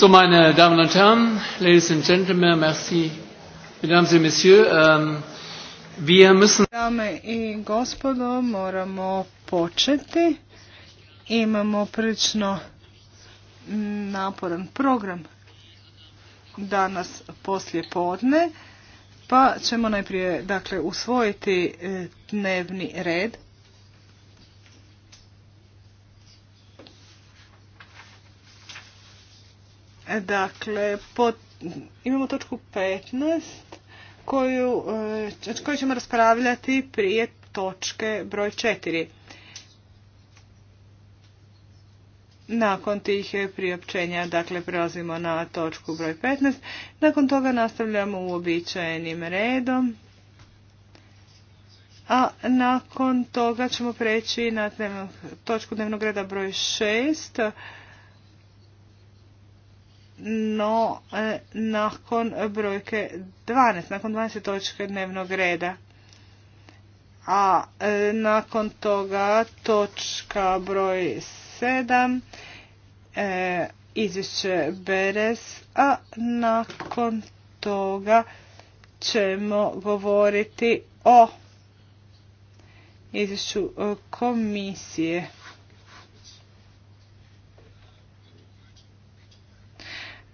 So, meine Damen und Herren, Ladies and Gentlemen, merci, Mesdames et Messieurs, ähm, wir müssen... Dame i gospodo, moramo početi. Imamo prilično naporan program danas poslije podne, pa ćemo najprije dakle, usvojiti e, dnevni red. Dakle, imamo točku 15 koju, e, koju ćemo raspravljati prije točke broj 4. Nakon tih priopćenja, dakle, prelazimo na točku broj 15. Nakon toga nastavljamo uobičajenim redom. A nakon toga ćemo preći na točku dnevnog reda broj 6 no e, nakon brojke 12, nakon 12. točke dnevnog reda. A e, nakon toga točka broj 7, e, izvješće Beres, a nakon toga ćemo govoriti o izvješću komisije.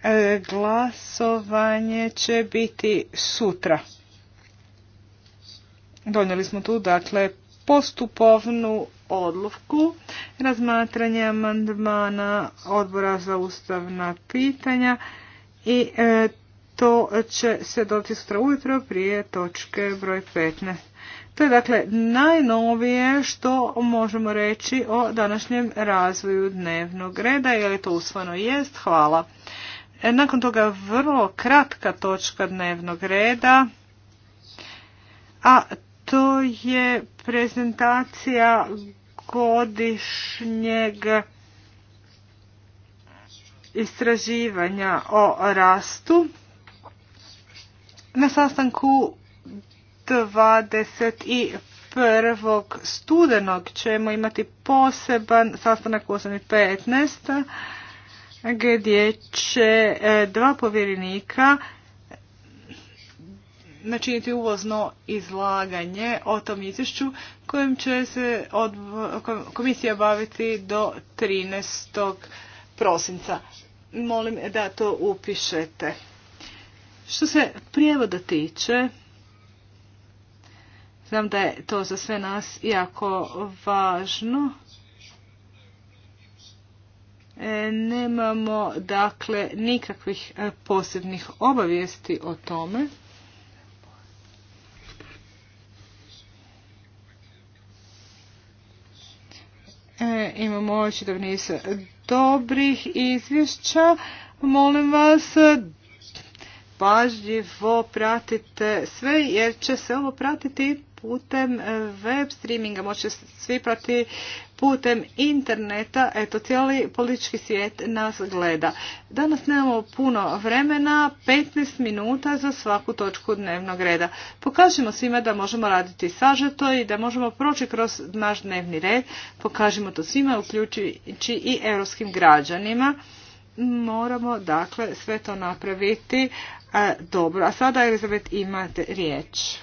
E, glasovanje će biti sutra. Donijeli smo tu dakle postupovnu odluku razmatranje amandmana odbora za ustavna pitanja i e, to će se dobiti sutra ujutro prije točke broj 15. To je dakle najnovije što možemo reći o današnjem razvoju dnevnog reda. Je li to usvojeno? Jest. Hvala. E, nakon toga vrlo kratka točka dnevnog reda, a to je prezentacija godišnjeg istraživanja o rastu na sastanku 21. studenog ćemo imati poseban sastanak u 8.15 gdje će e, dva povjerenika e, načiniti uvozno izlaganje o tom izvješću kojim će se komisija baviti do 13. prosinca. Molim da to upišete. Što se prijevoda tiče, znam da je to za sve nas jako važno. E, nemamo dakle nikakvih e, posebnih obavijesti o tome. E, imamo očitav niz dobrih izvješća. Molim vas, pažljivo pratite sve jer će se ovo pratiti putem e, web streaminga, moći svi prati putem interneta, eto cijeli politički svijet nas gleda. Danas nemamo puno vremena, 15 minuta za svaku točku dnevnog reda. Pokažimo svima da možemo raditi sažeto i da možemo proći kroz naš dnevni red, pokažimo to svima, uključujući i europskim građanima. Moramo dakle sve to napraviti e, dobro. A sada Elizabet imate riječ.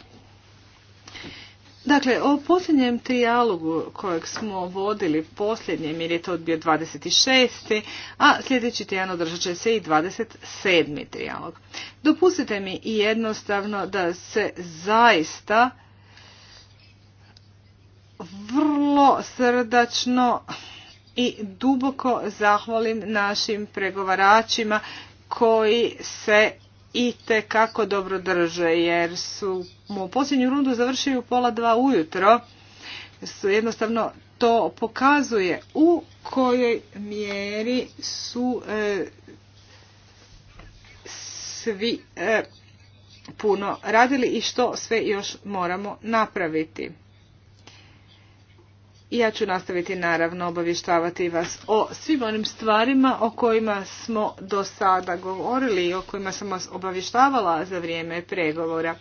Dakle, o posljednjem trijalogu kojeg smo vodili posljednjem, jer je to odbio 26. a sljedeći tjedan održat će se i 27. trijalog. Dopustite mi i jednostavno da se zaista vrlo srdačno i duboko zahvalim našim pregovaračima koji se i te kako dobro drže jer su u posljednju rundu završili u pola dva ujutro. Jednostavno to pokazuje u kojoj mjeri su e, svi e, puno radili i što sve još moramo napraviti. I ja ću nastaviti naravno obavještavati vas o svim onim stvarima o kojima smo do sada govorili i o kojima sam vas obavještavala za vrijeme pregovora.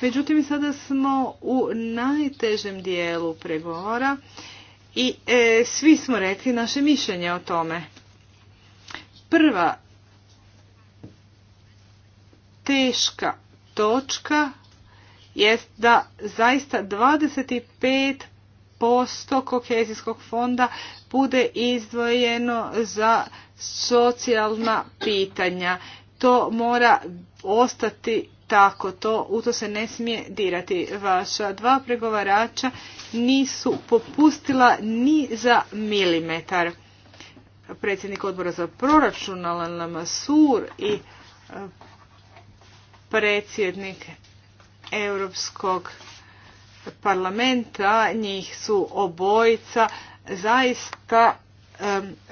Međutim, sada smo u najtežem dijelu pregovora i e, svi smo rekli naše mišljenje o tome. Prva teška točka jest da zaista 25 posto kohezijskog fonda bude izdvojeno za socijalna pitanja. To mora ostati tako, to, u to se ne smije dirati. Vaša dva pregovarača nisu popustila ni za milimetar. Predsjednik odbora za proračun Alan Lamassur i e, predsjednik Europskog parlamenta, njih su obojica zaista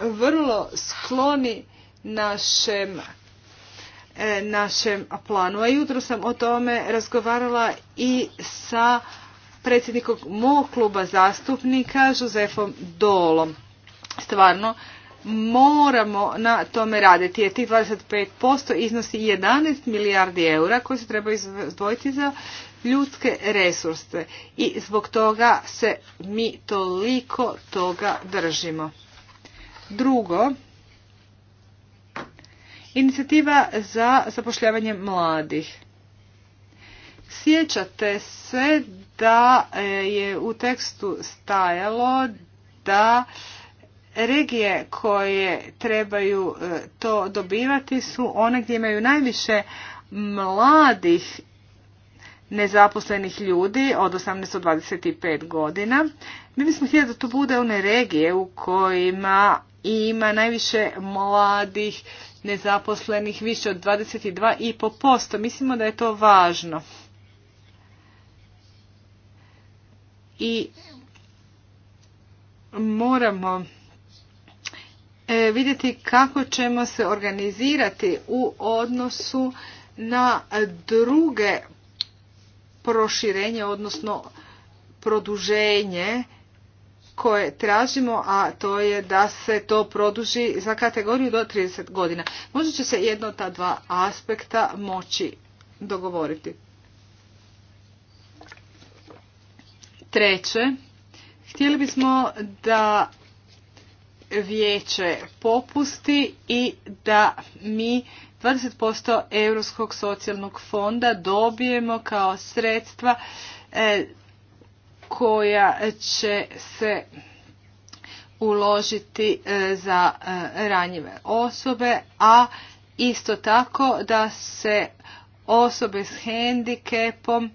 vrlo skloni našem e, našem planu. A jutro sam o tome razgovarala i sa predsjednikom mog kluba zastupnika Josefom Dolom. Stvarno, moramo na tome raditi jer tih 25% iznosi 11 milijardi eura koji se treba izdvojiti za ljudske resurse i zbog toga se mi toliko toga držimo. Drugo, inicijativa za zapošljavanje mladih. Sjećate se da e, je u tekstu stajalo da regije koje trebaju e, to dobivati su one gdje imaju najviše mladih nezaposlenih ljudi od 18 do 25 godina. Mi bismo htjeli da to bude one regije u kojima ima najviše mladih nezaposlenih, više od 22,5%. Mislimo da je to važno. I moramo e, vidjeti kako ćemo se organizirati u odnosu na druge proširenje, odnosno produženje koje tražimo, a to je da se to produži za kategoriju do 30 godina. Možda će se jedno od ta dva aspekta moći dogovoriti. Treće, htjeli bismo da vijeće popusti i da mi 20% Europskog socijalnog fonda dobijemo kao sredstva e, koja će se uložiti e, za e, ranjive osobe, a isto tako da se osobe s hendikepom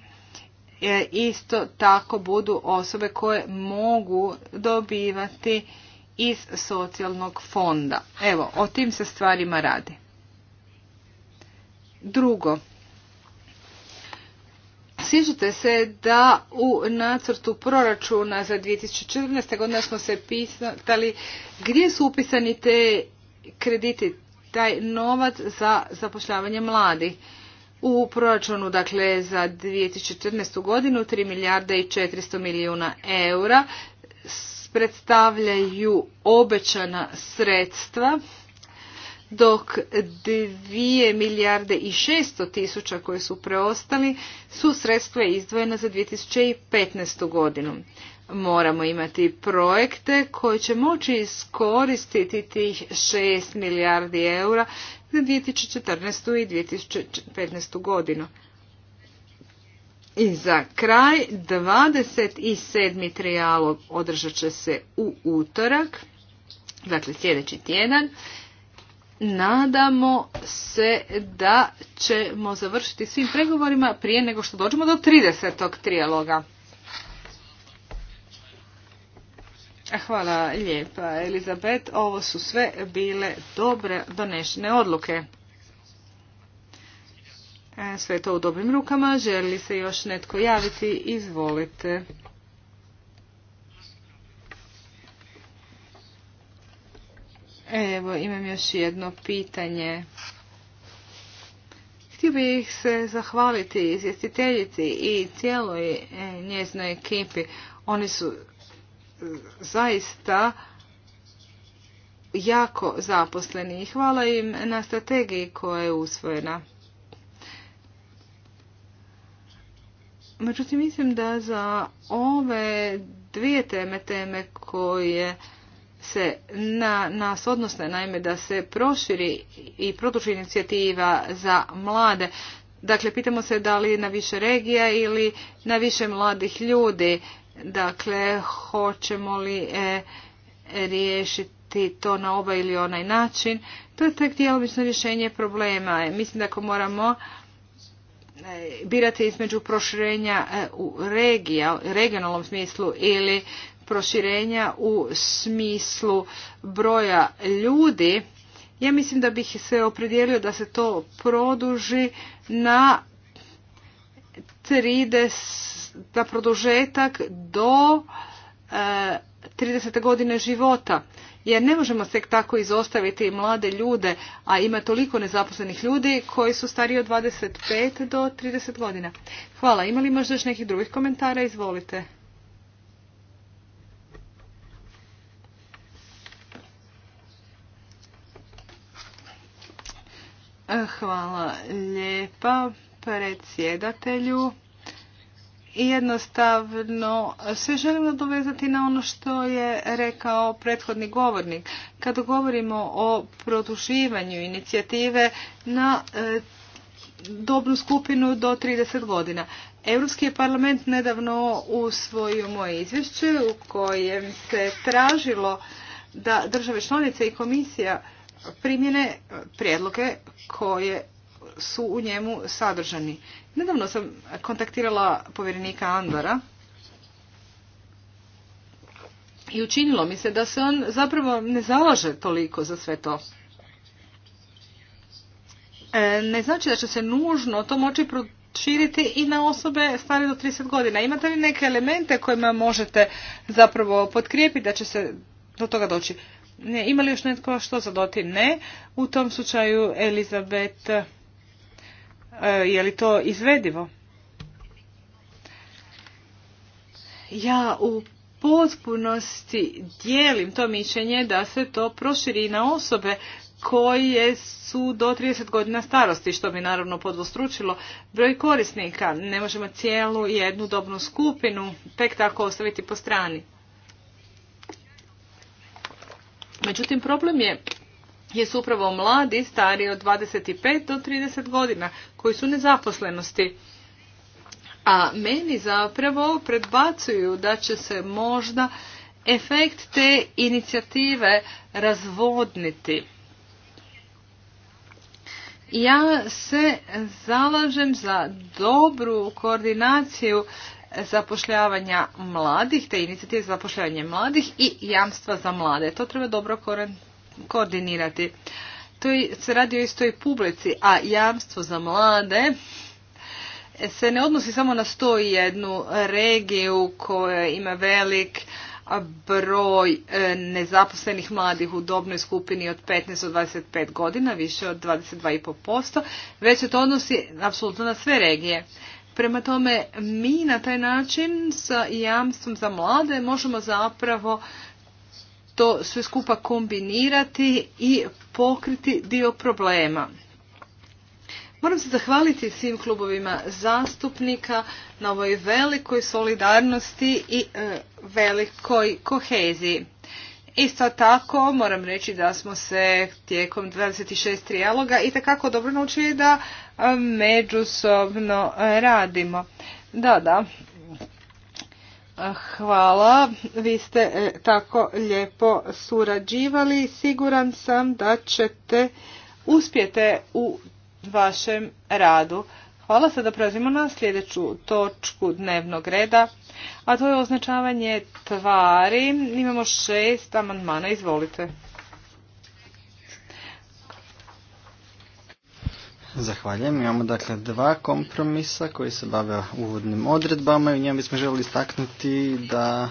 isto tako budu osobe koje mogu dobivati iz socijalnog fonda. Evo, o tim se stvarima radi. Drugo, Sjećate se da u nacrtu proračuna za 2014. godine smo se pitali gdje su upisani te krediti, taj novac za zapošljavanje mladih. U proračunu dakle za 2014. godinu 3 milijarde i 400 milijuna eura predstavljaju obećana sredstva dok 2 milijarde i šesto tisuća koje su preostali su sredstva izdvojena za 2015. godinu. Moramo imati projekte koji će moći iskoristiti tih 6 milijardi eura za 2014. i 2015. godinu. I za kraj 27. trijalog održat će se u utorak, dakle sljedeći tjedan nadamo se da ćemo završiti svim pregovorima prije nego što dođemo do 30. trijaloga. Hvala lijepa, Elizabet. Ovo su sve bile dobre donešene odluke. E, sve to u dobrim rukama. Želi se još netko javiti? Izvolite. Evo, imam još jedno pitanje. Htio bih se zahvaliti izvjestiteljici i cijeloj e, njeznoj ekipi. Oni su zaista jako zaposleni i hvala im na strategiji koja je usvojena. Međutim, mislim da za ove dvije teme, teme koje se na nas odnosne, naime da se proširi i produži inicijativa za mlade. Dakle, pitamo se da li na više regija ili na više mladih ljudi. Dakle, hoćemo li e, riješiti to na ovaj ili onaj način. To je tek djelomično rješenje problema. Mislim da ako moramo e, birati između proširenja e, u regija, regionalnom smislu ili proširenja u smislu broja ljudi, ja mislim da bih se opredijelio da se to produži na 30, na produžetak do e, 30. godine života. Jer ne možemo se tako izostaviti mlade ljude, a ima toliko nezaposlenih ljudi koji su stariji od 25 do 30 godina. Hvala. Ima li možda još nekih drugih komentara? Izvolite. Hvala lijepa predsjedatelju. Jednostavno se želim nadovezati na ono što je rekao prethodni govornik. Kada govorimo o produživanju inicijative na e, dobnu skupinu do 30 godina. Europski parlament nedavno usvojio moje izvješće u kojem se tražilo da države članice i komisija primjene e, prijedloge koje su u njemu sadržani. Nedavno sam kontaktirala povjerenika Andora i učinilo mi se da se on zapravo ne zalaže toliko za sve to. E, ne znači da će se nužno to moći proširiti i na osobe stare do 30 godina. Imate li neke elemente kojima možete zapravo potkrijepiti da će se do toga doći? Ne, ima li još netko što zadoti? Ne. U tom slučaju, Elizabet, e, je li to izvedivo? Ja u potpunosti dijelim to mišljenje da se to proširi na osobe koje su do 30 godina starosti, što bi naravno podvostručilo broj korisnika. Ne možemo cijelu jednu dobnu skupinu tek tako ostaviti po strani. Međutim, problem je jesu upravo mladi stariji od 25 do 30 godina koji su nezaposlenosti. A meni zapravo predbacuju da će se možda efekt te inicijative razvodniti. Ja se zalažem za dobru koordinaciju zapošljavanja mladih, te inicijative za zapošljavanje mladih i jamstva za mlade. To treba dobro koordinirati. To se radi o istoj publici, a jamstvo za mlade se ne odnosi samo na jednu regiju koja ima velik broj e, nezaposlenih mladih u dobnoj skupini od 15 do 25 godina, više od 22,5%, već se to odnosi apsolutno na sve regije. Prema tome, mi na taj način sa jamstvom za mlade možemo zapravo to sve skupa kombinirati i pokriti dio problema. Moram se zahvaliti svim klubovima zastupnika na ovoj velikoj solidarnosti i e, velikoj koheziji. Isto tako moram reći da smo se tijekom 26 trijaloga i takako dobro naučili da e, međusobno e, radimo. Da, da. Hvala, vi ste e, tako lijepo surađivali. Siguran sam da ćete uspjete u vašem radu. Hvala sada prelazimo na sljedeću točku dnevnog reda a to je označavanje tvari. Imamo šest amandmana, izvolite. Zahvaljujem. Imamo dakle dva kompromisa koji se bave uvodnim odredbama i u njemu bismo željeli istaknuti da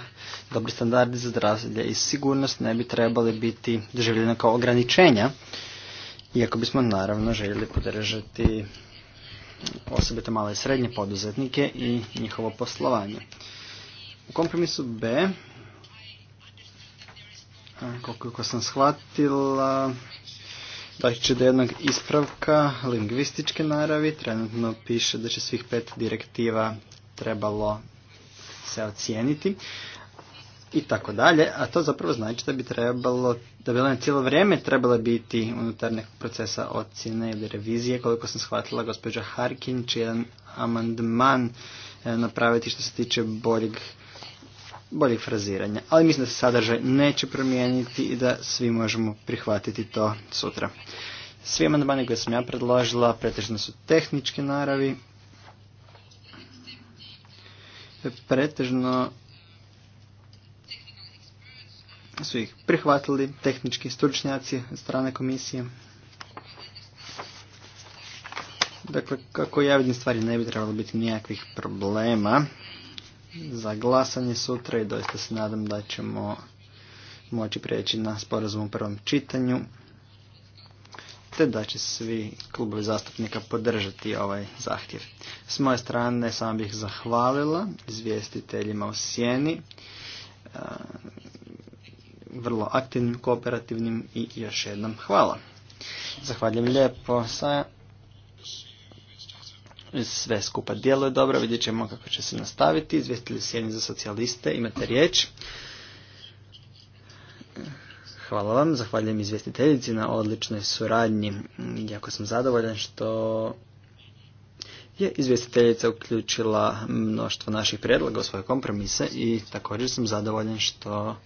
dobri standardi za zdravlje i sigurnost ne bi trebali biti doživljeni kao ograničenja, iako bismo naravno željeli podržati osobito male i srednje poduzetnike i njihovo poslovanje. U kompromisu B, koliko sam shvatila, doći će do jednog ispravka lingvističke naravi. Trenutno piše da će svih pet direktiva trebalo se ocijeniti i tako dalje, a to zapravo znači da bi trebalo, da bi ona cijelo vrijeme trebala biti unutar nekog procesa ocjene ili revizije, koliko sam shvatila gospođa Harkin će jedan amandman e, napraviti što se tiče boljeg boljeg fraziranja. Ali mislim da se sadržaj neće promijeniti i da svi možemo prihvatiti to sutra. Svi amandmani koje sam ja predložila pretežno su tehničke naravi. Pretežno su ih prihvatili tehnički stručnjaci od strane komisije. Dakle, kako ja vidim stvari ne bi trebalo biti nijakvih problema za glasanje sutra i doista se nadam da ćemo moći prijeći na sporazum u prvom čitanju te da će svi klubovi zastupnika podržati ovaj zahtjev. S moje strane sam bih zahvalila izvjestiteljima u Sjeni, e, vrlo aktivnim, kooperativnim i još jednom hvala. Zahvaljujem lijepo sa sve skupa djeluje dobro, vidjet ćemo kako će se nastaviti. Izvjestili jedni za socijaliste, imate riječ. Hvala vam, zahvaljujem izvjestiteljici na odličnoj suradnji. Jako sam zadovoljan što je izvjestiteljica uključila mnoštvo naših predloga u svoje kompromise i također sam zadovoljan što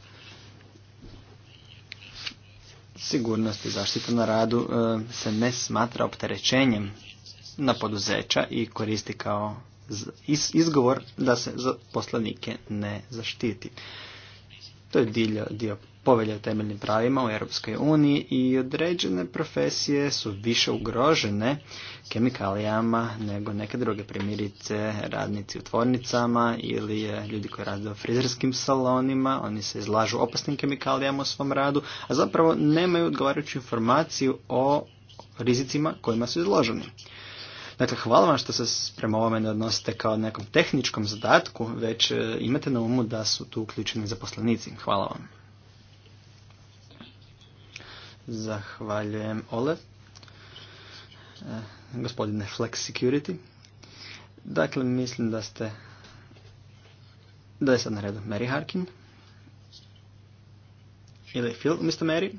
sigurnost i zaštita na radu eh, se ne smatra opterećenjem na poduzeća i koristi kao izgovor da se za poslanike ne zaštiti. To je dio, dio povelja o temeljnim pravima u Europskoj uniji i određene profesije su više ugrožene kemikalijama nego neke druge primjerice radnici u tvornicama ili e, ljudi koji rade u frizerskim salonima, oni se izlažu opasnim kemikalijama u svom radu, a zapravo nemaju odgovarajuću informaciju o rizicima kojima su izloženi. Dakle, hvala vam što se prema ovome ne odnosite kao nekom tehničkom zadatku, već e, imate na umu da su tu uključeni zaposlenici. Hvala vam. Zahvaljujem Ole. E, gospodine Flex Security. Dakle, mislim da ste... Da je sad na redu Mary Harkin. Ili Phil umjesto Mary.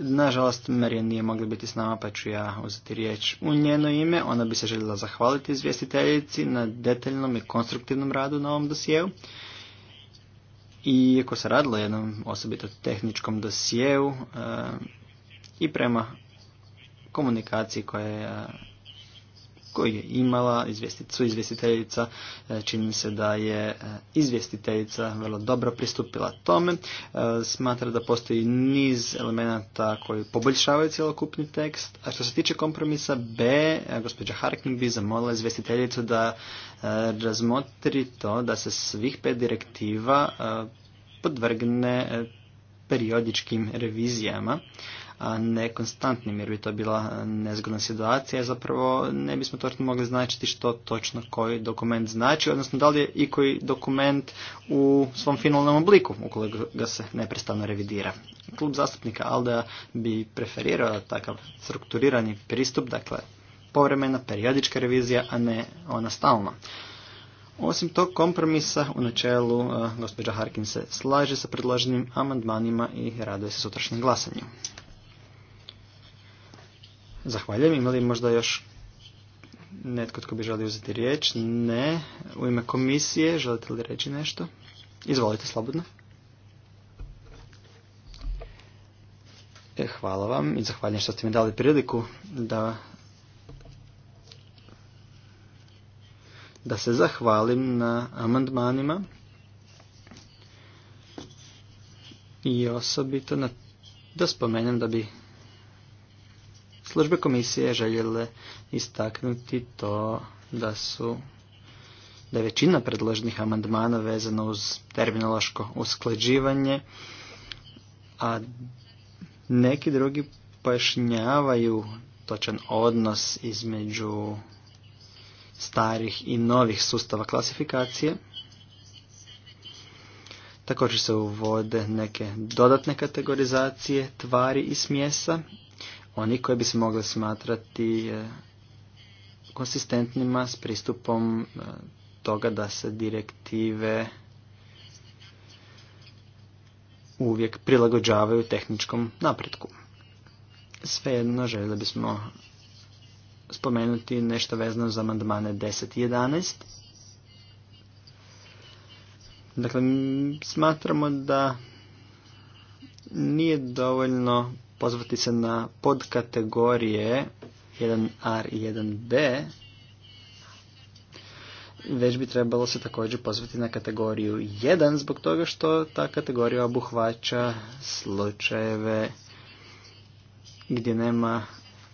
Nažalost, Marija nije mogla biti s nama, pa ću ja uzeti riječ u njeno ime. Ona bi se željela zahvaliti izvjestiteljici na detaljnom i konstruktivnom radu na ovom dosijeu. I iako se radilo jednom osobito tehničkom dosijeu e, i prema komunikaciji koja je koji je imala su izvjestiteljica. E, čini se da je e, izvjestiteljica vrlo dobro pristupila tome. E, smatra da postoji niz elemenata koji poboljšavaju cjelokupni tekst. A što se tiče kompromisa B, gospođa Harkin bi zamolila izvjestiteljicu da razmotri to da se svih pet direktiva podvrgne periodičkim revizijama a ne konstantnim jer bi to bila e, nezgodna situacija. Zapravo ne bismo točno mogli značiti što točno koji dokument znači, odnosno da li je i koji dokument u svom finalnom obliku ukoliko ga se neprestano revidira. Klub zastupnika Aldea bi preferirao takav strukturirani pristup, dakle povremena periodička revizija, a ne ona stalna. Osim tog kompromisa, u načelu e, gospođa Harkin se slaže sa predloženim amandmanima i rade se sutrašnjim glasanjem. Zahvaljujem. Ima li možda još netko tko bi želio uzeti riječ? Ne. U ime komisije želite li reći nešto? Izvolite slobodno. E, hvala vam i zahvaljujem što ste mi dali priliku da da se zahvalim na amandmanima i osobito na, da spomenem da bi Službe komisije željele istaknuti to da su da je većina predloženih amandmana vezana uz terminološko usklađivanje, a neki drugi pojašnjavaju točan odnos između starih i novih sustava klasifikacije. Također se uvode neke dodatne kategorizacije tvari i smjesa oni koji bi se mogli smatrati e, konsistentnima s pristupom e, toga da se direktive uvijek prilagođavaju tehničkom napretku. Svejedno željeli bismo spomenuti nešto vezano za amandmane 10 i 11. Dakle, smatramo da nije dovoljno pozvati se na podkategorije 1R i 1B, već bi trebalo se također pozvati na kategoriju 1 zbog toga što ta kategorija obuhvaća slučajeve gdje nema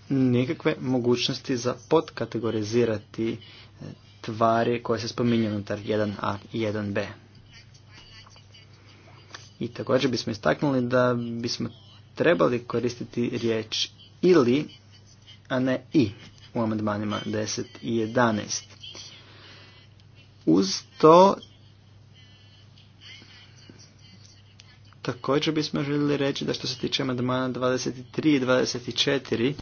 nikakve mogućnosti za podkategorizirati tvari koje se spominju unutar 1a i 1b. I također bismo istaknuli da bismo trebali koristiti riječ ili, a ne i u amandmanima 10 i 11. Uz to također bismo željeli reći da što se tiče amandmana 23 i 24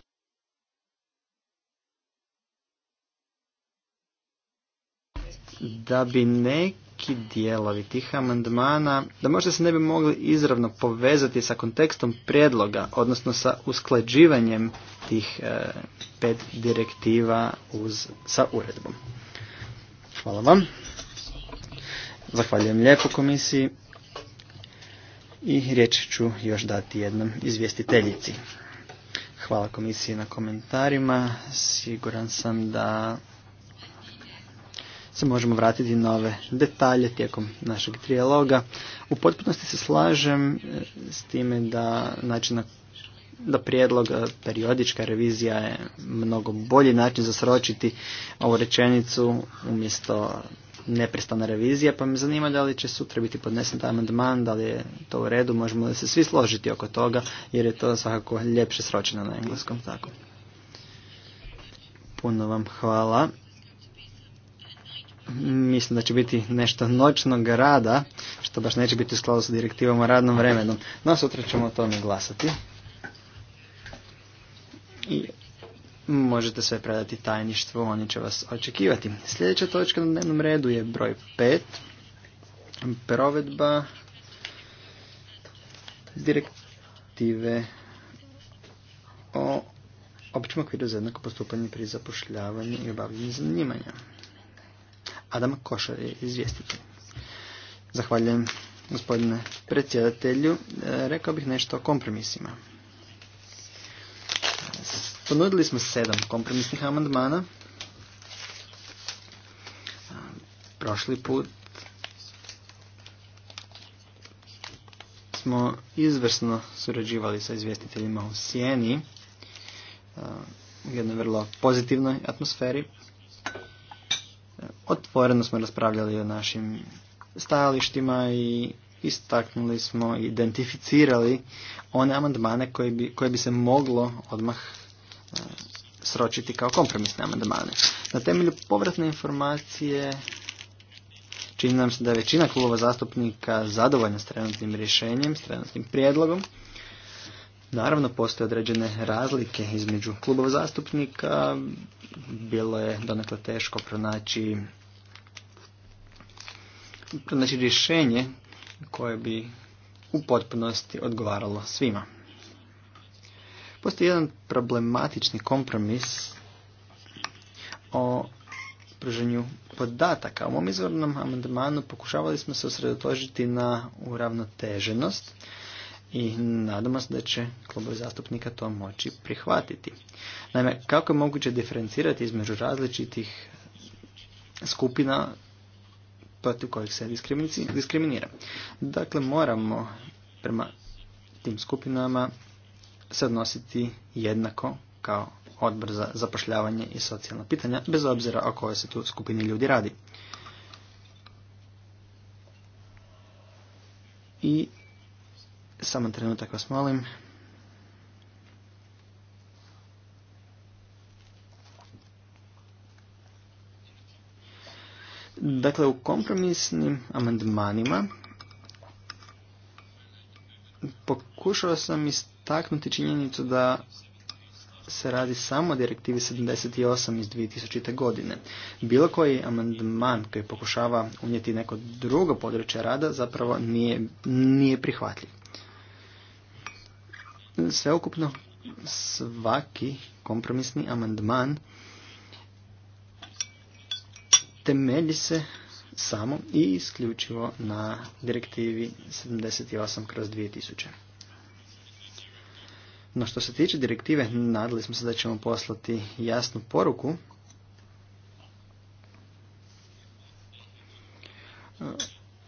da bi neki neki dijelovi tih amandmana da možda se ne bi mogli izravno povezati sa kontekstom prijedloga, odnosno sa usklađivanjem tih e, pet direktiva uz, sa uredbom. Hvala vam. Zahvaljujem lijepo komisiji i riječ ću još dati jednom izvjestiteljici. Hvala komisiji na komentarima. Siguran sam da se možemo vratiti na ove detalje tijekom našeg trijaloga. U potpunosti se slažem e, s time da način da prijedlog e, periodička revizija je mnogo bolji način za sročiti ovu rečenicu umjesto nepristana revizija, pa me zanima da li će sutra biti podnesen taj amandman, da li je to u redu, možemo li se svi složiti oko toga, jer je to svakako ljepše sročeno na engleskom, tako. Puno vam hvala mislim da će biti nešto noćnog rada, što baš neće biti u skladu sa direktivom o radnom vremenom, No, sutra ćemo o tome glasati. I možete sve predati tajništvu, oni će vas očekivati. Sljedeća točka na dnevnom redu je broj 5. Provedba direktive o općem okviru za jednako postupanje pri zapošljavanju i obavljanju zanimanja. Adam Košar je izvjestitelj. Zahvaljujem gospodine predsjedatelju. E, rekao bih nešto o kompromisima. Ponudili smo sedam kompromisnih amandmana. Prošli put smo izvrsno surađivali sa izvjestiteljima u Sijeni u jednoj vrlo pozitivnoj atmosferi otvoreno smo raspravljali o našim stajalištima i istaknuli smo, identificirali one amandmane koje bi, koje bi se moglo odmah e, sročiti kao kompromisne amandmane. Na temelju povratne informacije čini nam se da je većina klubova zastupnika zadovoljna s trenutnim rješenjem, s trenutnim prijedlogom. Naravno, postoje određene razlike između klubova zastupnika. Bilo je donekle teško pronaći, pronaći rješenje koje bi u potpunosti odgovaralo svima. Postoji jedan problematični kompromis o pruženju podataka. U mom izvornom amandmanu pokušavali smo se osredotožiti na uravnoteženost i nadamo se da će klubovi zastupnika to moći prihvatiti. Naime, kako je moguće diferencirati između različitih skupina protiv kojih se diskriminira. Dakle, moramo prema tim skupinama se odnositi jednako kao odbor za zapošljavanje i socijalna pitanja, bez obzira o kojoj se tu skupini ljudi radi. I samo trenutak vas molim. Dakle, u kompromisnim amandmanima pokušao sam istaknuti činjenicu da se radi samo o direktivi 78 iz 2000. godine. Bilo koji amandman koji pokušava unijeti neko drugo područje rada zapravo nije, nije prihvatljiv. Sveukupno svaki kompromisni amandman temelji se samo i isključivo na direktivi 78 kroz 2000. No što se tiče direktive, nadali smo se da ćemo poslati jasnu poruku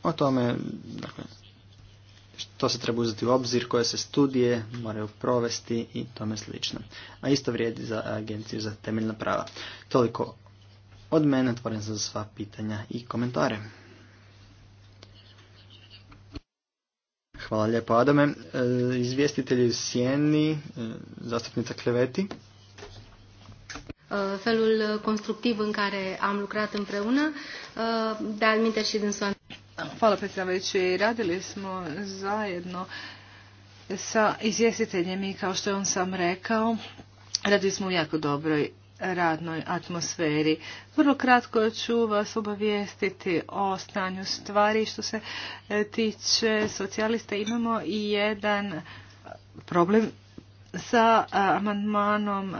o tome, dakle, to se treba uzeti u obzir, koje se studije moraju provesti i tome slično. A isto vrijedi za Agenciju za temeljna prava. Toliko od mene, otvoren za sva pitanja i komentare. Hvala lijepo Adame. E, Izvjestitelji u e, zastupnica Kleveti. E, felul constructiv în care am lucrat împreună, de minte și din Hvala predsjedavajući. Radili smo zajedno sa izvjestiteljem i kao što je on sam rekao, radili smo u jako dobroj radnoj atmosferi. Vrlo kratko ću vas obavijestiti o stanju stvari. Što se e, tiče socijalista imamo i jedan problem sa e, amandmanom e,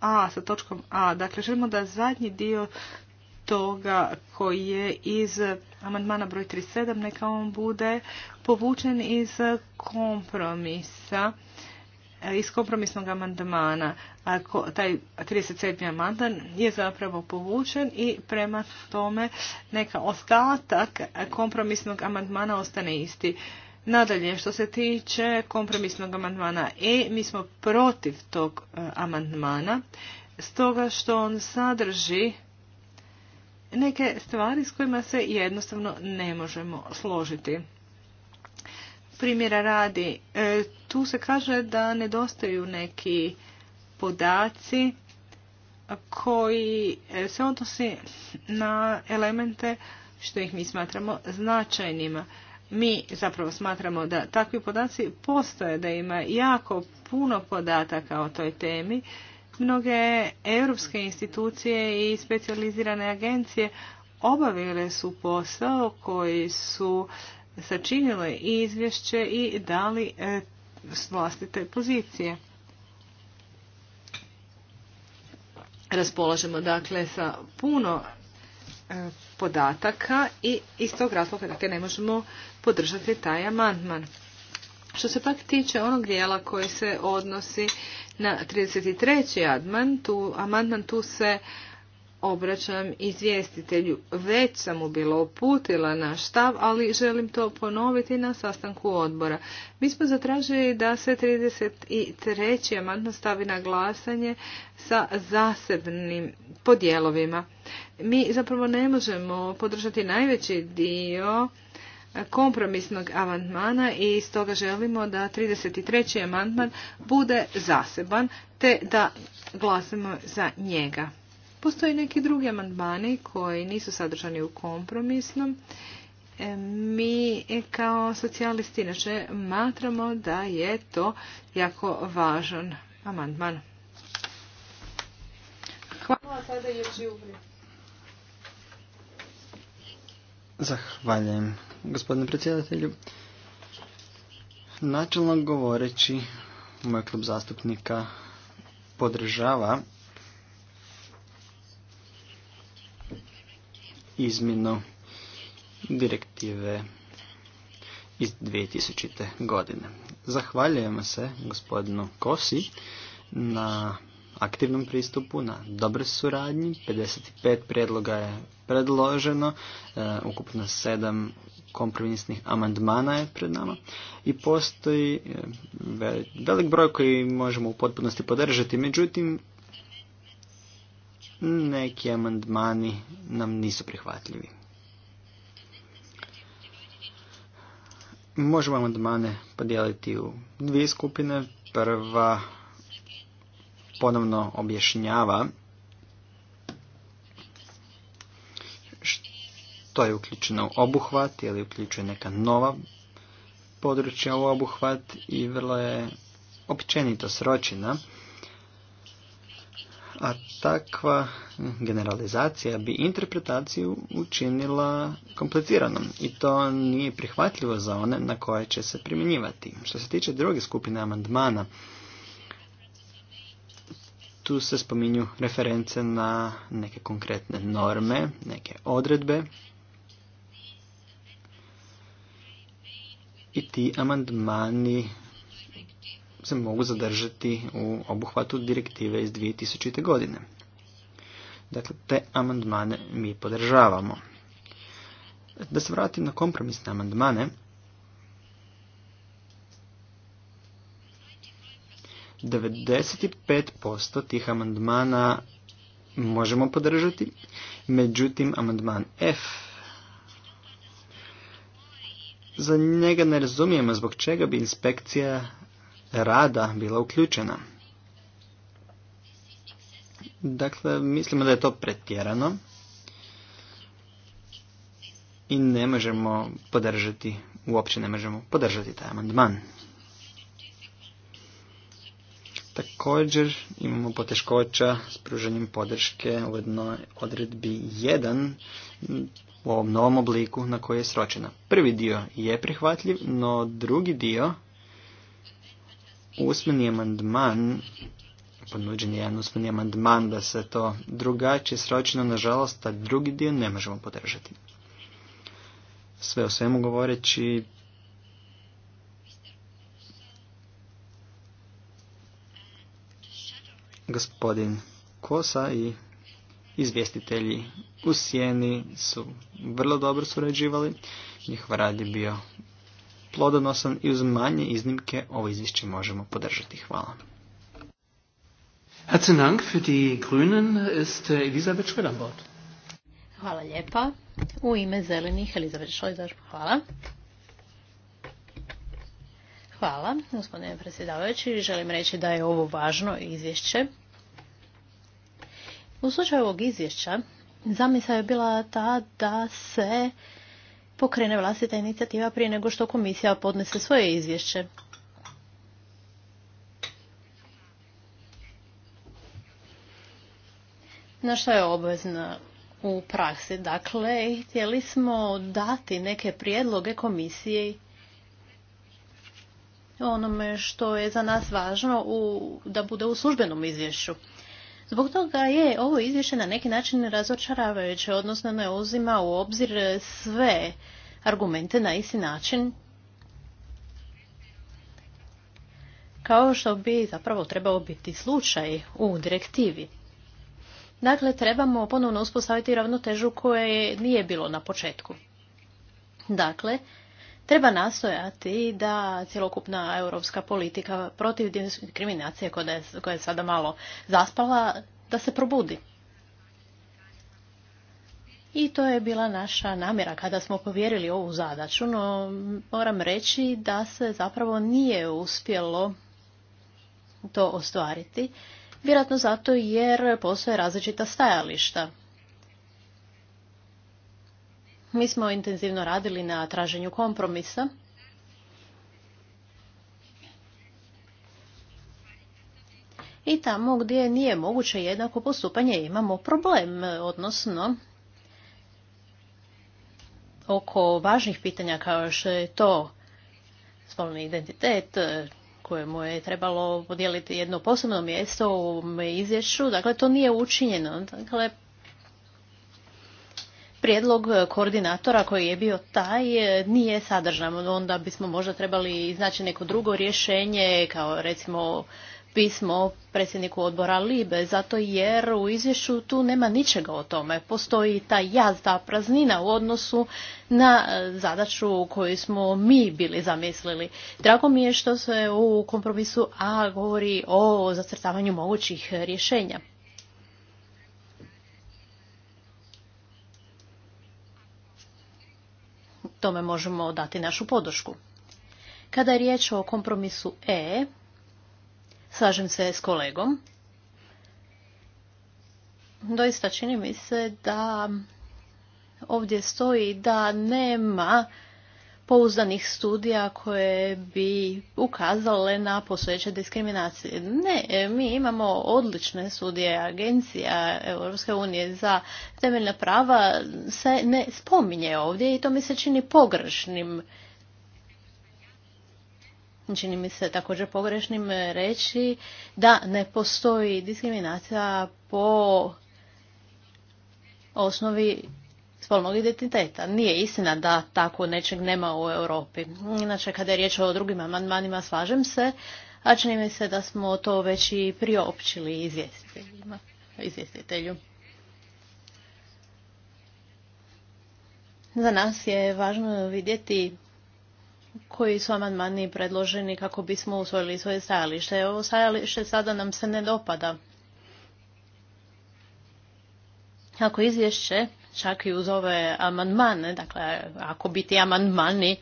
A, sa točkom A. Dakle, želimo da zadnji dio toga koji je iz amandmana broj 37, neka on bude povučen iz kompromisa, e, iz kompromisnog amandmana. Ako taj 37. amandman je zapravo povučen i prema tome neka ostatak kompromisnog amandmana ostane isti. Nadalje, što se tiče kompromisnog amandmana E, mi smo protiv tog e, amandmana, stoga što on sadrži neke stvari s kojima se jednostavno ne možemo složiti. Primjera radi, e, tu se kaže da nedostaju neki podaci koji e, se odnosi na elemente što ih mi smatramo značajnima. Mi zapravo smatramo da takvi podaci postoje, da ima jako puno podataka o toj temi Mnoge europske institucije i specijalizirane agencije obavile su posao koji su sačinile izvješće i dali e, s vlastite pozicije. Raspolažemo dakle sa puno e, podataka i iz tog razloga dakle, ne možemo podržati taj amandman. Što se pak tiče onog dijela koji se odnosi na 33. adman, tu, amandman tu se obraćam izvjestitelju. Već sam mu bilo uputila na stav, ali želim to ponoviti na sastanku odbora. Mi smo zatražili da se 33. amandman stavi na glasanje sa zasebnim podjelovima. Mi zapravo ne možemo podržati najveći dio kompromisnog amandmana i stoga želimo da 33. amandman bude zaseban te da glasimo za njega. Postoje neki drugi amandmani koji nisu sadržani u kompromisnom. E, mi kao socijalisti inače matramo da je to jako važan amandman. Hvala sada Zahvaljujem gospodine predsjedatelju. Načelno govoreći, moj klub zastupnika podržava izmjenu direktive iz 2000. godine. Zahvaljujemo se gospodinu Kosi na aktivnom pristupu, na dobre suradnji. 55 prijedloga je predloženo, e, ukupno 7 kompromisnih amandmana je pred nama i postoji e, velik broj koji možemo u potpunosti podržati, međutim neki amandmani nam nisu prihvatljivi. Možemo amandmane podijeliti u dvije skupine. Prva ponovno objašnjava to je uključeno u obuhvat ili uključuje neka nova područja u obuhvat i vrlo je općenito sročina, A takva generalizacija bi interpretaciju učinila kompliciranom i to nije prihvatljivo za one na koje će se primjenjivati. Što se tiče druge skupine amandmana, tu se spominju reference na neke konkretne norme, neke odredbe i ti amandmani se mogu zadržati u obuhvatu direktive iz 2000. godine. Dakle, te amandmane mi podržavamo. Da se vratim na kompromisne amandmane, 95% tih amandmana možemo podržati, međutim amandman F za njega ne razumijemo zbog čega bi inspekcija rada bila uključena. Dakle, mislimo da je to pretjerano i ne možemo podržati, uopće ne možemo podržati taj amandman. Također imamo poteškoća s pruženjem podrške u jednoj odredbi 1 u ovom novom obliku na koji je sročena. Prvi dio je prihvatljiv, no drugi dio, usmeni amandman, ponuđen je jedan usmeni amandman da se to drugačije sročeno, nažalost, a drugi dio ne možemo podržati. Sve o svemu govoreći, gospodin Kosa i Izvjestitelji u Sjeni su vrlo dobro surađivali, njihov rad je bio plodonosan i uz manje iznimke ovo izvješće možemo podržati. Hvala. Äh, hvala lijepa. U ime zelenih Elizabeth Šojdar, hvala. Hvala, gospodine predsjedavajući. Želim reći da je ovo važno izvješće u slučaju ovog izvješća zamisla je bila ta da se pokrene vlastita inicijativa prije nego što komisija podnese svoje izvješće. Na što je obvezna u praksi? Dakle, htjeli smo dati neke prijedloge komisiji onome što je za nas važno da bude u službenom izvješću. Zbog toga je ovo izvješće na neki način razočaravajuće, odnosno ne uzima u obzir sve argumente na isti način kao što bi zapravo trebao biti slučaj u direktivi. Dakle, trebamo ponovno uspostaviti ravnotežu koje nije bilo na početku. Dakle, Treba nastojati da cjelokupna europska politika protiv diskriminacije koja je sada malo zaspala, da se probudi. I to je bila naša namjera kada smo povjerili ovu zadaću, no moram reći da se zapravo nije uspjelo to ostvariti. Vjerojatno zato jer postoje različita stajališta. Mi smo intenzivno radili na traženju kompromisa. I tamo gdje nije moguće jednako postupanje imamo problem, odnosno oko važnih pitanja kao što je to spolni identitet, kojemu je trebalo podijeliti jedno posebno mjesto u izvješću. Dakle, to nije učinjeno. Dakle, prijedlog e, koordinatora koji je bio taj e, nije sadržan. Onda bismo možda trebali iznaći neko drugo rješenje, kao recimo pismo predsjedniku odbora Libe, zato jer u izvješću tu nema ničega o tome. Postoji ta jazda praznina u odnosu na e, zadaću koju smo mi bili zamislili. Drago mi je što se u kompromisu A govori o zacrtavanju mogućih rješenja. tome možemo dati našu podršku. Kada je riječ o kompromisu E, slažem se s kolegom, doista čini mi se da ovdje stoji da nema pouzdanih studija koje bi ukazale na posveće diskriminacije. Ne, e, mi imamo odlične studije agencija Europske unije za temeljna prava se ne spominje ovdje i to mi se čini pogrešnim. Čini mi se također pogrešnim reći da ne postoji diskriminacija po osnovi spolnog identiteta. Nije istina da tako nečeg nema u Europi. Inače, kada je riječ o drugim amandmanima, slažem se, a čini mi se da smo to već i priopćili izvjestitelju. Za nas je važno vidjeti koji su amandmani predloženi kako bismo usvojili svoje stajalište. Ovo stajalište sada nam se ne dopada. Ako izvješće čak i uz ove amandmane, dakle ako bi ti amandmani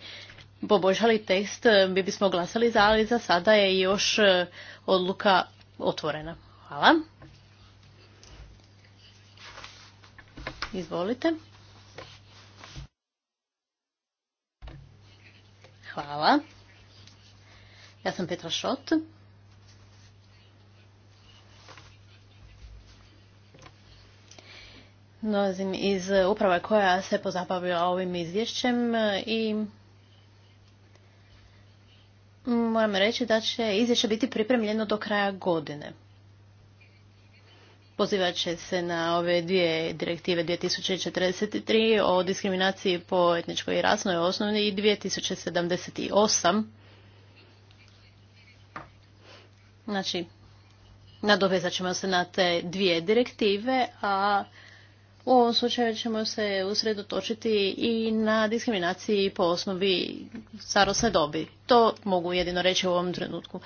poboljšali tekst, mi bismo glasali za, ali za sada je još e, odluka otvorena. Hvala. Izvolite. Hvala. Ja sam Petra Šot. Dolazim iz uprave koja se pozabavila ovim izvješćem i moram reći da će izvješće biti pripremljeno do kraja godine. Pozivat će se na ove dvije direktive 2043 o diskriminaciji po etničkoj i rasnoj osnovi i 2078. Znači, nadovezat ćemo se na te dvije direktive, a u ovom slučaju ćemo se usredotočiti i na diskriminaciji po osnovi starosne dobi. To mogu jedino reći u ovom trenutku.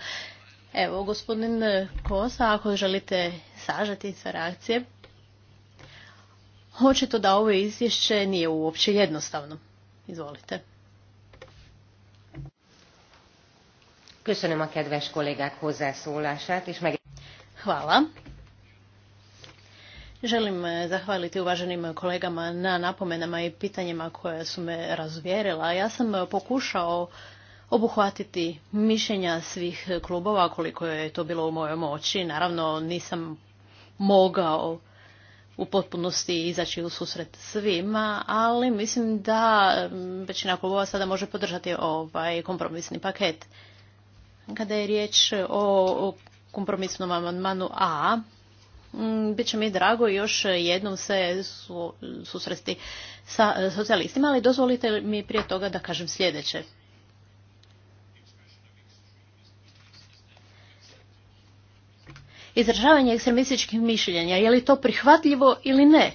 Evo, gospodin Kosa, ako želite sažati sa reakcije, to da ovo izvješće nije uopće jednostavno. Izvolite. Köszönöm kedves kollégák Hvala. Želim e, zahvaliti uvaženim kolegama na napomenama i pitanjima koje su me razvjerila. Ja sam e, pokušao obuhvatiti mišljenja svih klubova koliko je to bilo u mojoj moći. Naravno nisam mogao u potpunosti izaći u susret svima, ali mislim da većina klubova sada može podržati ovaj kompromisni paket. Kada je riječ o kompromisnom amandmanu A, Mm, bit će mi drago još jednom se susresti sa e, socijalistima, ali dozvolite mi prije toga da kažem sljedeće. Izražavanje ekstremističkih mišljenja, je li to prihvatljivo ili ne?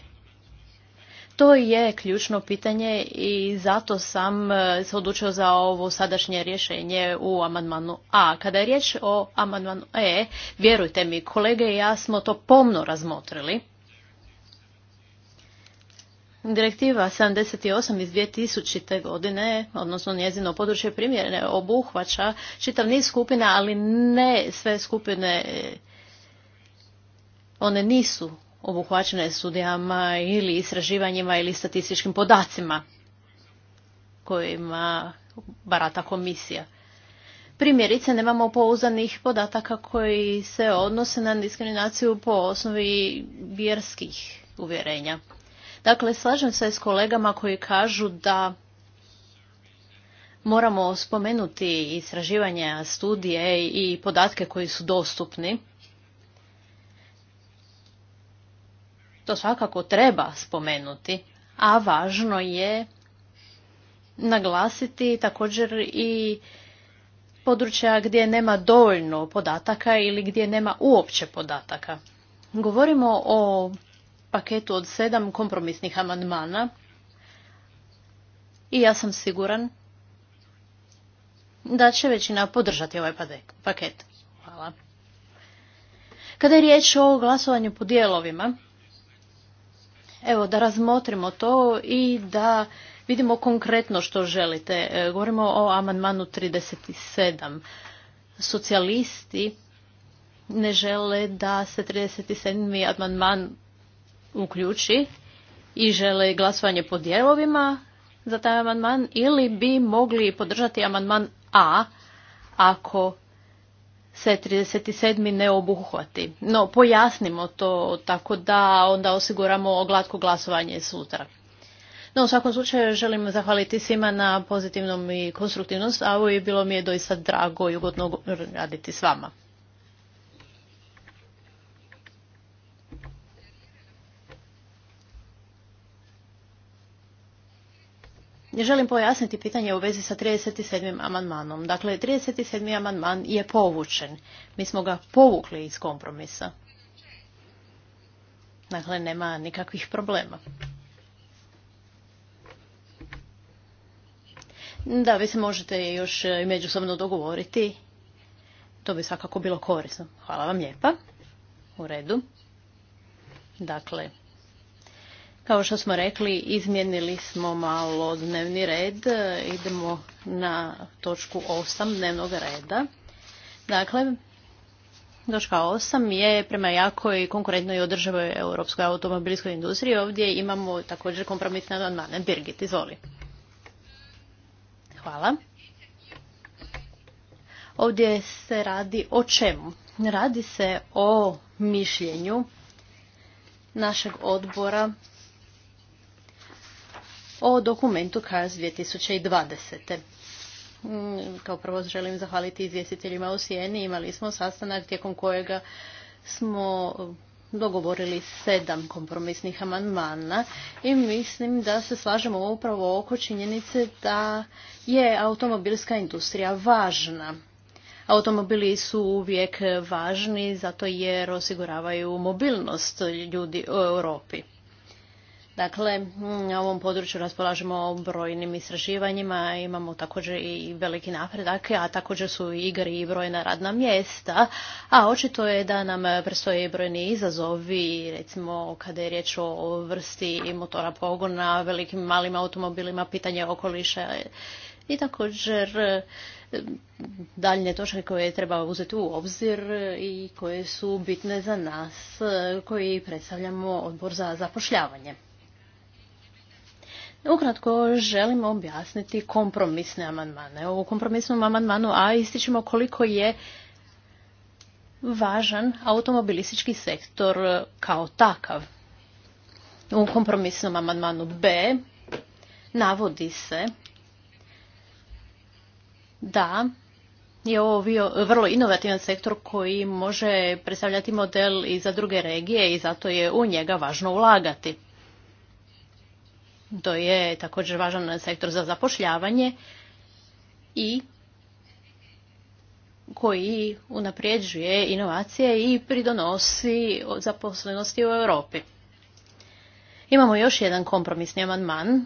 To je ključno pitanje i zato sam e, se odlučio za ovo sadašnje rješenje u amandmanu A. Kada je riječ o amandmanu E, vjerujte mi, kolege i ja smo to pomno razmotrili. Direktiva 78 iz 2000. godine, odnosno njezino područje primjene, obuhvaća čitav niz skupina, ali ne sve skupine, e, one nisu obuhvaćene studijama ili istraživanjima ili statističkim podacima kojima barata komisija. Primjerice, nemamo pouzanih podataka koji se odnose na diskriminaciju po osnovi vjerskih uvjerenja. Dakle, slažem se s kolegama koji kažu da moramo spomenuti istraživanja, studije i podatke koji su dostupni To svakako treba spomenuti, a važno je naglasiti također i područja gdje nema dovoljno podataka ili gdje nema uopće podataka. Govorimo o paketu od sedam kompromisnih amandmana i ja sam siguran da će većina podržati ovaj paket. Hvala. Kada je riječ o glasovanju po dijelovima, evo da razmotrimo to i da vidimo konkretno što želite. E, govorimo o amandmanu 37. Socijalisti ne žele da se 37. amandman uključi i žele glasovanje po dijelovima za taj amandman ili bi mogli podržati amandman A ako se 37. ne obuhvati. No, pojasnimo to tako da onda osiguramo glatko glasovanje sutra. No, u svakom slučaju želim zahvaliti svima na pozitivnom i konstruktivnom stavu i bilo mi je doista drago i ugodno raditi s vama. želim pojasniti pitanje u vezi sa 37. amandmanom. Dakle, 37. amandman je povučen. Mi smo ga povukli iz kompromisa. Dakle, nema nikakvih problema. Da, vi se možete još i međusobno dogovoriti. To bi svakako bilo korisno. Hvala vam lijepa. U redu. Dakle, kao što smo rekli, izmijenili smo malo dnevni red. Idemo na točku 8 dnevnog reda. Dakle, točka 8 je prema jakoj konkurentnoj održavoj europskoj automobilskoj industriji. Ovdje imamo također kompromisne amandmane. Birgit, izvoli. Hvala. Ovdje se radi o čemu? Radi se o mišljenju našeg odbora o dokumentu KAS 2020. Mm, kao prvo želim zahvaliti izvjestiteljima u Sijeni. Imali smo sastanak tijekom kojega smo dogovorili sedam kompromisnih amandmana i mislim da se slažemo upravo oko činjenice da je automobilska industrija važna. Automobili su uvijek važni zato jer osiguravaju mobilnost ljudi u Europi. Dakle, mm, na ovom području raspolažemo brojnim istraživanjima, imamo također i veliki napredak, a također su i igre i brojna radna mjesta, a očito je da nam prestoje brojni izazovi, recimo kada je riječ o vrsti motora pogona, velikim malim automobilima, pitanje okoliša i također mm, daljnje točke koje treba uzeti u obzir i koje su bitne za nas koji predstavljamo odbor za zapošljavanje. Ukratko želimo objasniti kompromisne amandmane. U kompromisnom amandmanu A ističemo koliko je važan automobilistički sektor kao takav. U kompromisnom amandmanu B navodi se da je ovo bio vrlo inovativan sektor koji može predstavljati model i za druge regije i zato je u njega važno ulagati. To je također važan sektor za zapošljavanje i koji unapređuje inovacije i pridonosi zaposlenosti u Europi. Imamo još jedan kompromisni amandman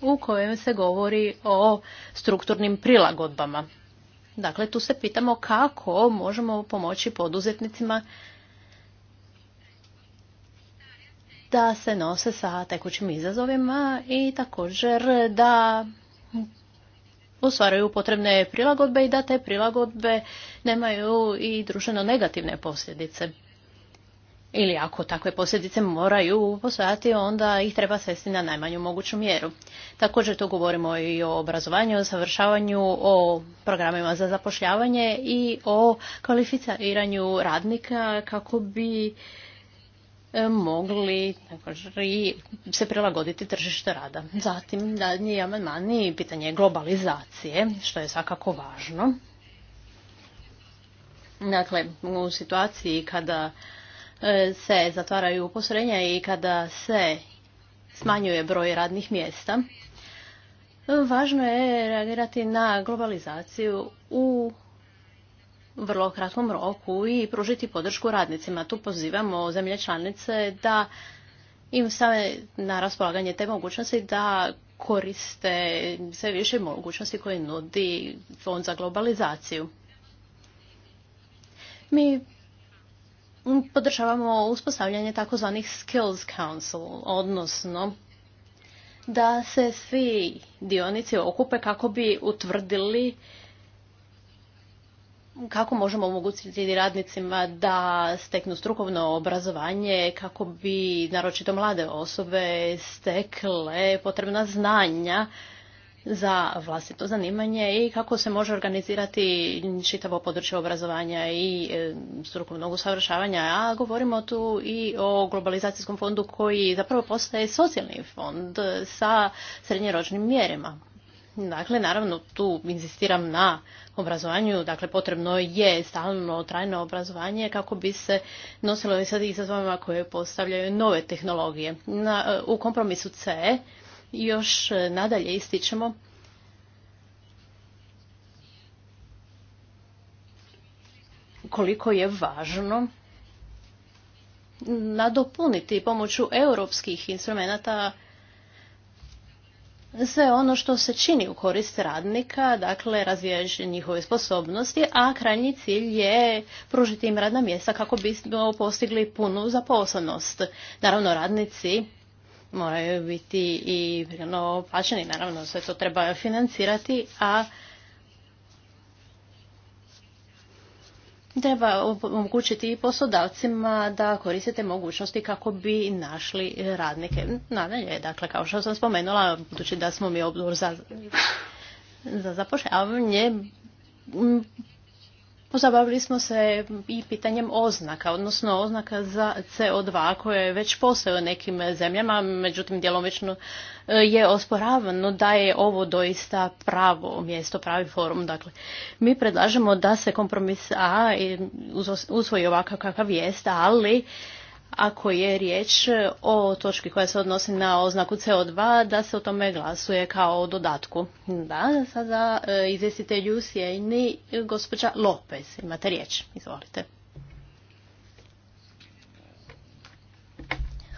u kojem se govori o strukturnim prilagodbama. Dakle, tu se pitamo kako možemo pomoći poduzetnicima da se nose sa tekućim izazovima i također da osvaraju potrebne prilagodbe i da te prilagodbe nemaju i društveno negativne posljedice. Ili ako takve posljedice moraju postojati, onda ih treba svesti na najmanju moguću mjeru. Također tu govorimo i o obrazovanju, o savršavanju, o programima za zapošljavanje i o kvalificiranju radnika kako bi E, mogli se prilagoditi tržište rada. Zatim daljnji amandmani pitanje globalizacije, što je svakako važno. Dakle, u situaciji kada e, se zatvaraju postrojenja i kada se smanjuje broj radnih mjesta, važno je reagirati na globalizaciju u vrlo kratkom roku i pružiti podršku radnicima. Tu pozivamo zemlje članice da im stave na raspolaganje te mogućnosti da koriste sve više mogućnosti koje nudi Fond za globalizaciju. Mi podržavamo uspostavljanje takozvanih skills council, odnosno da se svi dionici okupe kako bi utvrdili kako možemo omogućiti radnicima da steknu strukovno obrazovanje kako bi naročito mlade osobe stekle potrebna znanja za vlastito zanimanje i kako se može organizirati čitavo područje obrazovanja i e, strukovnog usavršavanja. A govorimo tu i o globalizacijskom fondu koji zapravo postaje socijalni fond sa srednjeročnim mjerama. Dakle, naravno, tu insistiram na obrazovanju, dakle, potrebno je stalno trajno obrazovanje kako bi se nosilo i sad izazovima koje postavljaju nove tehnologije. Na, u kompromisu C još nadalje ističemo koliko je važno nadopuniti pomoću europskih instrumenata sve ono što se čini u korist radnika, dakle razvijajući njihove sposobnosti, a krajnji cilj je pružiti im radna mjesta kako bismo postigli punu zaposlenost. Naravno, radnici moraju biti i ono, plaćeni, naravno sve to treba financirati, a treba omogućiti i poslodavcima da koristite mogućnosti kako bi našli radnike. Nadalje, dakle, kao što sam spomenula, budući da smo mi odbor za, za zapošljavanje, Pozabavili smo se i pitanjem oznaka, odnosno oznaka za CO2 koje već postoje u nekim zemljama, međutim djelomično e, je osporavano da je ovo doista pravo mjesto, pravi forum. Dakle, mi predlažemo da se kompromis A usvoji ovakav kakav jest, ali ako je riječ o točki koja se odnosi na oznaku CO2, da se o tome glasuje kao o dodatku. Da, sada e, izvjestitelju izvjestitelju gospođa Lopez. Imate riječ, izvolite.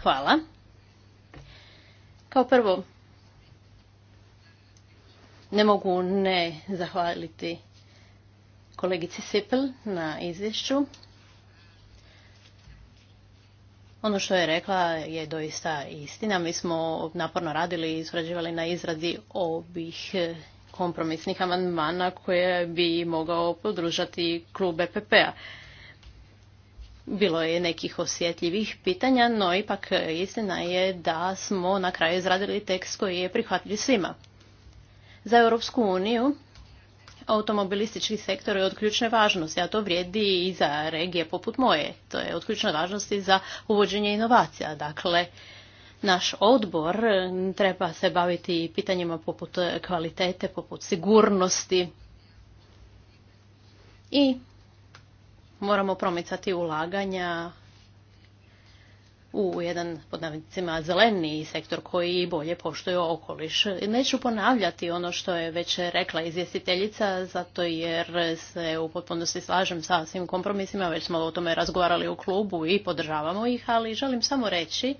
Hvala. Kao prvo, ne mogu ne zahvaliti kolegici Sipel na izvješću. Ono što je rekla je doista istina. Mi smo naporno radili i surađivali na izradi ovih e, kompromisnih amandmana koje bi mogao podružati klub EPP-a. Bilo je nekih osjetljivih pitanja, no ipak istina je da smo na kraju izradili tekst koji je prihvatljiv svima. Za Europsku uniju automobilistički sektor je od ključne važnosti, a to vrijedi i za regije poput moje. To je od ključne važnosti za uvođenje inovacija. Dakle, naš odbor treba se baviti pitanjima poput kvalitete, poput sigurnosti i moramo promicati ulaganja u jedan pod navicima, zeleniji sektor koji bolje poštuje okoliš. Neću ponavljati ono što je već rekla izvjestiteljica zato jer se u potpunosti slažem sa svim kompromisima, već smo o tome razgovarali u klubu i podržavamo ih, ali želim samo reći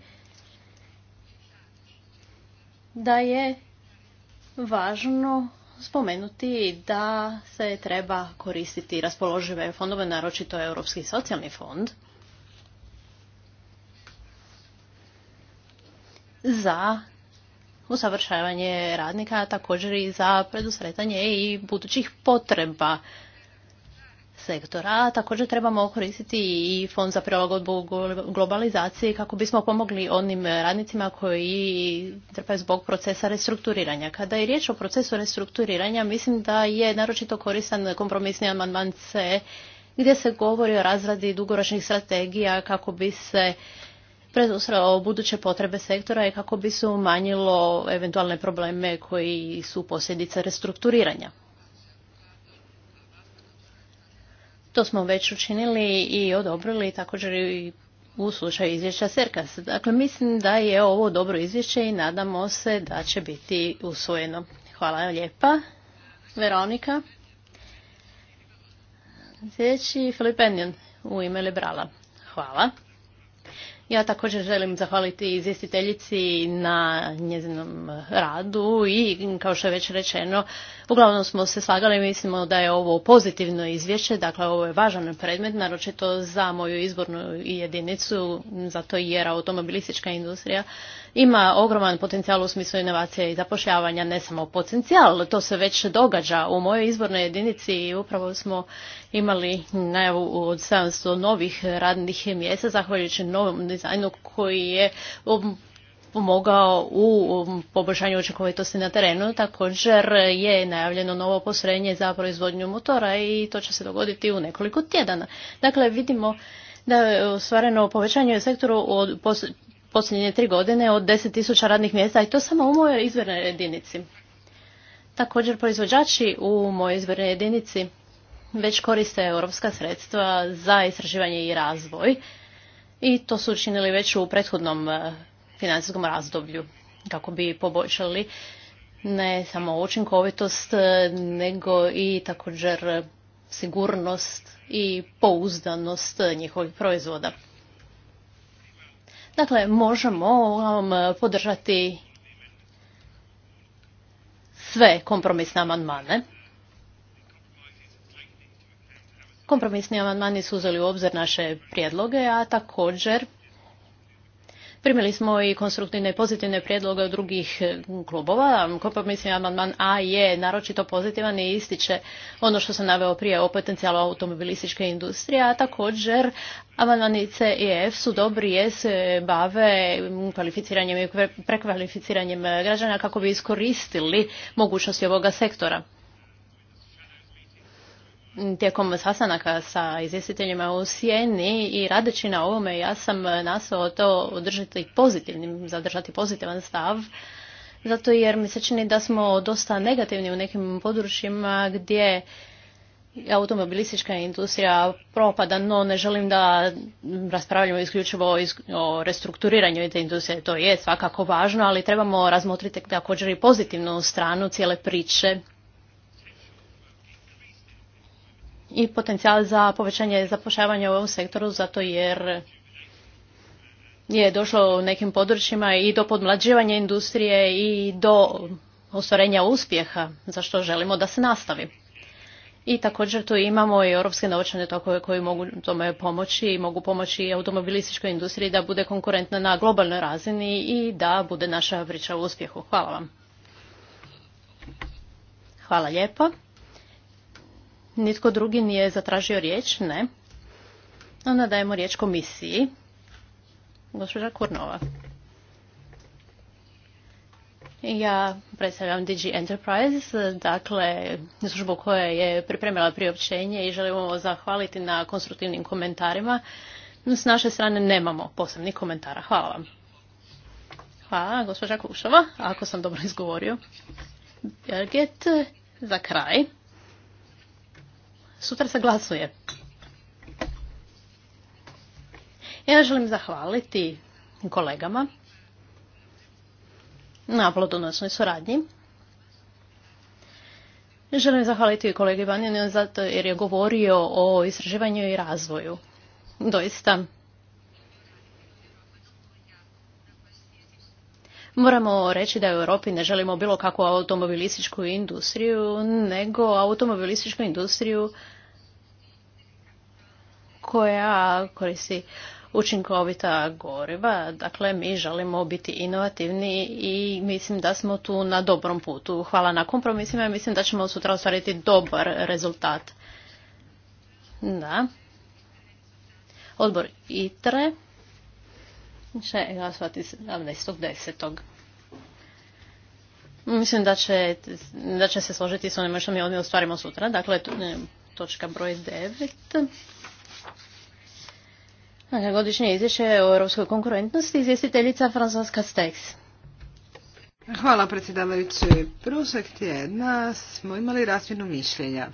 da je važno spomenuti da se treba koristiti raspoložive fondove, naročito Europski socijalni fond. za usavršavanje radnika, a također i za predusretanje i budućih potreba sektora. također trebamo koristiti i fond za prilagodbu globalizaciji kako bismo pomogli onim radnicima koji trpe zbog procesa restrukturiranja. Kada je riječ o procesu restrukturiranja, mislim da je naročito koristan kompromisni amandman C gdje se govori o razradi dugoročnih strategija kako bi se predusrao buduće potrebe sektora i kako bi se umanjilo eventualne probleme koji su posljedica restrukturiranja. To smo već učinili i odobrili također i u slučaju izvješća Serkas. Dakle, mislim da je ovo dobro izvješće i nadamo se da će biti usvojeno. Hvala lijepa. Veronika. Sljedeći Filip u ime librala Hvala. Ja također želim zahvaliti izvjestiteljici na njezinom radu i kao što je već rečeno, uglavnom smo se slagali mislimo da je ovo pozitivno izvješće, dakle ovo je važan predmet, naročito za moju izbornu jedinicu, zato jer automobilistička industrija ima ogroman potencijal u smislu inovacije i zapošljavanja, ne samo potencijal, to se već događa. U mojoj izbornoj jedinici i upravo smo imali najavu od 700 novih radnih mjesta, zahvaljujući novom dizajnu koji je pomogao u um, poboljšanju učinkovitosti na terenu. Također je najavljeno novo posrednje za proizvodnju motora i to će se dogoditi u nekoliko tjedana. Dakle, vidimo da je ostvareno povećanje sektoru od posljednje tri godine od tisuća radnih mjesta i to samo u mojoj izvornoj jedinici. Također proizvođači u mojoj izvornoj jedinici već koriste europska sredstva za istraživanje i razvoj i to su učinili već u prethodnom e, financijskom razdoblju kako bi poboljšali ne samo učinkovitost e, nego i također sigurnost i pouzdanost njihovih proizvoda. Dakle, možemo vam um, podržati sve kompromisne amandmane. Kompromisni amandmani su uzeli u obzir naše prijedloge, a također Primili smo i konstruktivne i pozitivne prijedloge od drugih e, klubova. mislim amandman A je naročito pozitivan i ističe ono što sam naveo prije o potencijalu automobilističke industrije, a također amandmani C i su dobri jer se bave kvalificiranjem i prekvalificiranjem građana kako bi iskoristili mogućnosti ovoga sektora tijekom sastanaka sa izvjestiteljima u Sjeni i radeći na ovome ja sam nasao to održati pozitivnim, zadržati pozitivan stav zato jer mi se čini da smo dosta negativni u nekim područjima gdje automobilistička industrija propada, no ne želim da raspravljamo isključivo o restrukturiranju te industrije, to je svakako važno, ali trebamo razmotriti također i pozitivnu stranu cijele priče i potencijal za povećanje zapošljavanja u ovom sektoru zato jer je došlo u nekim područjima i do podmlađivanja industrije i do ostvarenja uspjeha za što želimo da se nastavi. I također tu imamo i europske novčane tokove koji mogu tome pomoći i mogu pomoći automobilističkoj industriji da bude konkurentna na globalnoj razini i da bude naša priča u uspjehu. Hvala vam. Hvala lijepo. Nitko drugi nije zatražio riječ? Ne. Onda dajemo riječ komisiji. Gospođa Kurnova. Ja predstavljam DG Enterprise, dakle službu koja je pripremila priopćenje i želimo zahvaliti na konstruktivnim komentarima. S naše strane nemamo posebnih komentara. Hvala vam. Hvala, gospođa Kušova, ako sam dobro izgovorio. Birgit, za kraj. Sutra se glasuje. Ja želim zahvaliti kolegama na plodonosnoj suradnji. Želim zahvaliti kolegi Baninu zato jer je govorio o istraživanju i razvoju. Doista, Moramo reći da u Europi ne želimo bilo kakvu automobilističku industriju, nego automobilističku industriju koja koristi učinkovita goriva. Dakle, mi želimo biti inovativni i mislim da smo tu na dobrom putu. Hvala na kompromisima i mislim da ćemo sutra ostvariti dobar rezultat. Da. Odbor ITRE će glasovati 17.10. Mislim da će, da će se složiti s onima što mi ovdje ostvarimo sutra. Dakle, točka broj 9. Dakle, godišnje izvješće o europskoj konkurentnosti, izvjestiteljica Franzonska Steks. Hvala predsjedavajući. Prošlog tjedna smo imali razmjenu mišljenja.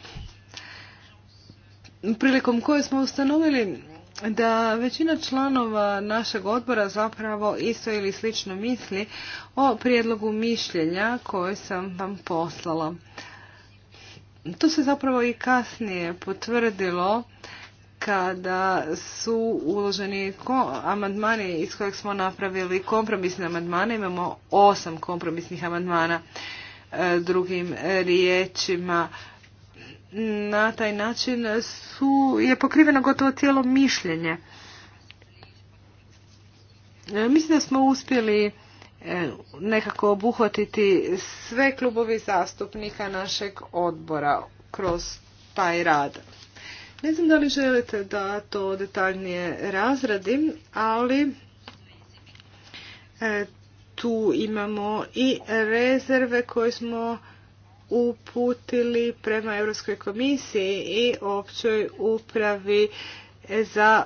Prilikom koje smo ustanovili da većina članova našeg odbora zapravo isto ili slično misli o prijedlogu mišljenja koje sam vam poslala. To se zapravo i kasnije potvrdilo kada su uloženi amandmani iz kojeg smo napravili kompromisne amandmane. Imamo osam kompromisnih amandmana. E, drugim riječima, na taj način su, je pokriveno gotovo cijelo mišljenje. E, mislim da smo uspjeli e, nekako obuhvatiti sve klubovi zastupnika našeg odbora kroz taj rad. Ne znam da li želite da to detaljnije razradim, ali e, tu imamo i rezerve koje smo uputili prema Europskoj komisiji i općoj upravi za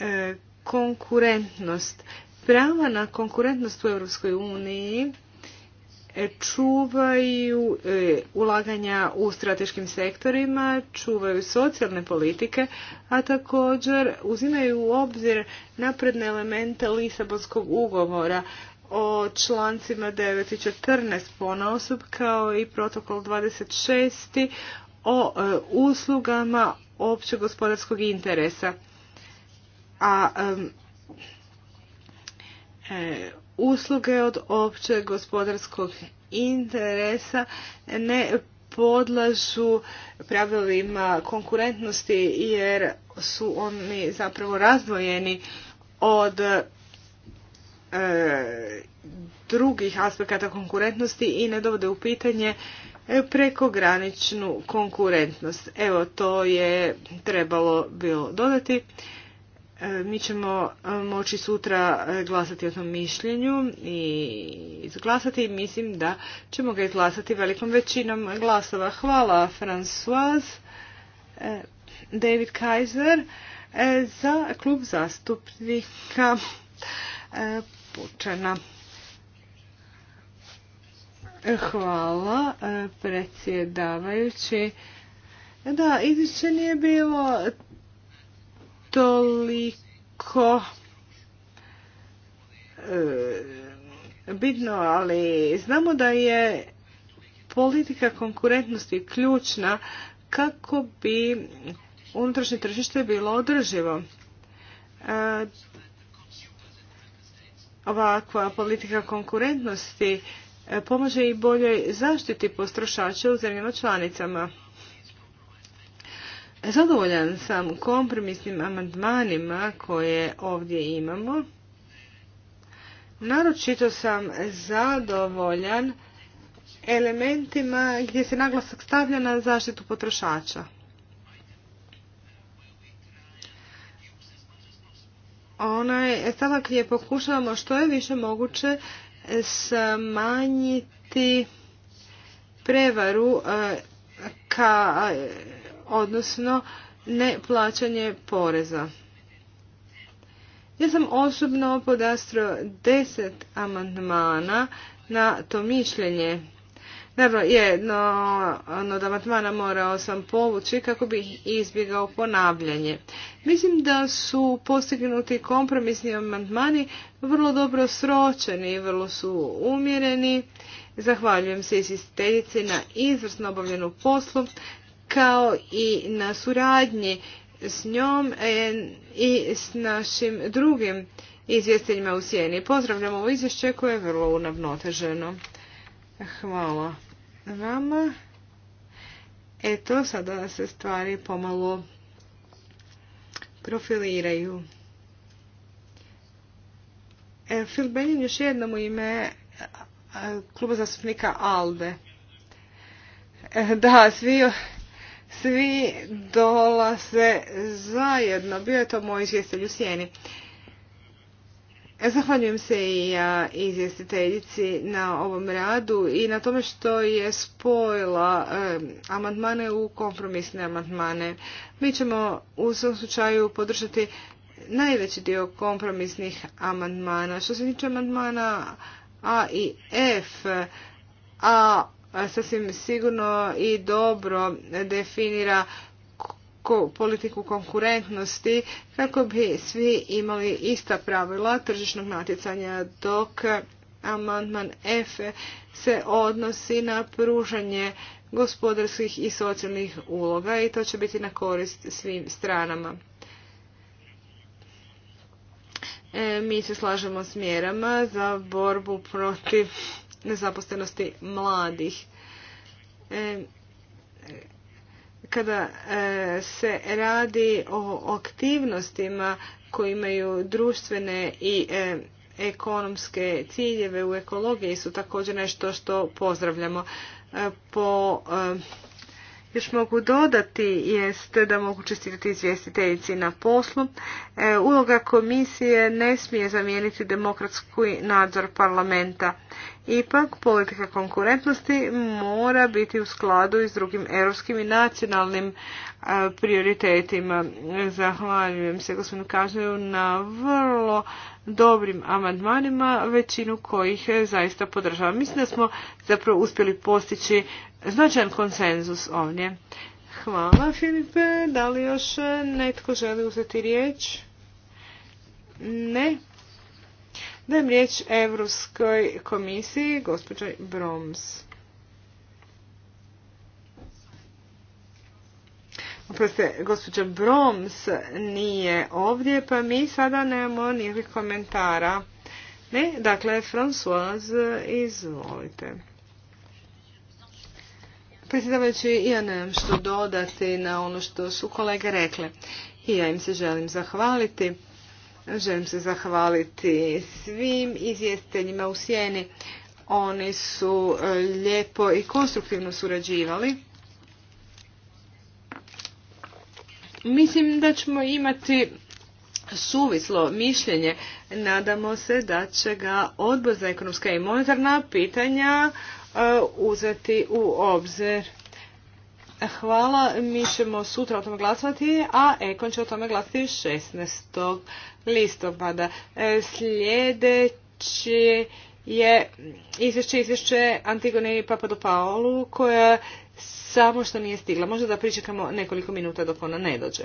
e, konkurentnost. Prava na konkurentnost u Europskoj uniji e, čuvaju e, ulaganja u strateškim sektorima, čuvaju socijalne politike, a također uzimaju u obzir napredne elemente Lisabonskog ugovora, o člancima 9 i 14 ponaosob kao i protokol 26 o e, uslugama općeg gospodarskog interesa. A e, usluge od općeg gospodarskog interesa ne podlažu pravilima konkurentnosti jer su oni zapravo razdvojeni od E, drugih aspekata konkurentnosti i ne dovode u pitanje prekograničnu konkurentnost. Evo, to je trebalo bilo dodati. E, mi ćemo e, moći sutra glasati o tom mišljenju i izglasati. Mislim da ćemo ga izglasati velikom većinom glasova. Hvala, Françoise. David Kaiser za klub zastupnika E, Pučana. Hvala e, predsjedavajući. Da, izvješće nije bilo toliko e, bitno, ali znamo da je politika konkurentnosti ključna kako bi unutrašnje tržište bilo održivo. Ovakva politika konkurentnosti e, pomaže i boljoj zaštiti potrošača u zemljama članicama. Zadovoljan sam kompromisnim amandmanima koje ovdje imamo. Naročito sam zadovoljan elementima gdje se naglasak stavlja na zaštitu potrošača. onaj stavak e, je pokušavamo što je više moguće e, smanjiti prevaru e, ka, odnosno neplaćanje poreza. Ja sam osobno podastro deset amandmana na to mišljenje. Naravno, no ono, od amatmana morao sam povući kako bih izbjegao ponavljanje. Mislim da su postignuti kompromisni amandmani vrlo dobro sročeni i vrlo su umjereni. Zahvaljujem se izvjestiteljici na izvrsno obavljenu poslu kao i na suradnji s njom e, i s našim drugim izvjestiteljima u sjeni. Pozdravljam ovo izvješće koje je vrlo unavnoteženo. Hvala vama Eto, sada se stvari pomalo profiliraju. E, Phil još jednom u ime e, kluba zastupnika ALDE. E, da, svi, svi dolaze zajedno. Bio je to moj izvjestelj u sjeni. Zahvaljujem se i ja izvjestiteljici na ovom radu i na tome što je spojila amandmane u kompromisne amandmane. Mi ćemo u svom slučaju podržati najveći dio kompromisnih amandmana. Što se tiče amandmana A i F, a sasvim sigurno i dobro definira politiku konkurentnosti kako bi svi imali ista pravila tržišnog natjecanja dok amandman F se odnosi na pružanje gospodarskih i socijalnih uloga i to će biti na korist svim stranama. E, mi se slažemo s mjerama za borbu protiv nezaposlenosti mladih. E, kada e, se radi o aktivnostima koji imaju društvene i e, ekonomske ciljeve u ekologiji su također nešto što pozdravljamo. E, po, još mogu dodati jeste da mogu čestitati izvjestiteljici na poslu. Uloga komisije ne smije zamijeniti demokratski nadzor parlamenta Ipak, politika konkurentnosti mora biti u skladu i s drugim europskim i nacionalnim e, prioritetima. Zahvaljujem se gospodinu Kažnju na vrlo dobrim amandmanima, većinu kojih e, zaista podržavam. Mislim da smo zapravo uspjeli postići značajan konsenzus ovdje. Hvala Filipe. Da li još e, netko želi uzeti riječ? Ne. Dajem riječ Europskoj komisiji, gospođaj Broms. Oprostite, gospođa Broms nije ovdje, pa mi sada nemamo nikakvih komentara. Ne, dakle, Françoise, izvolite. Predsjedavajući, ja nemam što dodati na ono što su kolege rekle. I ja im se želim zahvaliti. Želim se zahvaliti svim izvjestiteljima u sjeni. Oni su e, lijepo i konstruktivno surađivali. Mislim da ćemo imati suvislo mišljenje. Nadamo se da će ga odbor za ekonomska i monetarna pitanja e, uzeti u obzir. Hvala, mi ćemo sutra o tome glasovati, a Ekon će o tome glasati 16. listopada. E, sljedeće je izvješće, izvješće Antigone i Papadopaolu koja samo što nije stigla. Možda da pričekamo nekoliko minuta dok ona ne dođe.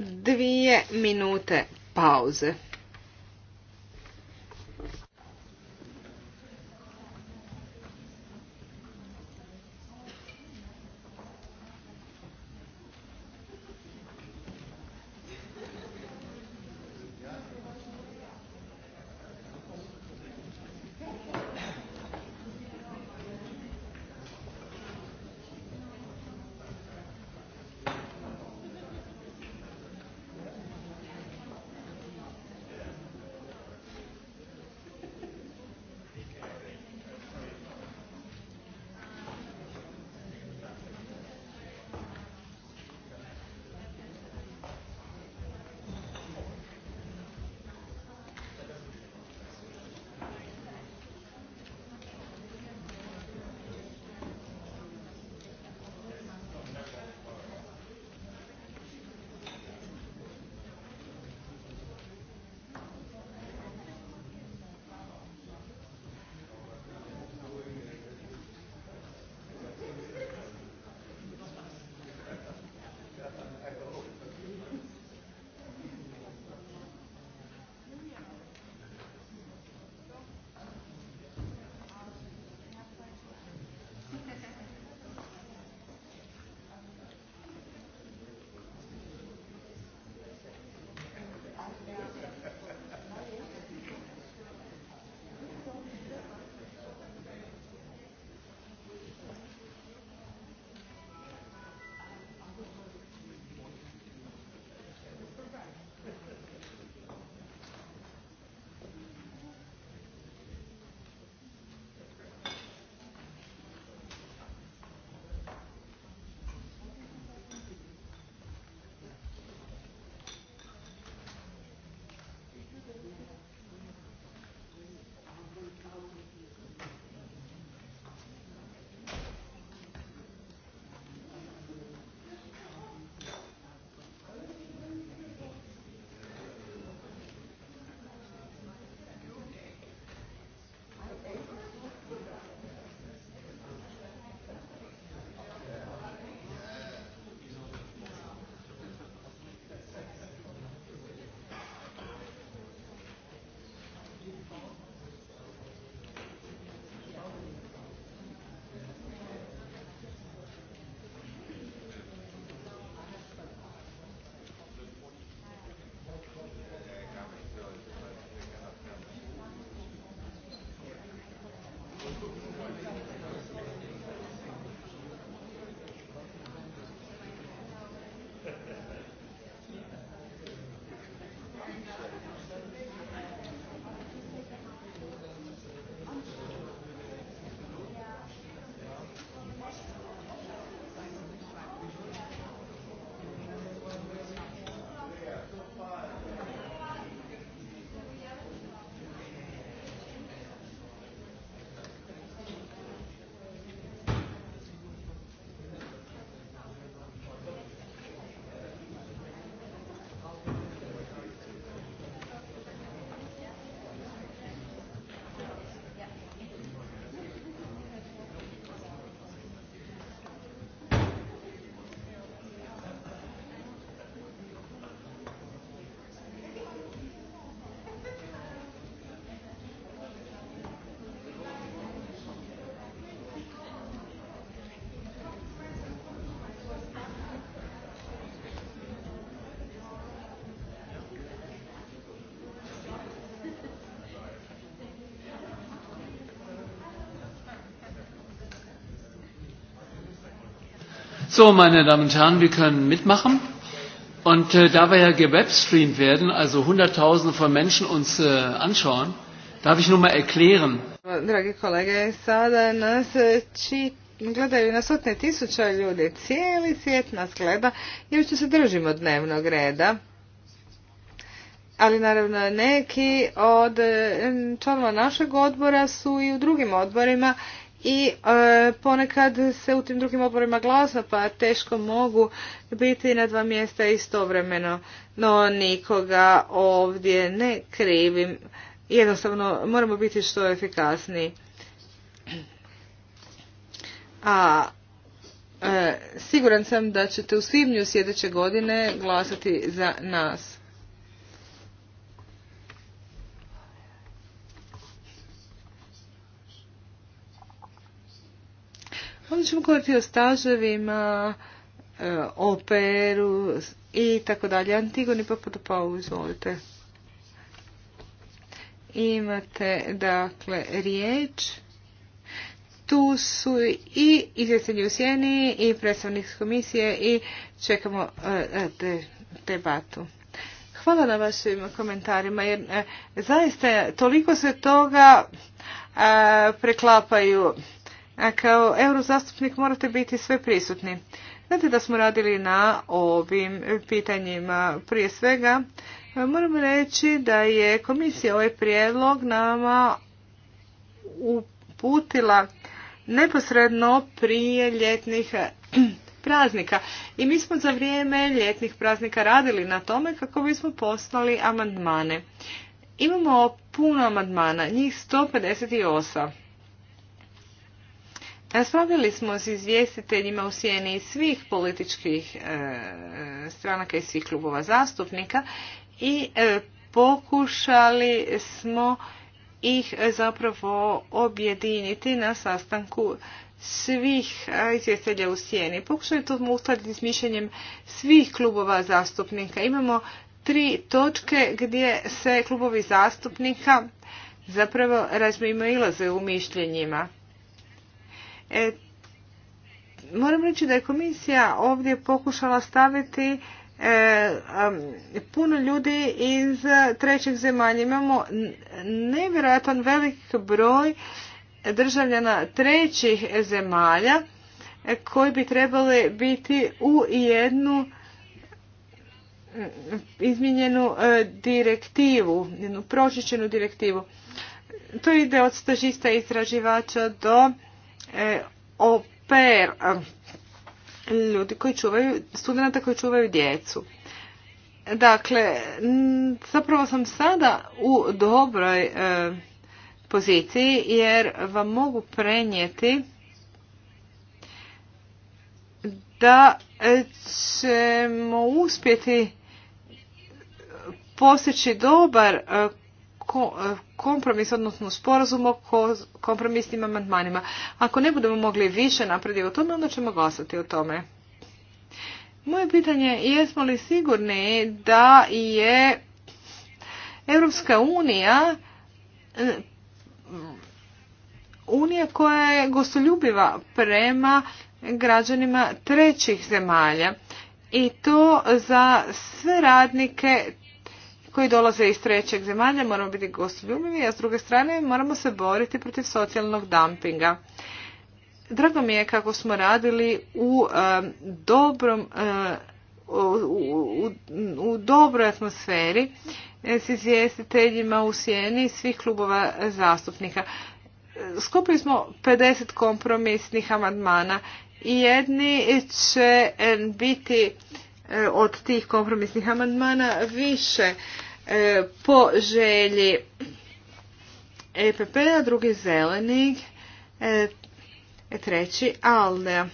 Dvije minute pauze. So, meine Damen und Herren, wir können mitmachen. Und äh, da wir ja gewebstreamt werden, also Hunderttausende von Menschen uns äh, anschauen, darf ich nur mal erklären. Dragi kolege, sada nas e, či gledaju na sotne tisuća ljudi. Cijeli svijet nas gleda i uopće se držimo dnevnog reda. Ali naravno neki od e, članova našeg odbora su i u drugim odborima i e, ponekad se u tim drugim oborima glasa pa teško mogu biti na dva mjesta istovremeno no nikoga ovdje ne krivim jednostavno moramo biti što efikasniji a e, siguran sam da ćete u svibnju sljedeće godine glasati za nas Onda ćemo govoriti o staževima, e, operu i tako dalje. Antigoni pa izvolite. Imate, dakle, riječ. Tu su i izvjestitelji u sjeni i predstavnik komisije i čekamo e, e, debatu. Hvala na vašim komentarima jer zaista toliko se toga preklapaju a kao eurozastupnik morate biti sve prisutni. Znate da smo radili na ovim pitanjima prije svega. Moram reći da je komisija ovaj prijedlog nama uputila neposredno prije ljetnih praznika. I mi smo za vrijeme ljetnih praznika radili na tome kako bismo poslali amandmane. Imamo puno amandmana, njih 158. Raspravili smo s izvjestiteljima u sjeni svih političkih e, stranaka i svih klubova zastupnika i e, pokušali smo ih e, zapravo objediniti na sastanku svih izvjestitelja u sjeni. Pokušali to uskladiti s mišljenjem svih klubova zastupnika. Imamo tri točke gdje se klubovi zastupnika zapravo razmimo ilaze u mišljenjima. E, moram reći da je komisija ovdje pokušala staviti e, puno ljudi iz trećih zemalja. Imamo nevjerojatan velik broj državljana trećih zemalja e, koji bi trebali biti u jednu mm, izmijenjenu e, direktivu, jednu pročišćenu direktivu. To ide od stažista i istraživača do E, oper, ljudi koji čuvaju, studenta koji čuvaju djecu. Dakle, zapravo sam sada u dobroj e, poziciji jer vam mogu prenijeti da ćemo uspjeti postići dobar e, E, kompromis, odnosno sporazum o kompromisnim amandmanima. Ako ne budemo mogli više napredi o tome, onda ćemo glasati o tome. Moje pitanje je jesmo li sigurni da je Europska unija e, unija koja je gostoljubiva prema građanima trećih zemalja i to za sve radnike koji dolaze iz trećeg zemalja, moramo biti gostoljubivi, a s druge strane moramo se boriti protiv socijalnog dumpinga. Drago mi je kako smo radili u dobrom u, dobroj atmosferi e, s izvjestiteljima u sjeni svih klubova zastupnika. Skupili smo 50 kompromisnih amandmana i jedni će biti e, od tih kompromisnih amandmana više E, po želji EPP-a, drugi zelenik, e, e, treći ALDE.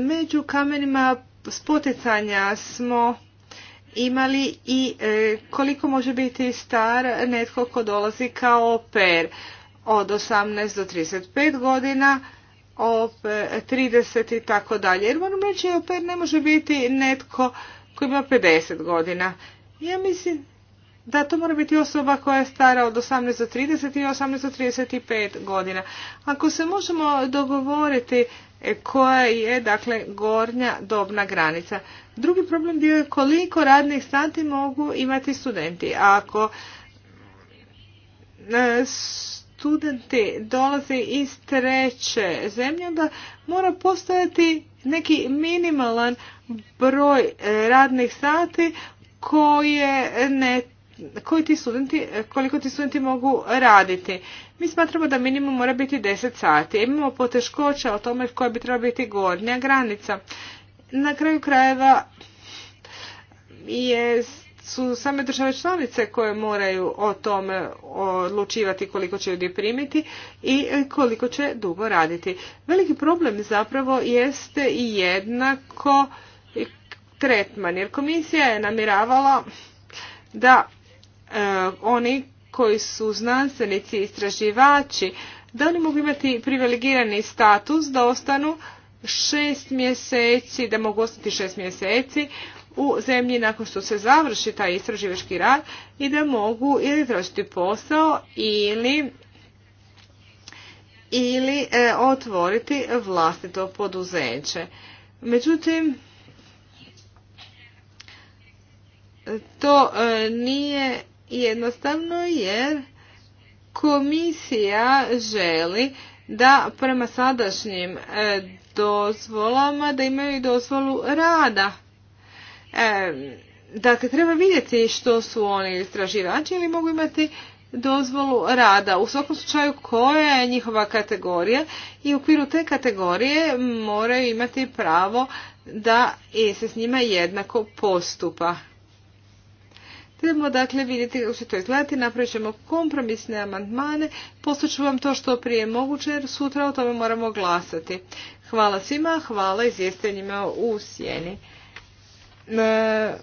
Među kamenima spoticanja smo imali i koliko može biti star netko ko dolazi kao per od 18 do 35 godina, op 30 i tako dalje. Jer moram reći, oper ne može biti netko koji ima 50 godina. Ja mislim da to mora biti osoba koja je stara od 18 do 30 i 18 do 35 godina. Ako se možemo dogovoriti e, koja je dakle gornja dobna granica. Drugi problem bio je koliko radnih sati mogu imati studenti. Ako e, studenti dolaze iz treće zemlje, onda mora postojati neki minimalan broj e, radnih sati koje ne koji ti studenti, koliko ti studenti mogu raditi. Mi smatramo da minimum mora biti 10 sati. Imamo poteškoća o tome koja bi trebala biti gornja granica. Na kraju krajeva su same države članice koje moraju o tome odlučivati koliko će ljudi primiti i koliko će dugo raditi. Veliki problem zapravo jeste i jednako tretman, jer komisija je namiravala da E, oni koji su znanstvenici i istraživači, da oni mogu imati privilegirani status da ostanu šest mjeseci, da mogu ostati šest mjeseci u zemlji nakon što se završi taj istraživački rad i da mogu ili tražiti posao ili ili e, otvoriti vlastito poduzeće. Međutim, to e, nije jednostavno jer komisija želi da prema sadašnjim e, dozvolama da imaju dozvolu rada. E, dakle, treba vidjeti što su oni istraživači ili mogu imati dozvolu rada. U svakom slučaju koja je njihova kategorija i u okviru te kategorije moraju imati pravo da se s njima jednako postupa. Trebamo dakle vidjeti kako će to izgledati, napravit ćemo kompromisne amandmane, ću vam to što prije moguće jer sutra o tome moramo glasati. Hvala svima, hvala izvjestenjima u sjeni. E,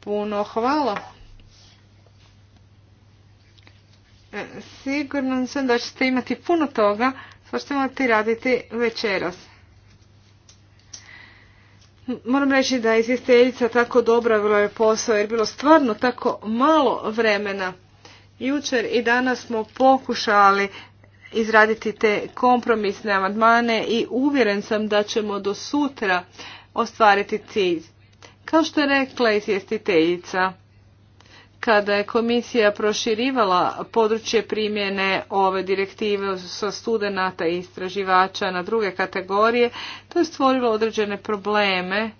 puno hvala. E, Sigurno sam da ćete imati puno toga, što ćete imati raditi večeras. Moram reći da je izvjestiteljica tako dobro bilo je posao jer bilo stvarno tako malo vremena. Jučer i danas smo pokušali izraditi te kompromisne amandmane i uvjeren sam da ćemo do sutra ostvariti cilj. Kao što je rekla izvjestiteljica, kada je komisija proširivala područje primjene ove direktive sa studenata i istraživača na druge kategorije, to je stvorilo određene probleme.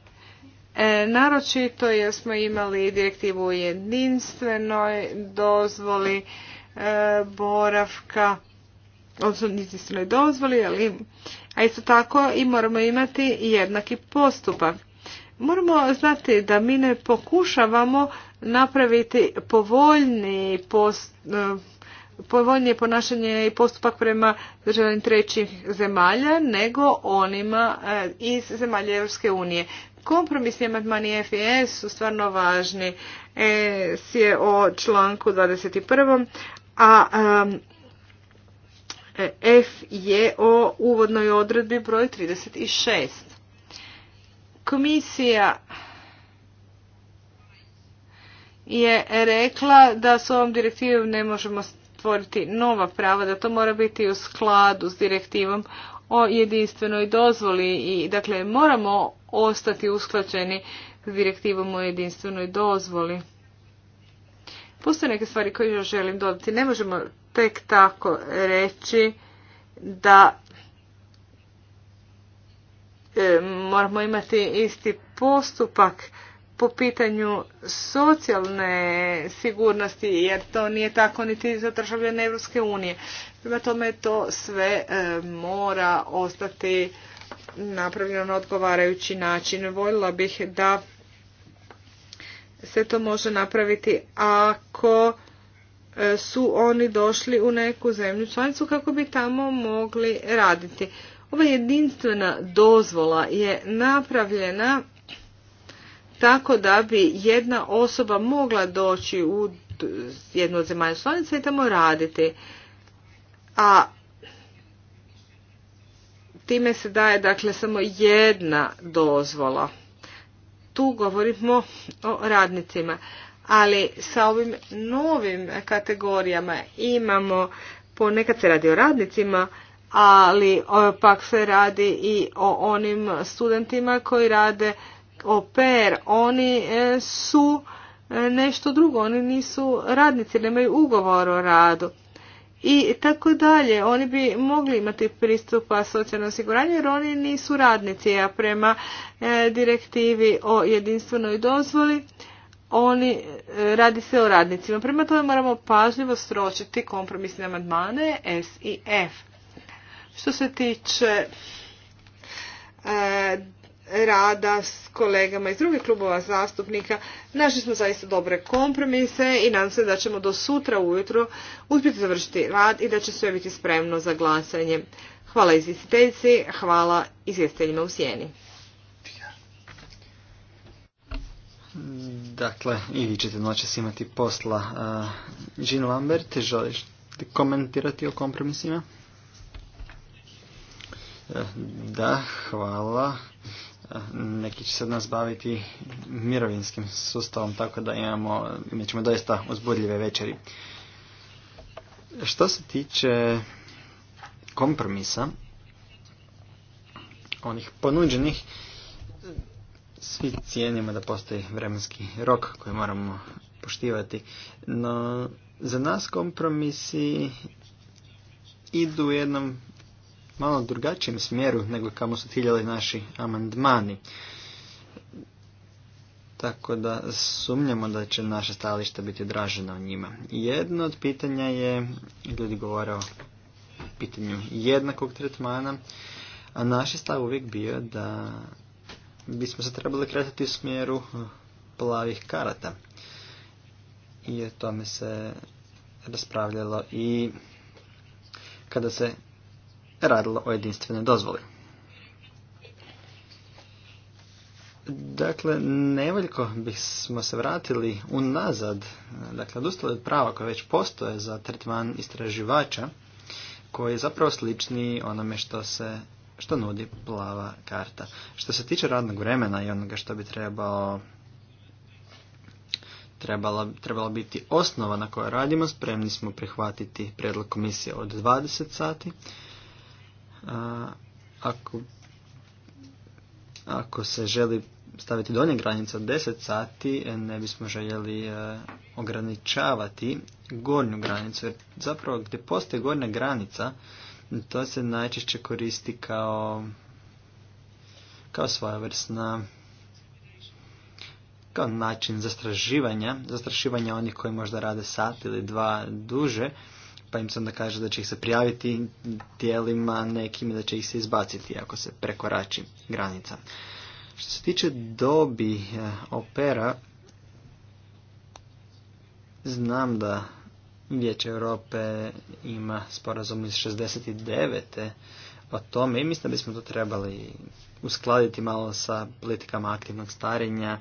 E, naročito jer smo imali direktivu u jedinstvenoj dozvoli e, boravka, odnosno jedinstvenoj dozvoli, ali, a isto tako i moramo imati jednaki postupak. Moramo znati da mi ne pokušavamo napraviti povoljni post, e, povoljnije ponašanje i postupak prema državnim trećih zemalja nego onima e, iz zemalja Europske unije. Kompromisni amandmani FIS su stvarno važni. S je o članku 21. A e, F je o uvodnoj odredbi broj 36. Komisija je rekla da s ovom direktivom ne možemo stvoriti nova prava, da to mora biti u skladu s direktivom o jedinstvenoj dozvoli i dakle moramo ostati usklađeni s direktivom o jedinstvenoj dozvoli. Postoje neke stvari koje još želim dodati. Ne možemo tek tako reći da E, moramo imati isti postupak po pitanju socijalne sigurnosti, jer to nije tako niti za državljane Europske unije. Prema tome to sve e, mora ostati napravljeno na odgovarajući način. Voljela bih da se to može napraviti ako e, su oni došli u neku zemlju članicu kako bi tamo mogli raditi. Ova jedinstvena dozvola je napravljena tako da bi jedna osoba mogla doći u jednu od zemalja članica i tamo raditi. A time se daje dakle samo jedna dozvola. Tu govorimo o radnicima. Ali sa ovim novim kategorijama imamo, ponekad se radi o radnicima, ali pak se radi i o onim studentima koji rade oper. Oni e, su e, nešto drugo, oni nisu radnici, nemaju ugovor o radu. I tako dalje, oni bi mogli imati pristupa socijalnom osiguranju jer oni nisu radnici, a prema e, direktivi o jedinstvenoj dozvoli oni radi se o radnicima. Prema tome moramo pažljivo sročiti kompromisne amandmane S i F. Što se tiče e, rada s kolegama iz drugih klubova zastupnika, našli smo zaista dobre kompromise i nadam se da ćemo do sutra ujutro uspjeti završiti rad i da će sve biti spremno za glasanje. Hvala izvjestiteljci, hvala izvjestiteljima u sjeni. Dakle, i vi ćete imati posla. E, Jean Lambert, želiš komentirati o kompromisima? E, da, hvala. E, neki će se od nas baviti mirovinskim sustavom, tako da imamo, imat ćemo doista uzbudljive večeri. Što se tiče kompromisa, onih ponuđenih, svi cijenimo da postoji vremenski rok koji moramo poštivati, no za nas kompromisi idu u jednom malo drugačijem smjeru nego kamo su ciljali naši amandmani. Tako da sumnjamo da će naše stajalište biti odraženo u njima. Jedno od pitanja je, ljudi govore o pitanju jednakog tretmana, a naš stav uvijek bio da bismo se trebali kretati u smjeru plavih karata. I o tome se raspravljalo i kada se radilo o jedinstvenoj dozvoli. Dakle, nevoljko bismo se vratili unazad, dakle, odustali od prava koje već postoje za tretman istraživača, koji je zapravo slični onome što se što nudi plava karta. Što se tiče radnog vremena i onoga što bi trebalo trebalo biti osnova na kojoj radimo, spremni smo prihvatiti predlog komisije od 20 sati, ako, ako se želi staviti donje granice od 10 sati, e, ne bismo željeli e, ograničavati gornju granicu. Jer zapravo gdje postoji gornja granica, to se najčešće koristi kao kao svojevrsna kao način zastraživanja, zastrašivanja onih koji možda rade sat ili dva duže, pa im se onda kaže da će ih se prijaviti tijelima nekim da će ih se izbaciti ako se prekorači granica. Što se tiče dobi eh, opera, znam da Vijeće Europe ima sporazum iz 69. o tome i mislim da bismo to trebali uskladiti malo sa politikama aktivnog starenja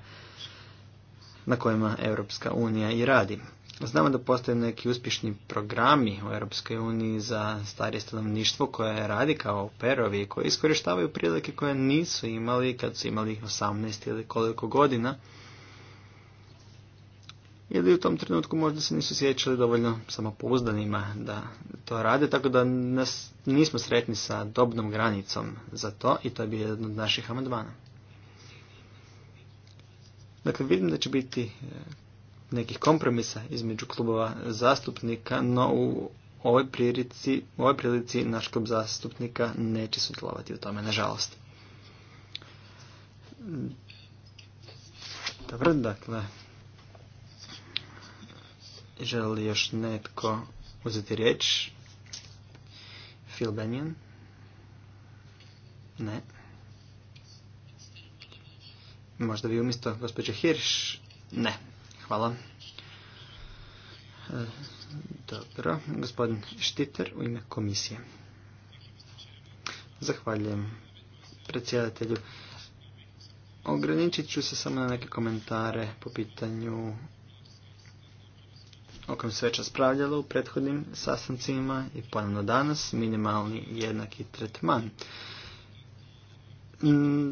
na kojima Europska unija i radi. Znamo da postoje neki uspješni programi u Europskoj uniji za starije stanovništvo koje radi kao operovi i koji iskorištavaju prilike koje nisu imali kad su imali 18 ili koliko godina. Ili u tom trenutku možda se nisu sjećali dovoljno samopouzdanima da to rade, tako da nismo sretni sa dobnom granicom za to i to je bio jedan od naših amandmana. Dakle, vidim da će biti nekih kompromisa između klubova zastupnika, no u ovoj prilici, u ovoj prilici naš klub zastupnika neće sudjelovati u tome, nažalost. Dobro, dakle, želi li još netko uzeti riječ? Phil Benjen? Ne. Možda vi umjesto gospođe Hirš? Ne. Hvala. E, dobro, gospodin Štiter u ime komisije. Zahvaljujem predsjedatelju. Ograničit ću se samo na neke komentare po pitanju o kojem se već raspravljalo u prethodnim sastancima i ponovno danas minimalni jednaki tretman.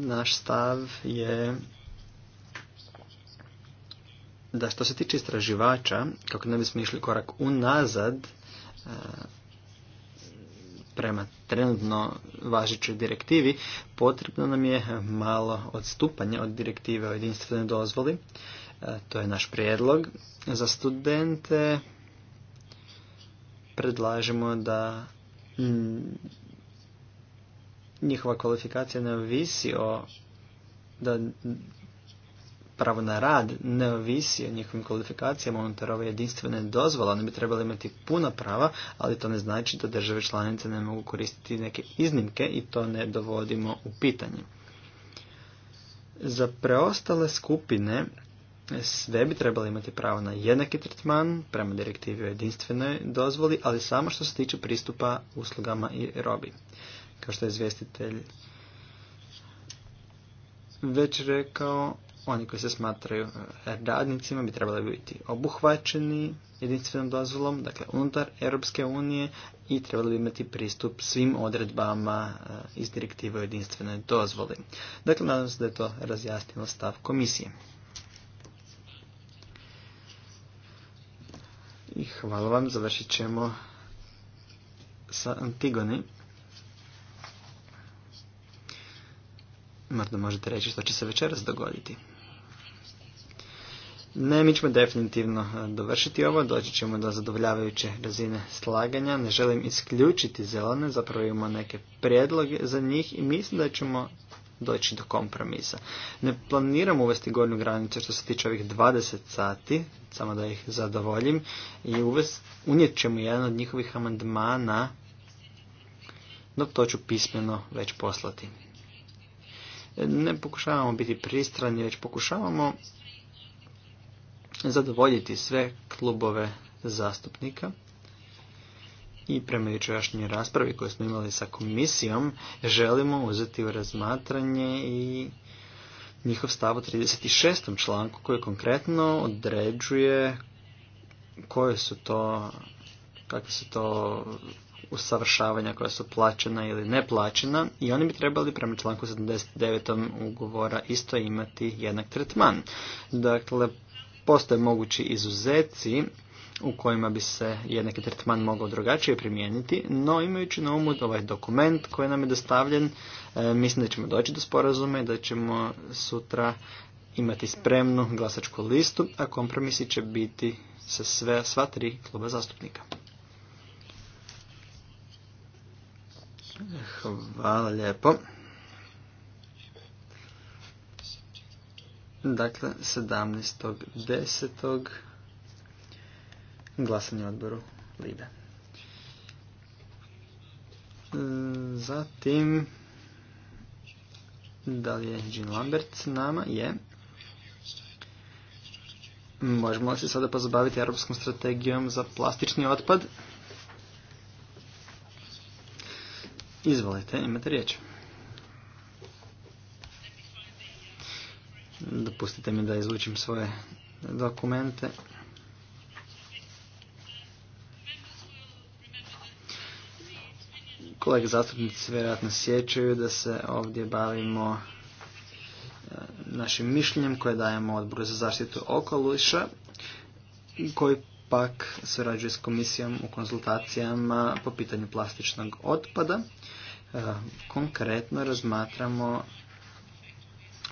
Naš stav je da što se tiče istraživača, kako ne bismo išli korak unazad e, prema trenutno važećoj direktivi, potrebno nam je malo odstupanje od direktive o jedinstvenoj dozvoli. E, to je naš prijedlog. Za studente predlažemo da njihova kvalifikacija ne ovisi o da pravo na rad ne ovisi o njihovim kvalifikacijama unutar ove jedinstvene dozvole. Oni bi trebali imati puna prava, ali to ne znači da države članice ne mogu koristiti neke iznimke i to ne dovodimo u pitanje. Za preostale skupine sve bi trebali imati pravo na jednaki tretman prema direktivi o jedinstvenoj dozvoli, ali samo što se tiče pristupa uslugama i robi. Kao što je izvjestitelj već rekao, oni koji se smatraju e, radnicima bi trebali biti obuhvaćeni jedinstvenom dozvolom, dakle unutar Europske unije i trebali bi imati pristup svim odredbama e, iz direktive o jedinstvenoj dozvoli. Dakle, nadam se da je to razjasnilo stav komisije. I hvala vam, završit ćemo sa Antigoni. Možda možete reći što će se večeras dogoditi. Ne, mi ćemo definitivno e, dovršiti ovo, doći ćemo do zadovoljavajuće razine slaganja. Ne želim isključiti zelene, zapravo imamo neke prijedloge za njih i mislim da ćemo doći do kompromisa. Ne planiramo uvesti gornju granicu što se tiče ovih 20 sati, samo da ih zadovoljim, i unijet ćemo jedan od njihovih amandmana, dok to ću pismeno već poslati. E, ne pokušavamo biti pristrani, već pokušavamo zadovoljiti sve klubove zastupnika. I prema jučerašnjoj raspravi koju smo imali sa komisijom, želimo uzeti u razmatranje i njihov stav u 36. članku koji konkretno određuje koje su to, kakve su to usavršavanja koja su plaćena ili ne plaćena i oni bi trebali prema članku 79. ugovora isto imati jednak tretman. Dakle, Postoje mogući izuzeci u kojima bi se jednaki tretman mogao drugačije primijeniti, no imajući na umu ovaj dokument koji nam je dostavljen, e, mislim da ćemo doći do sporazume i da ćemo sutra imati spremnu glasačku listu, a kompromisi će biti sa sve, sva tri kluba zastupnika. Hvala lijepo. Dakle, 17.10. glasanje odboru LIDE. Zatim, da li je Jean Lambert s nama? Je. Možemo li se sada pozabaviti europskom strategijom za plastični otpad? Izvolite, imate riječ. Dopustite mi da izlučim svoje dokumente. Kolege zastupnici vjerojatno sjećaju da se ovdje bavimo e, našim mišljenjem koje dajemo odboru za zaštitu okoliša koji pak surađuje s komisijom u konzultacijama po pitanju plastičnog otpada. E, konkretno razmatramo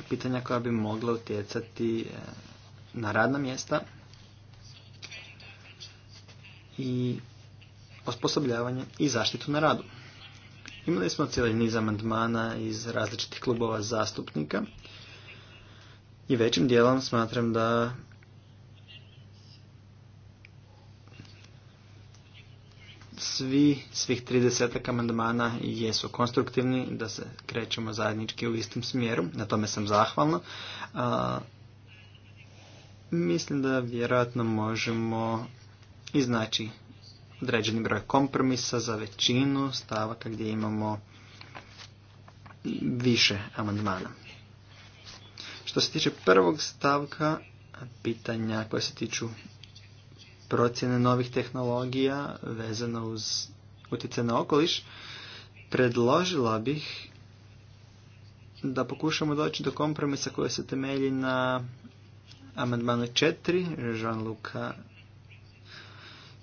pitanja koja bi mogla utjecati e, na radna mjesta i osposobljavanje i zaštitu na radu. Imali smo cijeli niz amandmana iz različitih klubova zastupnika i većim dijelom smatram da svi, svih 30 amandmana jesu konstruktivni, da se krećemo zajednički u istom smjeru, na tome sam zahvalna. mislim da vjerojatno možemo iznaći određeni broj kompromisa za većinu stavaka gdje imamo više amandmana. Što se tiče prvog stavka, pitanja koje se tiču procjene novih tehnologija vezano uz utjecaj na okoliš, predložila bih da pokušamo doći do kompromisa koji se temelji na amandmanu 4 Jean-Luca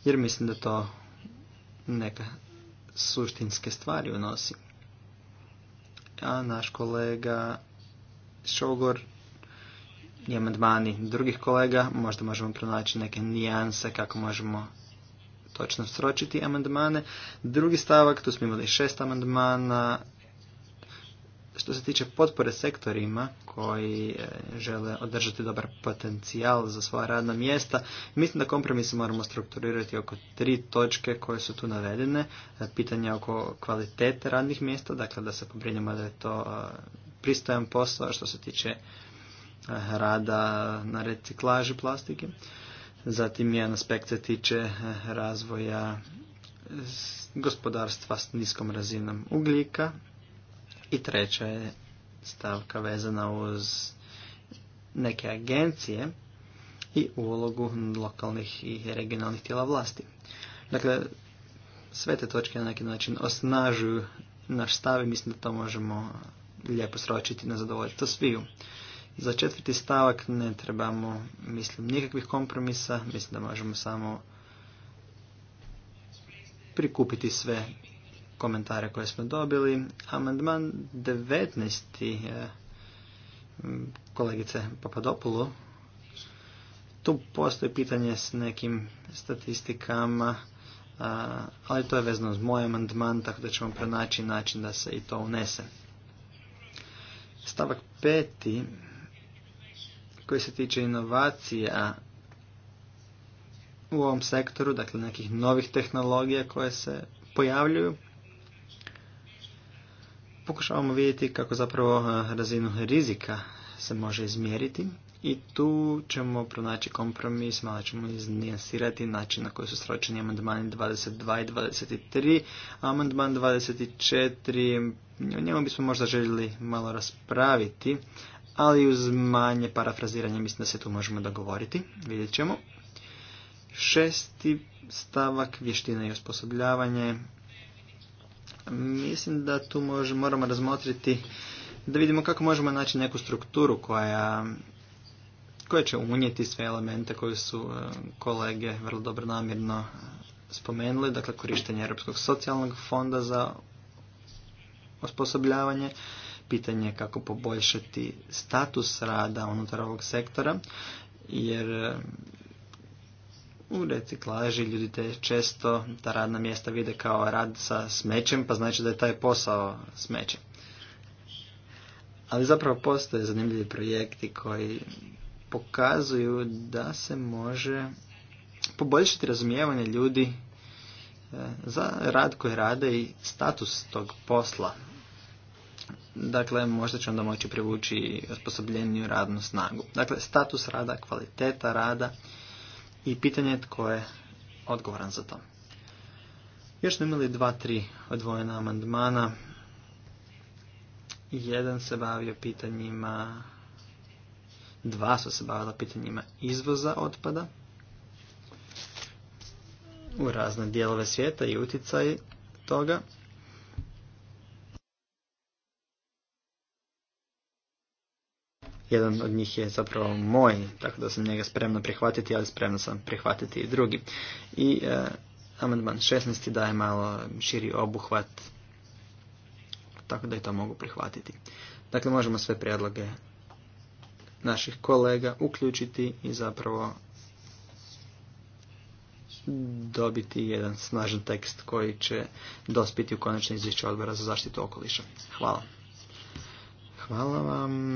jer mislim da to neka suštinske stvari unosi. A naš kolega Šogor i amandmani drugih kolega, možda možemo pronaći neke nijanse kako možemo točno sročiti amandmane. Drugi stavak, tu smo imali šest amandmana, što se tiče potpore sektorima koji e, žele održati dobar potencijal za svoja radna mjesta, mislim da kompromise moramo strukturirati oko tri točke koje su tu navedene. E, pitanje oko kvalitete radnih mjesta, dakle da se pobrinjamo da je to e, pristojan posao što se tiče Eh, rada na reciklaži plastike. Zatim jedan aspekt se tiče eh, razvoja eh, gospodarstva s niskom razinom ugljika. I treća je stavka vezana uz neke agencije i ulogu lokalnih i regionalnih tijela vlasti. Dakle, sve te točke na neki način osnažuju naš stav i mislim da to možemo lijepo sročiti na zadovoljstvo sviju. Za četvrti stavak ne trebamo, mislim, nikakvih kompromisa, mislim da možemo samo prikupiti sve komentare koje smo dobili. Amandman 19. E, kolegice Papadopoulou, tu postoji pitanje s nekim statistikama, e, ali to je vezano s moj amandman, tako da ćemo pronaći način da se i to unese. Stavak peti koji se tiče inovacija u ovom sektoru, dakle nekih novih tehnologija koje se pojavljuju. Pokušavamo vidjeti kako zapravo e, razinu rizika se može izmjeriti i tu ćemo pronaći kompromis, malo ćemo iznijansirati način na koji su sročeni amandmani 22 i 23, amandman 24, o njemu bismo možda željeli malo raspraviti, ali uz manje parafraziranje mislim da se tu možemo dogovoriti, vidjet ćemo. Šesti stavak, vještina i osposobljavanje. Mislim da tu moramo razmotriti da vidimo kako možemo naći neku strukturu koja koje će unijeti sve elemente koje su e, kolege vrlo dobro namjerno spomenuli, dakle korištenje Europskog socijalnog fonda za osposobljavanje, pitanje kako poboljšati status rada unutar ovog sektora, jer u reciklaži ljudi te često ta radna mjesta vide kao rad sa smećem, pa znači da je taj posao smeće. Ali zapravo postoje zanimljivi projekti koji pokazuju da se može poboljšati razumijevanje ljudi eh, za rad koji rade i status tog posla dakle možda će onda moći privući osposobljeniju radnu snagu. Dakle, status rada, kvaliteta rada i pitanje tko je odgovoran za to. Još smo imali dva, tri odvojena amandmana. Jedan se bavio pitanjima, dva su se bavila pitanjima izvoza otpada u razne dijelove svijeta i utjecaj toga. Jedan od njih je zapravo moj, tako da sam njega spremno prihvatiti, ali spremno sam prihvatiti i drugi. I e, amandman 16. daje malo širi obuhvat, tako da i to mogu prihvatiti. Dakle, možemo sve prijedloge naših kolega uključiti i zapravo dobiti jedan snažan tekst koji će dospiti u konačni izvješće odbora za zaštitu okoliša. Hvala. Hvala vam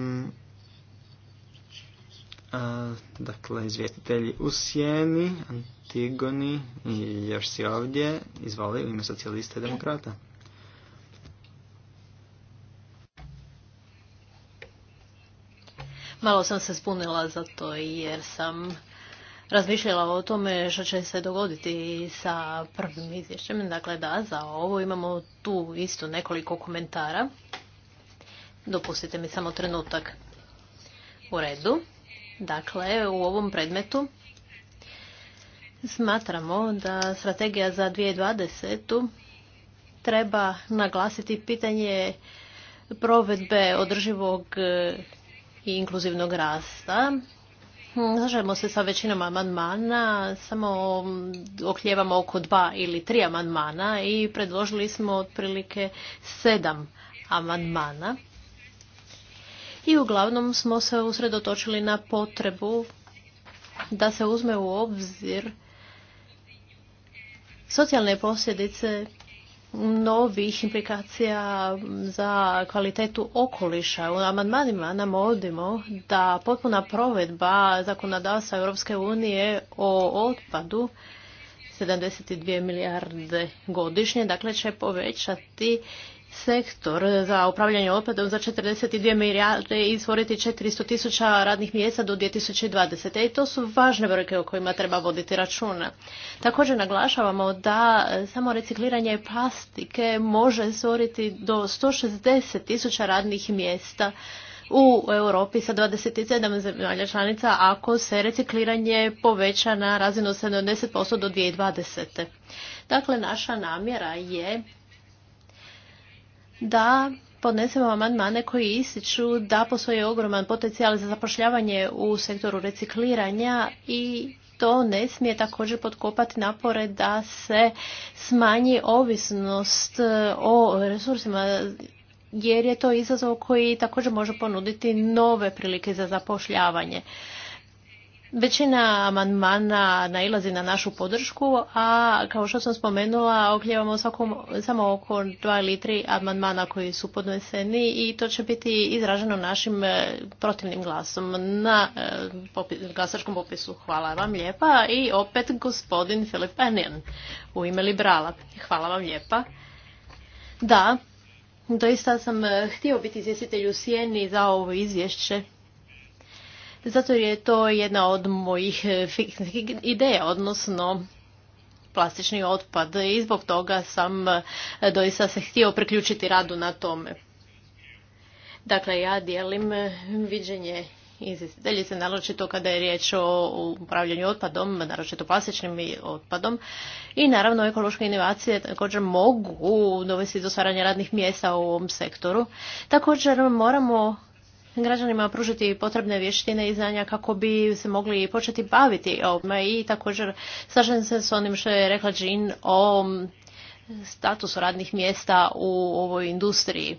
dakle, izvjestitelji u Sjeni, Antigoni i još si ovdje. Izvoli u ime socijalista i demokrata. Malo sam se spunila to jer sam razmišljala o tome što će se dogoditi sa prvim izvješćem. Dakle, da, za ovo imamo tu isto nekoliko komentara. Dopustite mi samo trenutak. U redu. Dakle, u ovom predmetu smatramo da strategija za 2020. treba naglasiti pitanje provedbe održivog e, i inkluzivnog rasta. Slažemo se sa većinom amandmana, samo mm, okljevamo oko dva ili tri amandmana i predložili smo otprilike sedam amandmana i uglavnom smo se usredotočili na potrebu da se uzme u obzir socijalne posljedice novih implikacija za kvalitetu okoliša. U amandmanima odimo da potpuna provedba zakonodavstva Europske unije o otpadu 72 milijarde godišnje, dakle će povećati sektor za upravljanje otpadom za 42 milijarde i stvoriti 400 tisuća radnih mjesta do 2020. I e, to su važne brojke o kojima treba voditi računa. Također naglašavamo da samo recikliranje plastike može stvoriti do 160 tisuća radnih mjesta u Europi sa 27 zemalja članica ako se recikliranje poveća na razinu 70% do 2020. Dakle, naša namjera je da podnesemo amandmane koji ističu da postoji ogroman potencijal za zapošljavanje u sektoru recikliranja i to ne smije također podkopati napore da se smanji ovisnost e, o resursima jer je to izazov koji također može ponuditi nove prilike za zapošljavanje. Većina amandmana nailazi na našu podršku, a kao što sam spomenula, okljevamo samo oko dva ili tri amandmana koji su podneseni i to će biti izraženo našim e, protivnim glasom na e, glasačkom popisu. Hvala vam lijepa i opet gospodin Filip u ime librala. Hvala vam lijepa. Da, doista sam e, htio biti izvjestitelj u Sijeni za ovo izvješće zato je to jedna od mojih eh, ideja, odnosno plastični otpad i zbog toga sam eh, doista se htio priključiti radu na tome. Dakle, ja dijelim eh, viđenje izvjestiteljice, naročito kada je riječ o upravljanju otpadom, naročito plastičnim otpadom. I naravno, ekološke inovacije također mogu dovesti do stvaranja radnih mjesta u ovom sektoru. Također moramo građanima pružiti potrebne vještine i znanja kako bi se mogli početi baviti ovome i također slažem se s onim što je rekla Jean o statusu radnih mjesta u ovoj industriji.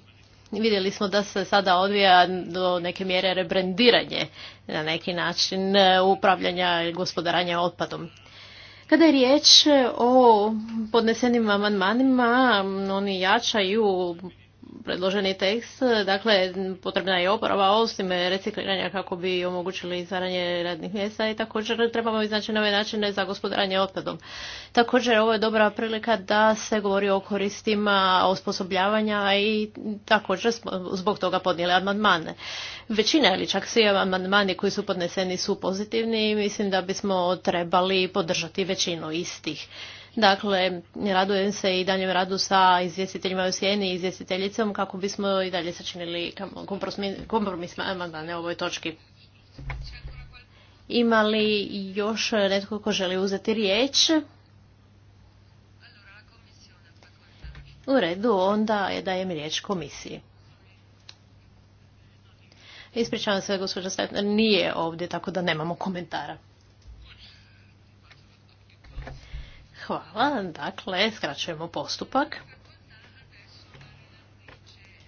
Vidjeli smo da se sada odvija do neke mjere rebrendiranje na neki način upravljanja i gospodaranja otpadom. Kada je riječ o podnesenim amandmanima, oni jačaju predloženi tekst. Dakle, potrebna je oporaba osim recikliranja kako bi omogućili zaranje radnih mjesta i također trebamo iznaći nove načine za gospodaranje otpadom. Također, ovo je dobra prilika da se govori o koristima osposobljavanja i također zbog toga podnijeli amandmane. Većina ili čak svi amandmani koji su podneseni su pozitivni i mislim da bismo trebali podržati većinu istih. Dakle, radujem se i daljem radu sa izvjestiteljima u Sjeni i izvjestiteljicom kako bismo i dalje sačinili kompromisne amandmane ovoj točki. Ima li još netko ko želi uzeti riječ? U redu, onda je dajem riječ komisiji. Ispričavam se, gospođa Stetner nije ovdje, tako da nemamo komentara. Hvala. Dakle, skraćujemo postupak.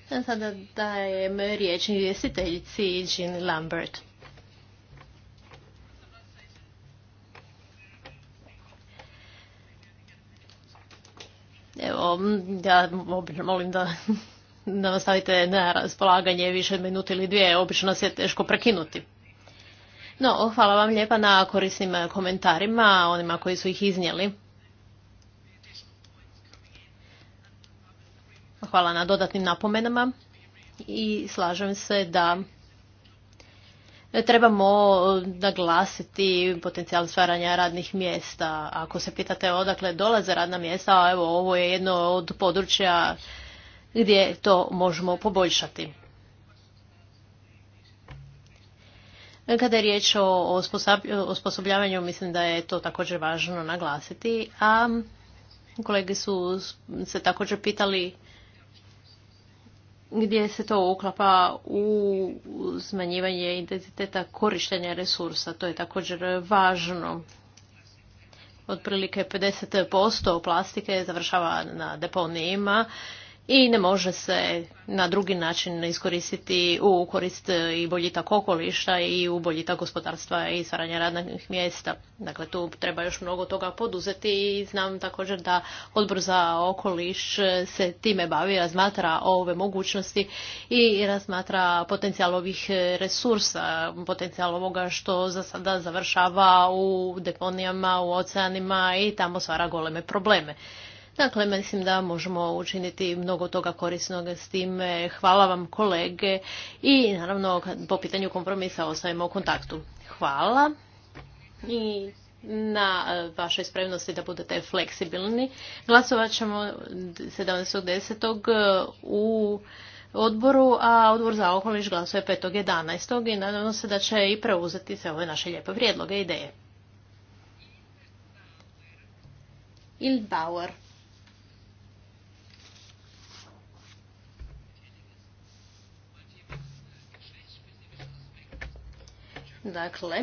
Sada dajem riječ izvjestiteljici Jean Lambert. Evo, ja molim da, da stavite na raspolaganje više minut ili dvije, obično se je teško prekinuti. No, hvala vam lijepa na korisnim komentarima, onima koji su ih iznijeli. Hvala na dodatnim napomenama i slažem se da trebamo naglasiti potencijal stvaranja radnih mjesta. Ako se pitate odakle dolaze radna mjesta, a evo ovo je jedno od područja gdje to možemo poboljšati. Kada je riječ o osposobljavanju, mislim da je to također važno naglasiti, a kolege su se također pitali gdje se to uklapa u smanjivanje intenziteta korištenja resursa. To je također važno. Otprilike 50% plastike završava na deponijima i ne može se na drugi način iskoristiti u korist e, i boljitak okoliša i u boljitak gospodarstva i stvaranja radnih mjesta. Dakle, tu treba još mnogo toga poduzeti i znam također da odbor za okoliš e, se time bavi, razmatra ove mogućnosti i razmatra potencijal ovih e, resursa, potencijal ovoga što za sada završava u deponijama, u oceanima i tamo stvara goleme probleme. Dakle, mislim da možemo učiniti mnogo toga korisnog s time. Hvala vam kolege i naravno po pitanju kompromisa ostajemo u kontaktu. Hvala i na vašoj spremnosti da budete fleksibilni. Glasovat ćemo 17.10. Uh, u odboru, a odbor za okoliš glasuje 5.11. i nadamo se da će i preuzeti sve ove naše lijepe prijedloge i ideje. Il Dakle,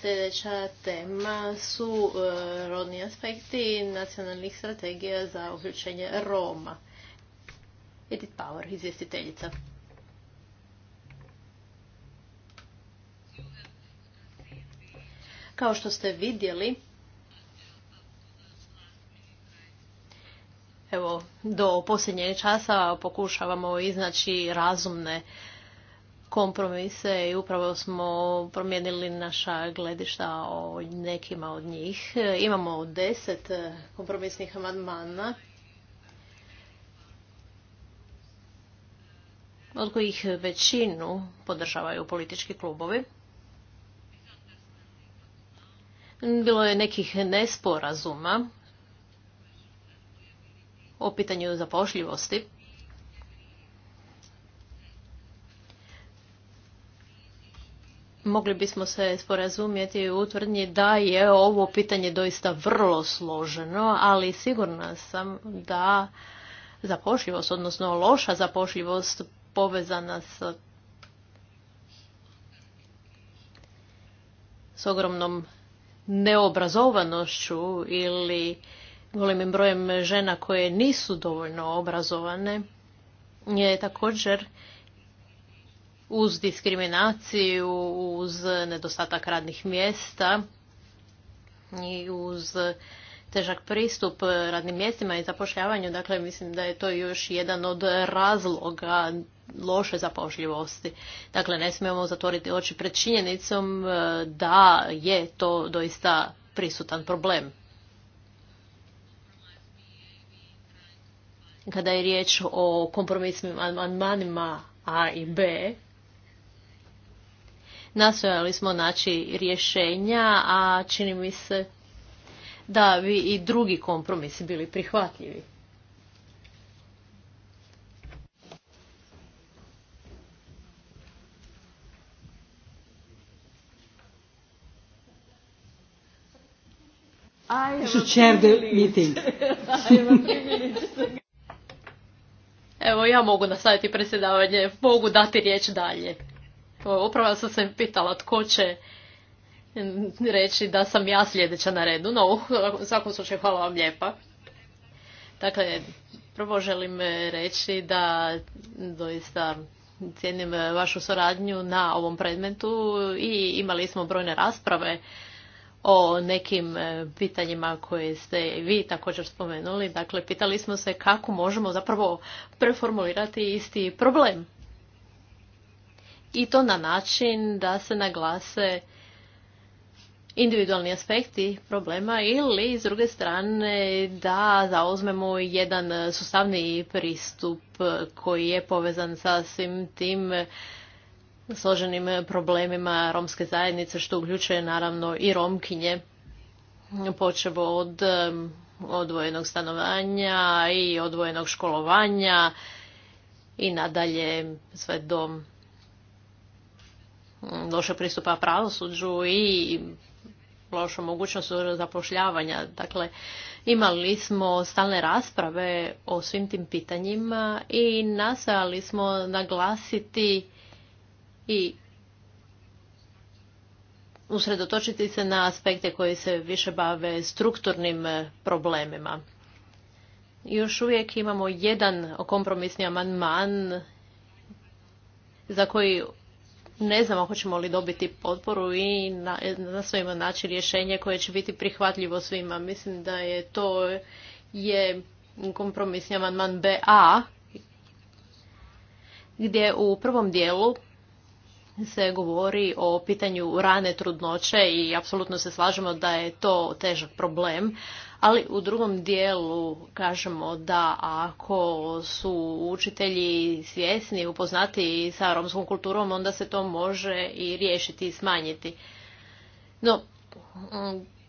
sljedeća tema su e, rodni aspekti nacionalnih strategija za uključenje Roma. Edith Power, izvjestiteljica. Kao što ste vidjeli, evo, do posljednjeg časa pokušavamo iznaći razumne kompromise i upravo smo promijenili naša gledišta o nekima od njih. Imamo deset kompromisnih amandmana od kojih većinu podržavaju politički klubovi. Bilo je nekih nesporazuma o pitanju zapošljivosti. mogli bismo se sporazumjeti u utvrdnji da je ovo pitanje doista vrlo složeno, ali sigurna sam da zapošljivost, odnosno loša zapošljivost povezana s, s ogromnom neobrazovanošću ili golemim brojem žena koje nisu dovoljno obrazovane je također uz diskriminaciju, uz nedostatak radnih mjesta i uz težak pristup radnim mjestima i zapošljavanju. Dakle, mislim da je to još jedan od razloga loše zapošljivosti. Dakle, ne smijemo zatvoriti oči pred činjenicom e, da je to doista prisutan problem. Kada je riječ o kompromisnim manima A i B, Nastojali smo naći rješenja, a čini mi se da bi i drugi kompromisi bili prihvatljivi. I meeting. Evo ja mogu nastaviti predsjedavanje, mogu dati riječ dalje. Upravo sam se pitala tko će reći da sam ja sljedeća na redu, no u svakom slučaju hvala vam lijepa. Dakle, prvo želim reći da doista cijenim vašu suradnju na ovom predmetu i imali smo brojne rasprave o nekim e, pitanjima koje ste vi također spomenuli. Dakle, pitali smo se kako možemo zapravo preformulirati isti problem i to na način da se naglase individualni aspekti problema ili s druge strane da zauzmemo jedan sustavni pristup koji je povezan sa svim tim složenim problemima romske zajednice što uključuje naravno i romkinje počevo od odvojenog stanovanja i odvojenog školovanja i nadalje sve do loše pristupa pravosuđu i lošu mogućnost zapošljavanja. Dakle, imali smo stalne rasprave o svim tim pitanjima i nastojali smo naglasiti i usredotočiti se na aspekte koji se više bave strukturnim problemima. Još uvijek imamo jedan kompromisni amandman za koji ne znamo hoćemo li dobiti potporu i na, na svojima naći rješenje koje će biti prihvatljivo svima. Mislim da je to je kompromisni amandman BA gdje u prvom dijelu se govori o pitanju rane trudnoće i apsolutno se slažemo da je to težak problem, ali u drugom dijelu kažemo da ako su učitelji svjesni, upoznati sa romskom kulturom, onda se to može i riješiti i smanjiti. No,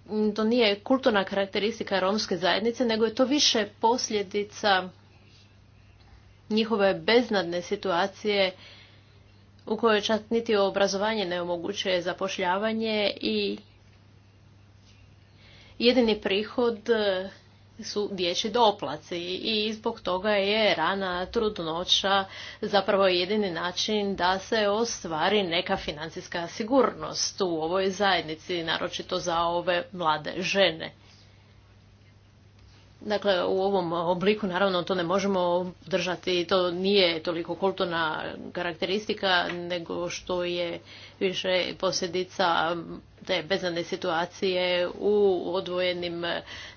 mm, to nije kulturna karakteristika romske zajednice, nego je to više posljedica njihove beznadne situacije u kojoj čak niti obrazovanje ne omogućuje zapošljavanje i jedini prihod e, su dječji doplaci i zbog toga je rana trudnoća zapravo jedini način da se ostvari neka financijska sigurnost u ovoj zajednici, naročito za ove mlade žene. Dakle, u ovom obliku naravno to ne možemo držati, to nije toliko kulturna karakteristika nego što je više posljedica te bezane situacije u odvojenim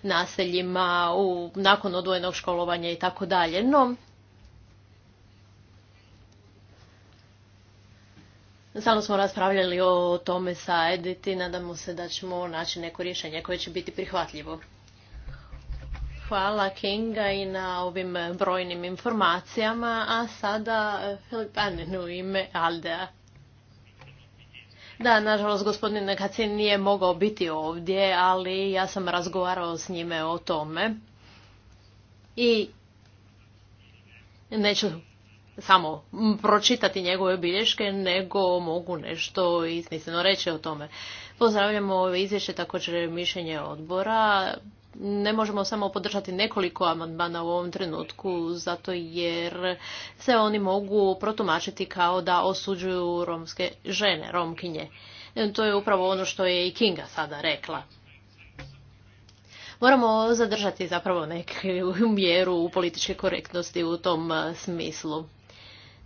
naseljima, u, nakon odvojenog školovanja i tako dalje. No, smo raspravljali o tome sa i nadamo se da ćemo naći neko rješenje koje će biti prihvatljivo. Hvala Kinga i na ovim brojnim informacijama, a sada e, Filip u ime Aldea. Da, nažalost, gospodin Kacin nije mogao biti ovdje, ali ja sam razgovarao s njime o tome. I neću samo pročitati njegove bilješke, nego mogu nešto izmisleno reći o tome. Pozdravljamo ove izvješće, također mišljenje odbora ne možemo samo podržati nekoliko amandmana u ovom trenutku, zato jer se oni mogu protumačiti kao da osuđuju romske žene, romkinje. E, to je upravo ono što je i Kinga sada rekla. Moramo zadržati zapravo neku mjeru u političke korektnosti u tom e, smislu.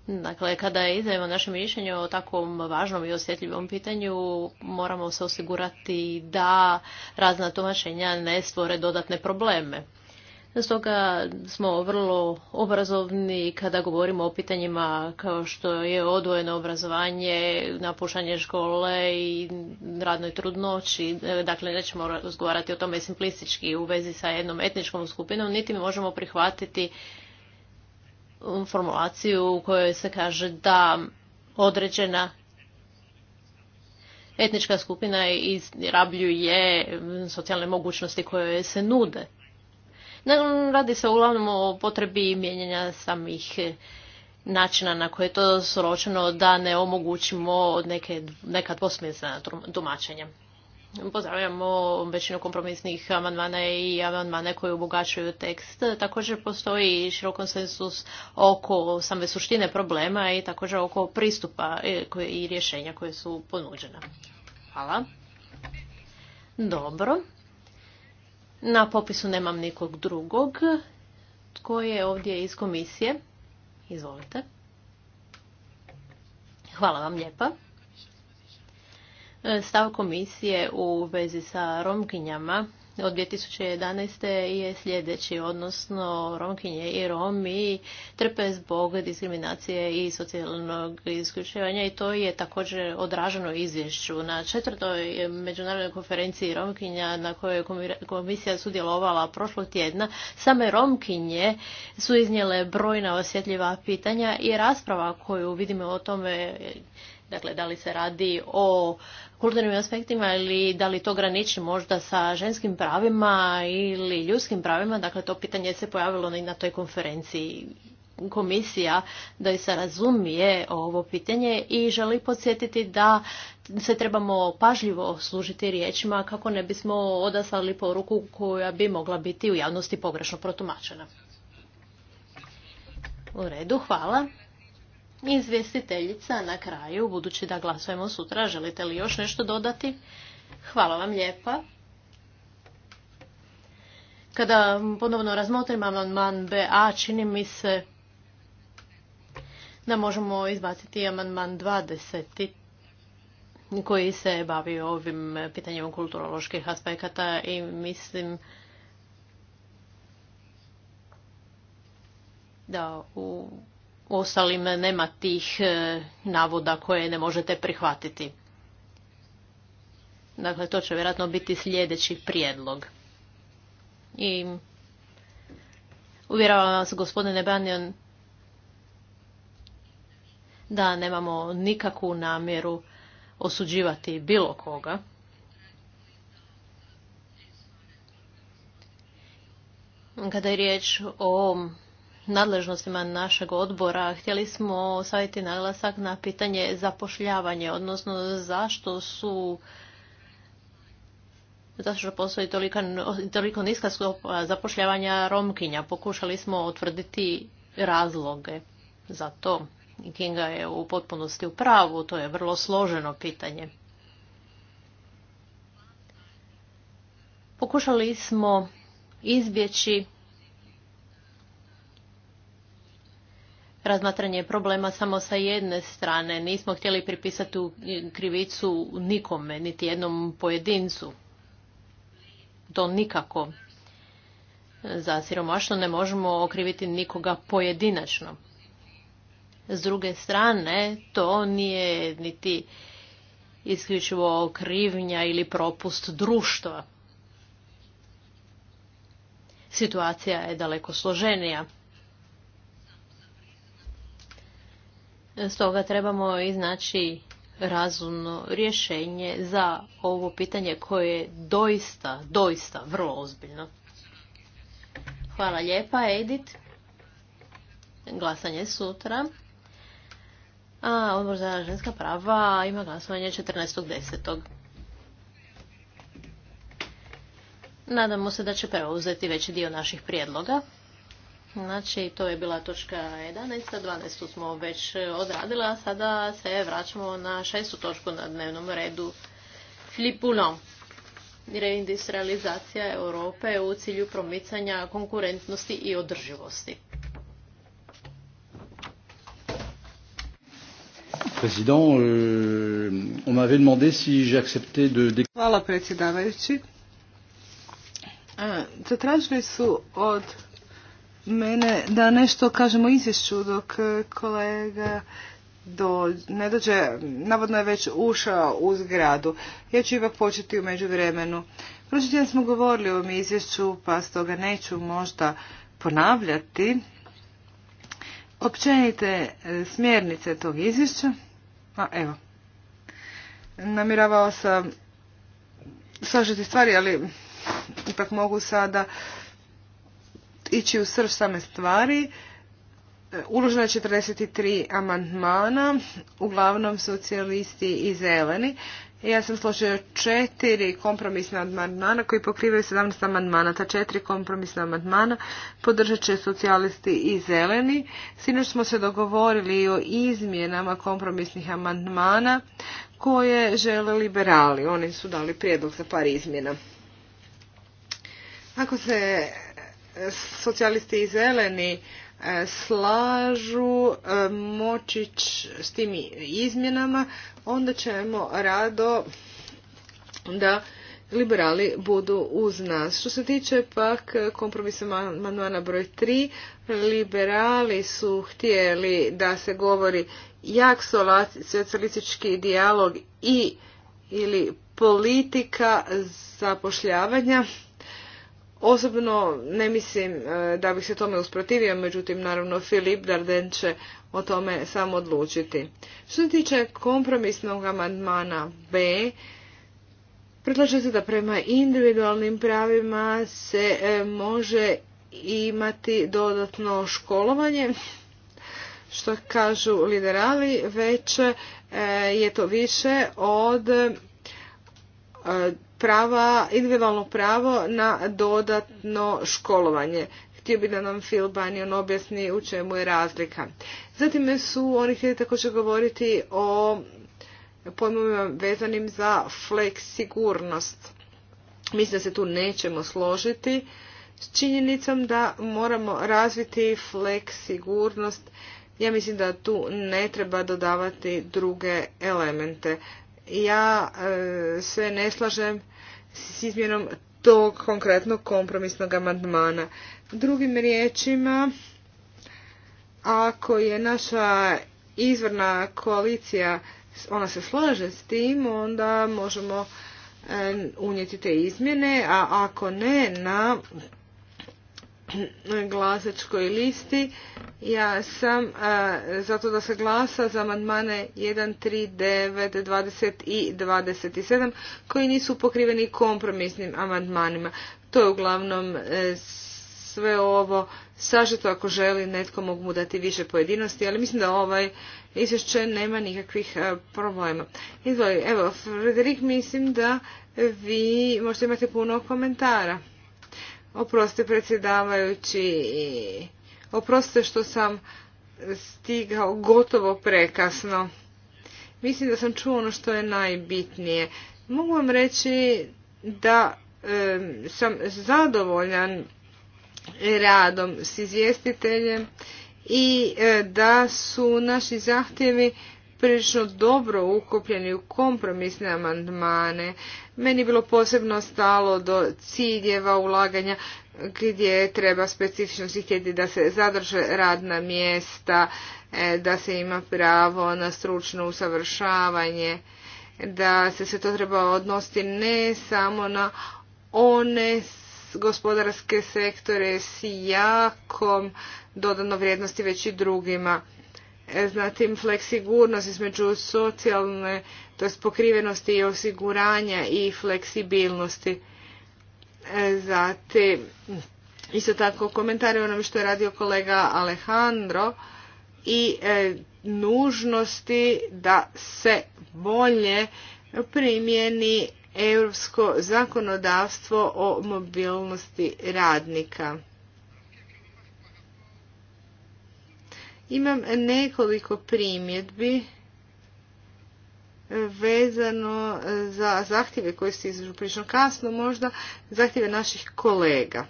Dakle, kada izdajemo naše mišljenje o takvom važnom i osjetljivom pitanju, moramo se osigurati da razna tumačenja ne stvore dodatne probleme. Stoga smo vrlo obrazovni kada govorimo o pitanjima kao što je odvojeno obrazovanje, napušanje škole i radnoj trudnoći. Dakle, nećemo razgovarati o tome simplistički u vezi sa jednom etničkom skupinom, niti možemo prihvatiti formulaciju u kojoj se kaže da određena etnička skupina izrabljuje socijalne mogućnosti koje se nude. Radi se uglavnom o potrebi mijenjanja samih načina na koje je to sročeno da ne omogućimo neke, neka dvosmislena tumačenja. Pozdravljamo većinu kompromisnih amandmana i amandmane koji obogačuju tekst. Također postoji širok konsensus oko same suštine problema i također oko pristupa e, i rješenja koje su ponuđena. Hvala. Dobro. Na popisu nemam nikog drugog. Tko je ovdje iz komisije? Izvolite. Hvala vam lijepa. Stav komisije u vezi sa romkinjama od 2011. je sljedeći, odnosno Romkinje i Romi trpe zbog diskriminacije i socijalnog isključivanja i to je također odraženo izvješću. Na četvrtoj međunarodnoj konferenciji Romkinja na kojoj je komisija sudjelovala prošlog tjedna, same Romkinje su iznijele brojna osjetljiva pitanja i rasprava koju vidimo o tome Dakle, da li se radi o kulturnim aspektima ili da li to graniči možda sa ženskim pravima ili ljudskim pravima. Dakle, to pitanje se pojavilo i na toj konferenciji. Komisija da se razumije ovo pitanje i želi podsjetiti da se trebamo pažljivo služiti riječima kako ne bismo odaslali poruku koja bi mogla biti u javnosti pogrešno protumačena. U redu, hvala. Izvjestiteljica na kraju, budući da glasujemo sutra, želite li još nešto dodati? Hvala vam lijepa. Kada ponovno razmotrim amandman BA, čini mi se da možemo izbaciti amandman 20 koji se bavi ovim pitanjem kulturoloških aspekata i mislim da u ostalim nema tih e, navoda koje ne možete prihvatiti. Dakle, to će vjerojatno biti sljedeći prijedlog. I uvjeravam vas, gospodine Banjan, da nemamo nikakvu namjeru osuđivati bilo koga. Kada je riječ o nadležnostima našeg odbora htjeli smo staviti naglasak na pitanje zapošljavanja, odnosno zašto su zašto postoji toliko, toliko niska zapošljavanja Romkinja. Pokušali smo utvrditi razloge za to. Kinga je u potpunosti u pravu, to je vrlo složeno pitanje. Pokušali smo izbjeći razmatranje problema samo sa jedne strane. Nismo htjeli pripisati krivicu nikome, niti jednom pojedincu. To nikako. Za siromaštvo ne možemo okriviti nikoga pojedinačno. S druge strane, to nije niti isključivo krivnja ili propust društva. Situacija je daleko složenija. Stoga trebamo iznaći razumno rješenje za ovo pitanje koje je doista, doista vrlo ozbiljno. Hvala lijepa, Edith. Glasanje sutra. A odbor za ženska prava ima glasovanje 14.10. Nadamo se da će preuzeti veći dio naših prijedloga. Znači, to je bila točka 11. 12. smo već odradila, a sada se vraćamo na šestu točku na dnevnom redu. Filip Reindustrializacija Europe u cilju promicanja konkurentnosti i održivosti. Président, euh, on m'avait demandé si j'acceptais de... Hvala predsjedavajući. Zatražili su od mene da nešto kažemo izvješću dok e, kolega do, ne dođe, navodno je već ušao u zgradu. Ja ću ipak početi u međuvremenu. Prošli tjedan smo govorili o ovom izvješću, pa stoga neću možda ponavljati općenite e, smjernice tog izvješća. A evo, namiravao sam sažeti stvari, ali ipak mogu sada ići u srž same stvari. E, uloženo je 43 amandmana, uglavnom socijalisti i zeleni. Ja sam složio četiri kompromisna amandmana koji pokrivaju 17 amandmana. Ta četiri kompromisna amandmana podržat će socijalisti i zeleni. Sinoć smo se dogovorili o izmjenama kompromisnih amandmana koje žele liberali. Oni su dali prijedlog za par izmjena. Ako se socijalisti i zeleni e, slažu e, močić s tim izmjenama, onda ćemo rado da liberali budu uz nas. Što se tiče pak kompromisa manuana broj 3, liberali su htjeli da se govori jak socijalistički dijalog i ili politika zapošljavanja Osobno ne mislim e, da bih se tome usprotivio, međutim naravno Filip Darden će o tome sam odlučiti. Što se tiče kompromisnog amandmana B, predlaže se da prema individualnim pravima se e, može imati dodatno školovanje, što kažu liderali, već e, je to više od prava, individualno pravo na dodatno školovanje. Htio bi da nam Phil banion objasni u čemu je razlika. Zatim su oni htjeli također govoriti o pojmovima vezanim za fleksigurnost. Mislim da se tu nećemo složiti s činjenicom da moramo razviti fleksigurnost. Ja mislim da tu ne treba dodavati druge elemente ja e, se ne slažem s izmjenom tog konkretnog kompromisnog amandmana. Drugim riječima, ako je naša izvorna koalicija, ona se slaže s tim, onda možemo e, unijeti te izmjene, a ako ne, na glasačkoj listi. Ja sam zato da se glasa za amandmane 1, 3, nine 20 i 27 koji nisu pokriveni kompromisnim amandmanima. To je uglavnom e, sve ovo sažeto ako želi netko mogu mu dati više pojedinosti, ali mislim da ovaj izvješće nema nikakvih e, problema. Izvoli, evo, Frederik, mislim da vi možete imati puno komentara. Oprosti predsjedavajući, oprostite što sam stigao gotovo prekasno. Mislim da sam čuo ono što je najbitnije. Mogu vam reći da sam zadovoljan radom s izvjestiteljem i e, da su naši zahtjevi prilično dobro ukopljeni u kompromisne amandmane. Meni je bilo posebno stalo do ciljeva ulaganja gdje treba specifično si htjeti da se zadrže radna mjesta, e, da se ima pravo na stručno usavršavanje, da se sve to treba odnositi ne samo na one gospodarske sektore s jakom dodano vrijednosti već i drugima E, zatim fleksigurnost između socijalne, to pokrivenosti i osiguranja i fleksibilnosti. E, zatim, isto tako komentare onome što je radio kolega Alejandro i e, nužnosti da se bolje primijeni europsko zakonodavstvo o mobilnosti radnika. Imam nekoliko primjedbi vezano za zahtjeve koje se izražu prično kasno, možda zahtjeve naših kolega.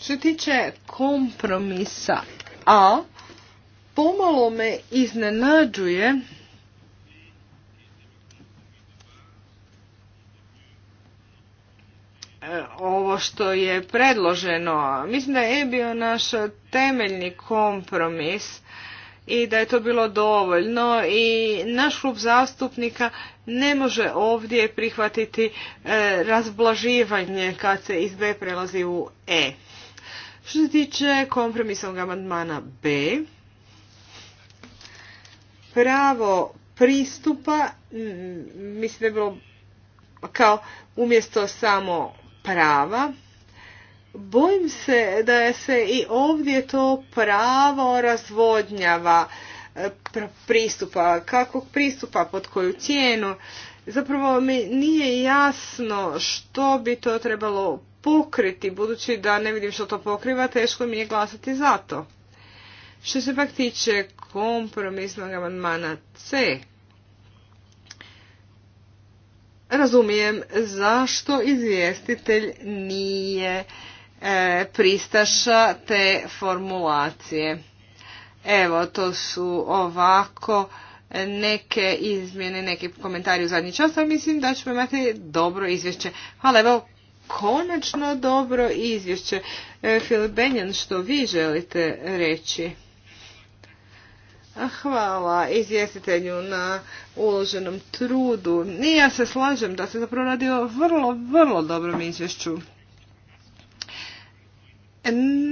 Što tiče kompromisa A, pomalo me iznenađuje E, ovo što je predloženo. Mislim da je bio naš temeljni kompromis i da je to bilo dovoljno i naš klub zastupnika ne može ovdje prihvatiti e, razblaživanje kad se iz B prelazi u E. Što se tiče kompromisnog amandmana B, pravo pristupa, mislim da je bilo kao umjesto samo prava, bojim se da se i ovdje to pravo razvodnjava e, pristupa, kakvog pristupa, pod koju cijenu. Zapravo mi nije jasno što bi to trebalo pokriti, budući da ne vidim što to pokriva, teško mi je glasati za to. Što se pak tiče kompromisnog amandmana C, razumijem zašto izvjestitelj nije e, pristaša te formulacije. Evo, to su ovako neke izmjene, neki komentari u zadnji čas, ali mislim da ćemo imati dobro izvješće. Hvala, evo, konačno dobro izvješće. E, Benjan, što vi želite reći? Hvala izvjestitelju na uloženom trudu. I ja se slažem da se zapravo radi o vrlo, vrlo dobrom izvješću.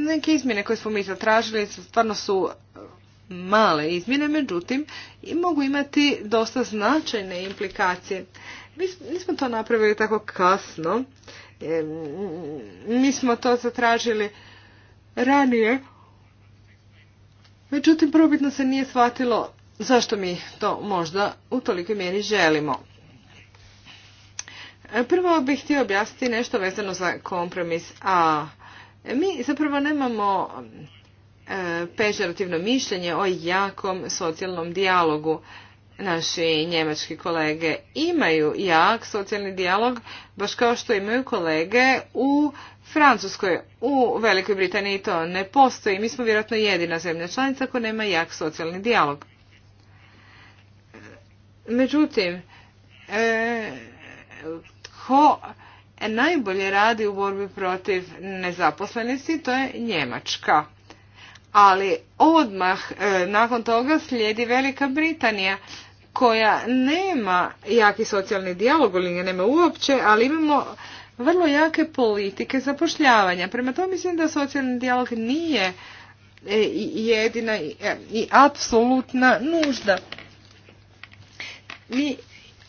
Neke izmjene koje smo mi zatražili stvarno su male izmjene, međutim i mogu imati dosta značajne implikacije. Mi nismo to napravili tako kasno, mi smo to zatražili ranije Međutim, probitno se nije shvatilo zašto mi to možda u tolikoj mjeri želimo. E, prvo bih htio objasniti nešto vezano za kompromis A. E, mi zapravo nemamo e, pežerativno mišljenje o jakom socijalnom dijalogu. Naši njemački kolege imaju jak socijalni dijalog, baš kao što imaju kolege u Francuskoj. U Velikoj Britaniji to ne postoji. Mi smo vjerojatno jedina zemlja članica koja nema jak socijalni dijalog. Međutim, e, tko ko najbolje radi u borbi protiv nezaposlenosti, to je Njemačka. Ali odmah e, nakon toga slijedi Velika Britanija koja nema jaki socijalni dijalog, ili nema uopće, ali imamo vrlo jake politike zapošljavanja. Prema tome mislim da socijalni dijalog nije e, jedina e, i, apsolutna nužda. Mi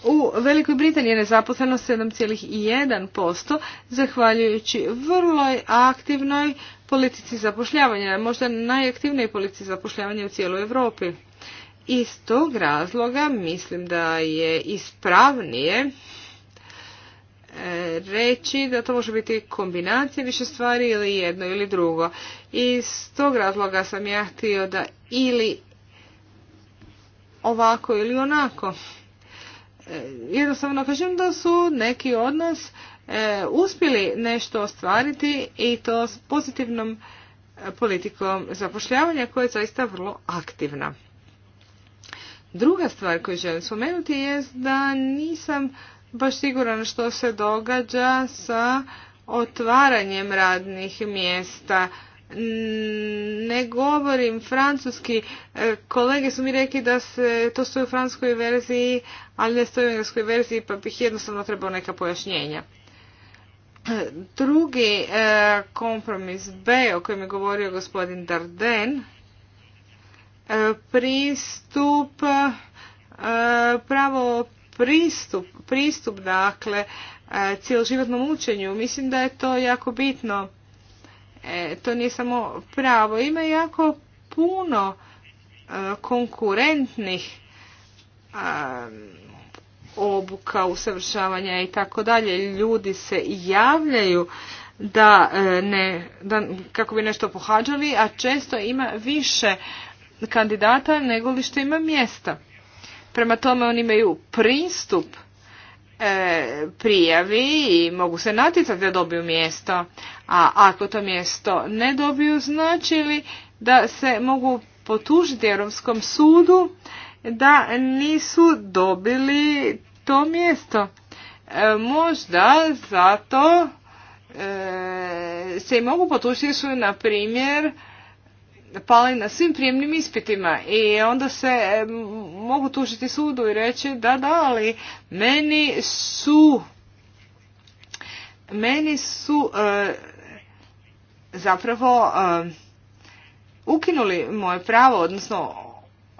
u Velikoj Britaniji je nezaposlenost 7,1% zahvaljujući vrlo aktivnoj politici zapošljavanja, možda najaktivnijoj politici zapošljavanja u cijeloj Europi. Iz tog razloga mislim da je ispravnije reći da to može biti kombinacija više stvari ili jedno ili drugo. I Iz tog razloga sam ja htio da ili ovako ili onako. E, jednostavno kažem da su neki od nas e, uspjeli nešto ostvariti i to s pozitivnom e, politikom zapošljavanja koja je zaista vrlo aktivna. Druga stvar koju želim spomenuti je da nisam baš siguran što se događa sa otvaranjem radnih mjesta. Ne govorim francuski. E, kolege su mi rekli da se to stoji u francuskoj verziji, ali ne stoji u engleskoj verziji, pa bih jednostavno trebao neka pojašnjenja. E, drugi e, kompromis B o kojem je govorio gospodin Darden, pristup pravo pristup, pristup dakle e, cijeloživotnom učenju. Mislim da je to jako bitno. E, to nije samo pravo. Ima jako puno e, konkurentnih obuka, usavršavanja i tako dalje. Ljudi se javljaju da ne, da, kako bi nešto pohađali, a često ima više kandidata nego li što ima mjesta. Prema tome oni imaju pristup e, prijavi i mogu se natjecati da dobiju mjesto. A ako to mjesto ne dobiju, znači li da se mogu potužiti Europskom sudu da nisu dobili to mjesto. E, možda zato e, se i mogu potušiti su, na primjer, pali na svim prijemnim ispitima i onda se e, mogu tužiti sudu i reći da da, ali meni su meni su e, zapravo e, ukinuli moje pravo, odnosno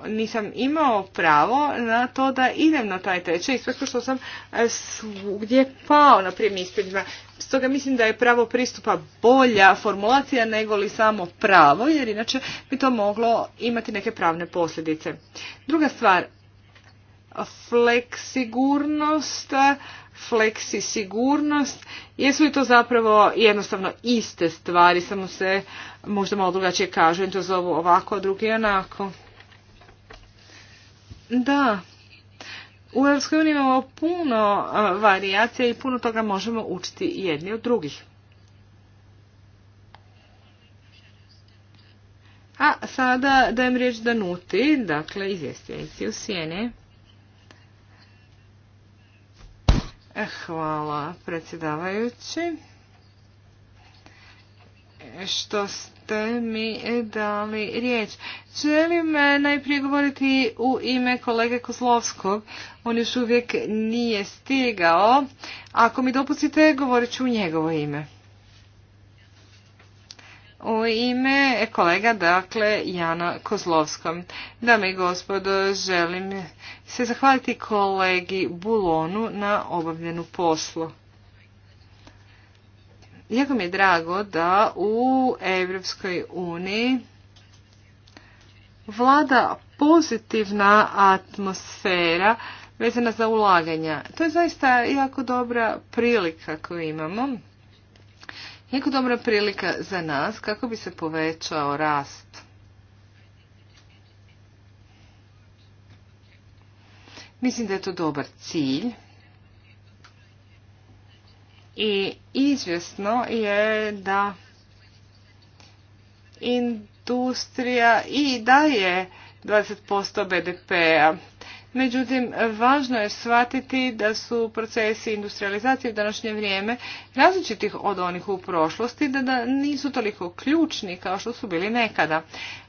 nisam imao pravo na to da idem na taj tečaj, sve što sam e, svugdje pao na prijem ispitima. Stoga mislim da je pravo pristupa bolja formulacija nego li samo pravo, jer inače bi to moglo imati neke pravne posljedice. Druga stvar, fleksigurnost, fleksisigurnost, jesu li to zapravo jednostavno iste stvari, samo se možda malo drugačije kažu, to zovu ovako, drugi onako. Da, u EU imamo puno varijacija i puno toga možemo učiti jedni od drugih. A sada dajem riječ Danuti, dakle izvjestiteljici u sjeni. Eh, hvala predsjedavajući što ste mi e, dali riječ. Želim e, najprije govoriti u ime kolege Kozlovskog. On još uvijek nije stigao. Ako mi dopustite, govorit ću u njegovo ime. U ime kolega, dakle, Jana Kozlovskom. Dame i gospodo, želim se zahvaliti kolegi Bulonu na obavljenu poslu. Jako mi je drago da u Europskoj uniji vlada pozitivna atmosfera vezana za ulaganja. To je zaista jako dobra prilika koju imamo. Jako dobra prilika za nas kako bi se povećao rast. Mislim da je to dobar cilj. I izvjesno je da industrija i daje 20% BDP-a. Međutim, važno je shvatiti da su procesi industrializacije u današnje vrijeme različitih od onih u prošlosti, da, da nisu toliko ključni kao što su bili nekada.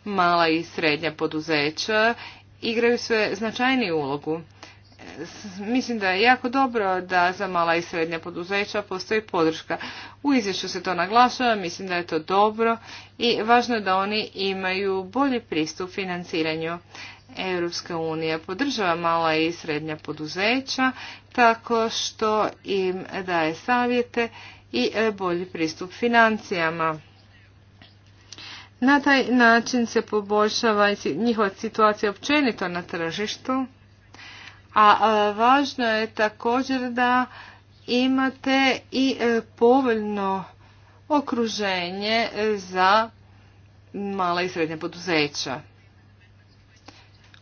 Mala i srednja poduzeća igraju sve značajniju ulogu mislim da je jako dobro da za mala i srednja poduzeća postoji podrška. U izvješću se to naglašava, mislim da je to dobro i važno je da oni imaju bolji pristup financiranju. Europska unija podržava mala i srednja poduzeća tako što im daje savjete i e, bolji pristup financijama. Na taj način se poboljšava njihova situacija općenito na tržištu a važno je također da imate i e, povoljno okruženje e, za mala i srednja poduzeća.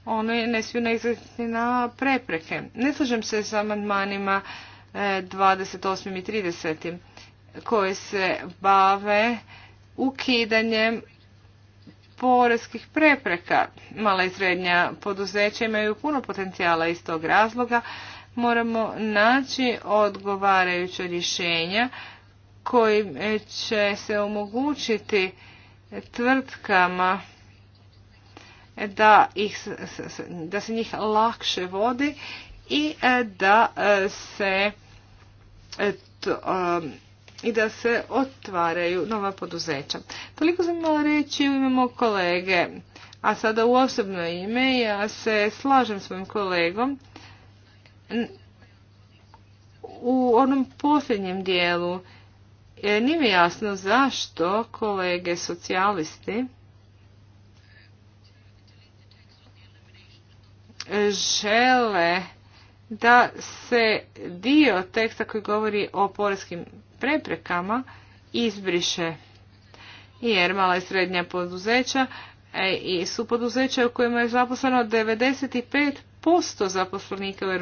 Ono ne smiju izgledati na prepreke. Ne slažem se sa amandmanima 28. E, i 30. koje se bave ukidanjem poreskih prepreka. Mala i srednja poduzeća imaju puno potencijala iz tog razloga. Moramo naći odgovarajuća rješenja kojim će se omogućiti tvrtkama da, ih, da se njih lakše vodi i e, da e, se e, i da se otvaraju nova poduzeća. Toliko sam imala reći u ime kolege, a sada u osobno ime ja se slažem s mojim kolegom u onom posljednjem dijelu. E, nije mi jasno zašto kolege socijalisti e, žele da se dio teksta koji govori o poreskim preprekama izbriše. Jer mala i srednja poduzeća e, i su poduzeća u kojima je zaposleno 95% zaposlenika u EU.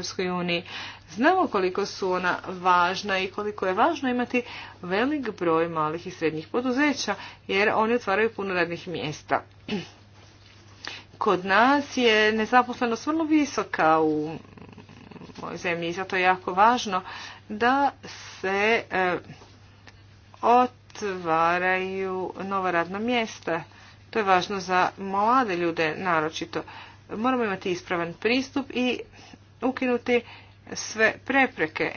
Znamo koliko su ona važna i koliko je važno imati velik broj malih i srednjih poduzeća jer oni otvaraju puno radnih mjesta. Kod nas je nezaposlenost vrlo visoka u mojoj zemlji i zato je jako važno da se e, otvaraju nova radna mjesta. To je važno za mlade ljude naročito. Moramo imati ispravan pristup i ukinuti sve prepreke.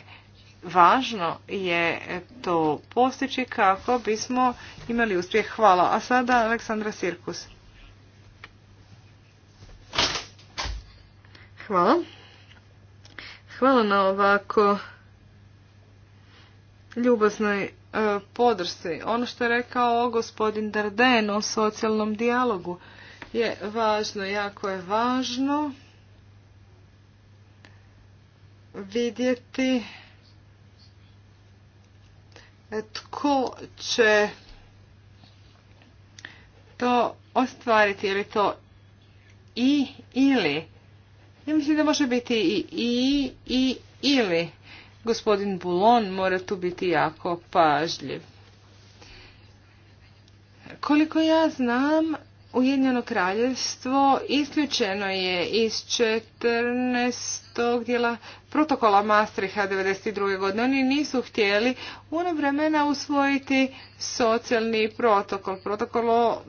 Važno je to postići kako bismo imali uspjeh. Hvala. A sada Aleksandra Sirkus. Hvala. Hvala na ovako ljubaznoj e, podršci. Ono što je rekao gospodin Darden o socijalnom dijalogu je važno, jako je važno vidjeti tko će to ostvariti, je li to i ili ja mislim da može biti i i, i ili. Gospodin Bulon mora tu biti jako pažljiv. Koliko ja znam, Ujedinjeno kraljevstvo isključeno je iz 14. dijela protokola Maastrichta 1992. godine. Oni nisu htjeli ono vremena usvojiti socijalni protokol, protokol o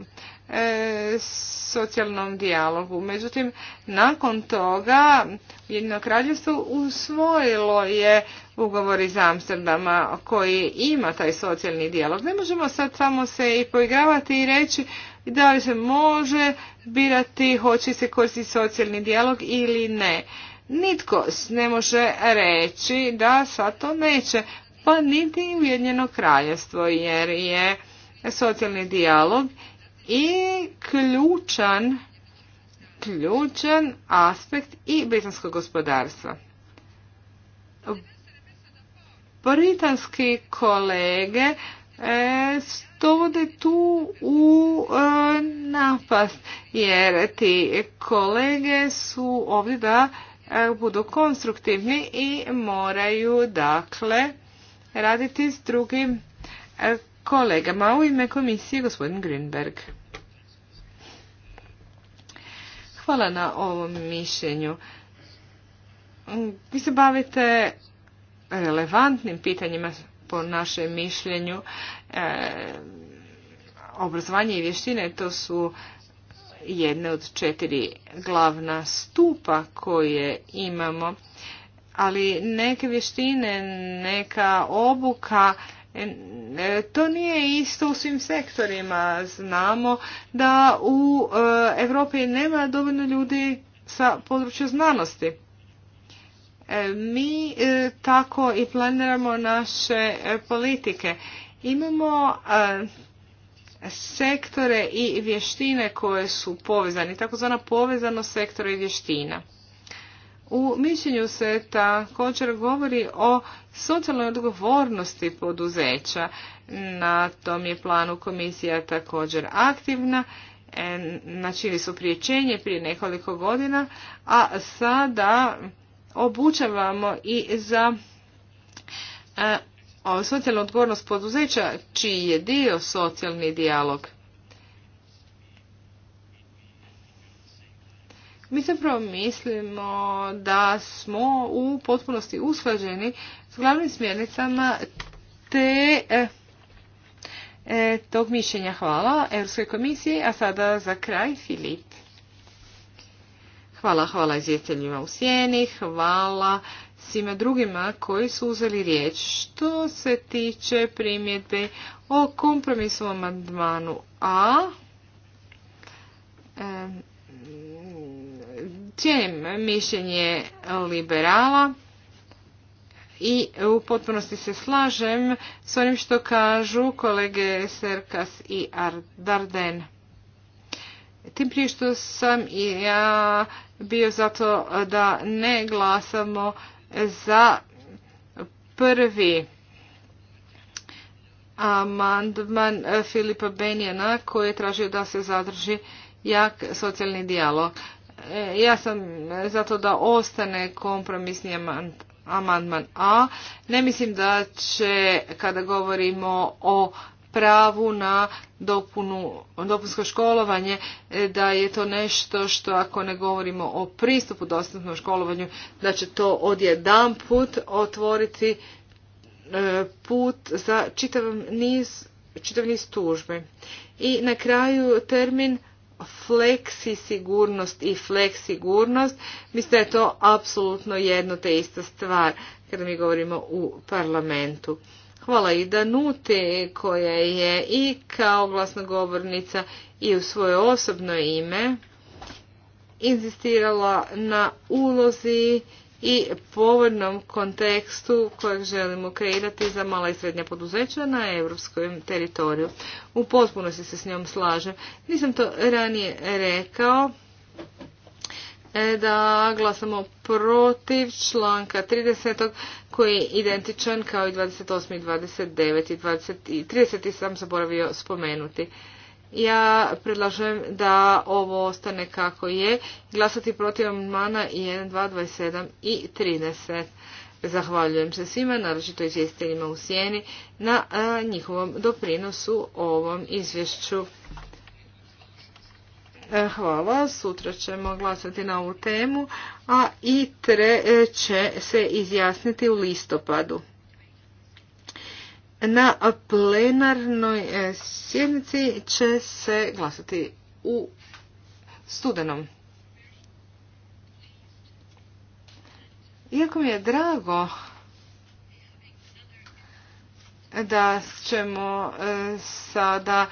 E, socijalnom dijalogu. Međutim, nakon toga Jedino kraljevstvo usvojilo je ugovor iz Amsterdama koji ima taj socijalni dijalog. Ne možemo sad samo se i poigravati i reći da li se može birati hoće se koristiti socijalni dijalog ili ne. Nitko ne može reći da sad to neće, pa niti Ujedinjeno kraljevstvo jer je socijalni dijalog i ključan ključan aspekt i britanskog gospodarstva. Britanski kolege e, stovode tu u e, napast, jer ti kolege su ovdje da e, budu konstruktivni i moraju dakle raditi s drugim e, kolegama. U ime komisije gospodin Greenberg. Hvala na ovom mišljenju. Vi se bavite relevantnim pitanjima po našem mišljenju. E, obrazovanje i vještine to su jedne od četiri glavna stupa koje imamo ali neke vještine, neka obuka E, to nije isto u svim sektorima. Znamo da u e, Europi nema dovoljno ljudi sa područja znanosti. E, mi tako i planiramo naše politike. Imamo sektore i vještine koje su povezani, takozvana povezano sektora i vještina. U mišljenju se također govori o socijalnoj odgovornosti poduzeća. Na tom je planu komisija također aktivna. E, Načili su priječenje prije nekoliko godina, a sada obučavamo i za e, socijalnu odgovornost poduzeća, čiji je dio socijalni dijalog. Mi zapravo mislimo da smo u potpunosti usklađeni s glavnim smjernicama te eh, eh, tog mišljenja. Hvala Europskoj komisiji, a sada za kraj Filip. Hvala, hvala izvjeteljima u sjeni, hvala svima drugima koji su uzeli riječ. Što se tiče primjedbe o kompromisu amandmanu A, e, Cijenim mišljenje liberala i u potpunosti se slažem s onim što kažu kolege Serkas i Darden. Tim prije što sam i ja bio zato da ne glasamo za prvi amandman Filipa Benjena koji je tražio da se zadrži jak socijalni dijalog. E, ja sam e, zato da ostane kompromisni amandman A. Ne mislim da će, kada govorimo o pravu na dopunu, dopunsko školovanje, e, da je to nešto što ako ne govorimo o pristupu dostupnom školovanju, da će to odjedan put otvoriti put za čitav niz, čitav niz tužbe. I na kraju termin fleksi sigurnost i fleksigurnost, mislim da je to apsolutno jedno te ista stvar kada mi govorimo u parlamentu. Hvala i Danute koja je i kao glasnogovornica i u svoje osobno ime inzistirala na ulozi i povoljnom kontekstu kojeg želimo kreirati za mala i srednja poduzeća na europskom teritoriju. U potpunosti se s njom slažem. Nisam to ranije rekao e, da glasamo protiv članka 30. koji je identičan kao i 28. i 29. i i 30. sam zaboravio spomenuti. Ja predlažem da ovo ostane kako je. Glasati protiv amandmana 1, 2, 27 i 30. Zahvaljujem se svima, naročito izvjestiteljima u sjeni, na njihovom doprinosu ovom izvješću. E, hvala, sutra ćemo glasati na ovu temu, a ITRE e, će se izjasniti u listopadu. Na plenarnoj e, sjednici će se glasati u studenom. Iako mi je drago da ćemo e, sada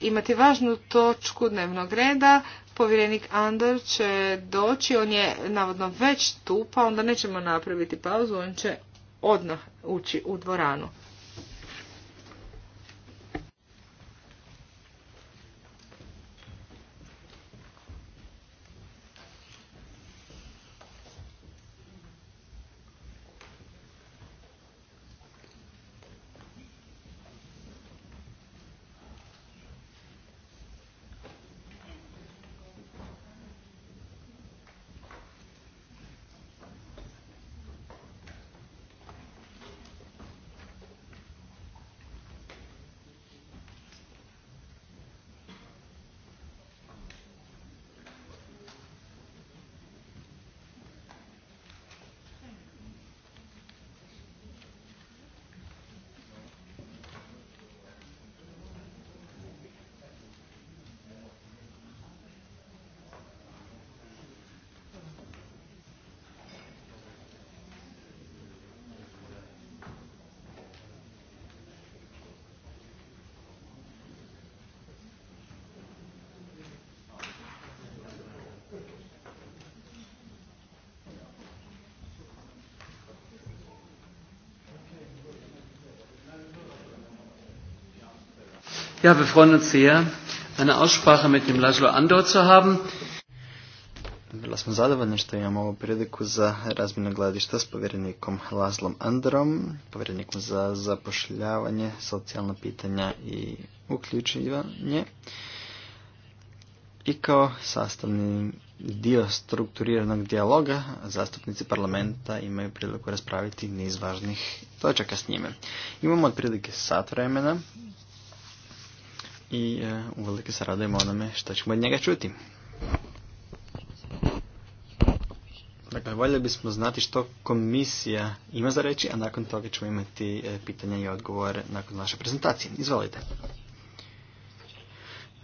imati važnu točku dnevnog reda. Povjerenik Ander će doći, on je navodno već tu, pa onda nećemo napraviti pauzu, on će odmah ući u dvoranu. Ja, wir freuen uns sehr, eine Aussprache mit dem Laszlo Andor zu haben. Bila smo zadovoljni što imamo ovu priliku za razmjenu gledišta s povjerenikom Lazlom Androm, povjerenikom za zapošljavanje, socijalna pitanja i uključivanje. I kao sastavni dio strukturiranog dijaloga zastupnici parlamenta imaju priliku raspraviti niz važnih točaka s njime. Imamo otprilike sat vremena i e, uvelike se radujemo onome što ćemo od njega čuti. Dakle, voljeli bismo znati što komisija ima za reći, a nakon toga ćemo imati e, pitanja i odgovore nakon naše prezentacije. Izvolite.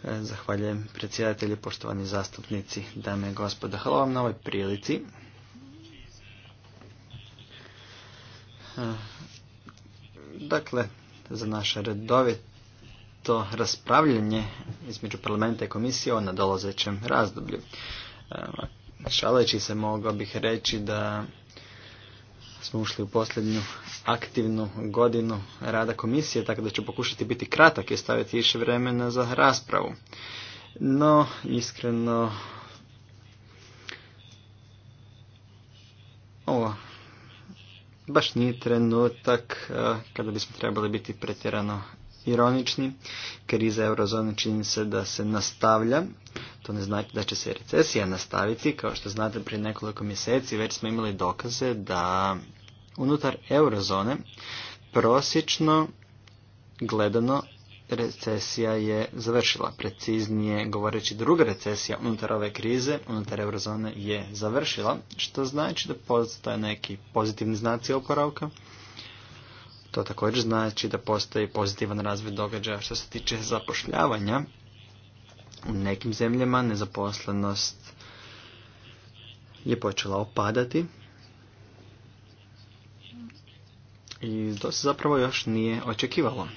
E, zahvaljujem predsjedatelji, poštovani zastupnici, dame i gospoda. Hvala vam na ovoj prilici. Dakle, za naše redovit to raspravljanje između parlamenta i komisije o nadolazećem razdoblju. Ehm, Šaleći se mogao bih reći da smo ušli u posljednju aktivnu godinu rada komisije, tako da ću pokušati biti kratak i staviti više vremena za raspravu. No, iskreno, ovo baš nije trenutak eh, kada bismo trebali biti pretjerano ironični. Kriza eurozone čini se da se nastavlja. To ne znači da će se recesija nastaviti. Kao što znate, prije nekoliko mjeseci već smo imali dokaze da unutar eurozone prosječno gledano recesija je završila. Preciznije govoreći druga recesija unutar ove krize, unutar eurozone je završila, što znači da postoje neki pozitivni znaci oporavka. To također znači da postoji pozitivan razvoj događaja što se tiče zapošljavanja. U nekim zemljama nezaposlenost je počela opadati i to se zapravo još nije očekivalo.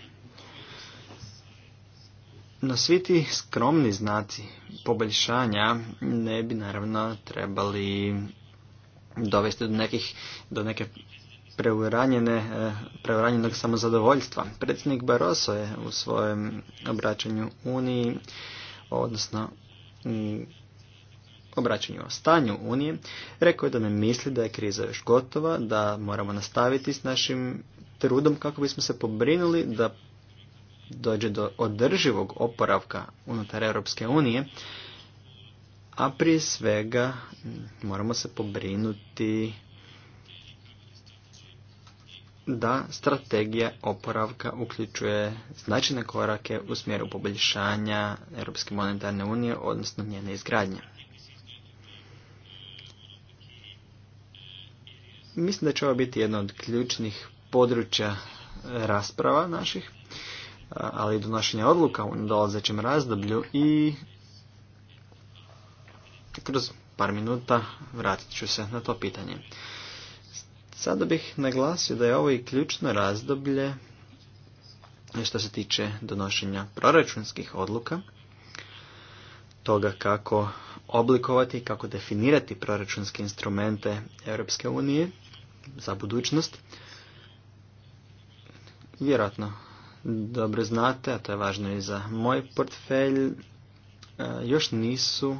No svi ti skromni znaci poboljšanja ne bi naravno trebali dovesti do nekih, do neke preuranjene, e, preuranjenog samozadovoljstva. Predsjednik Barroso je u svojem obraćanju Uniji, odnosno u obraćanju o stanju Unije, rekao je da ne misli da je kriza još gotova, da moramo nastaviti s našim trudom kako bismo se pobrinuli da dođe do održivog oporavka unutar Europske unije, a prije svega moramo se pobrinuti da strategija oporavka uključuje značajne korake u smjeru poboljšanja Europske monetarne unije, odnosno njene izgradnje. Mislim da će ovo biti jedno od ključnih područja rasprava naših, ali i donošenja odluka u dolazećem razdoblju i kroz par minuta vratit ću se na to pitanje. Sada bih naglasio da je ovo i ključno razdoblje što se tiče donošenja proračunskih odluka, toga kako oblikovati, kako definirati proračunske instrumente Europske unije za budućnost. Vjerojatno dobro znate, a to je važno i za moj portfelj, E, još nisu e,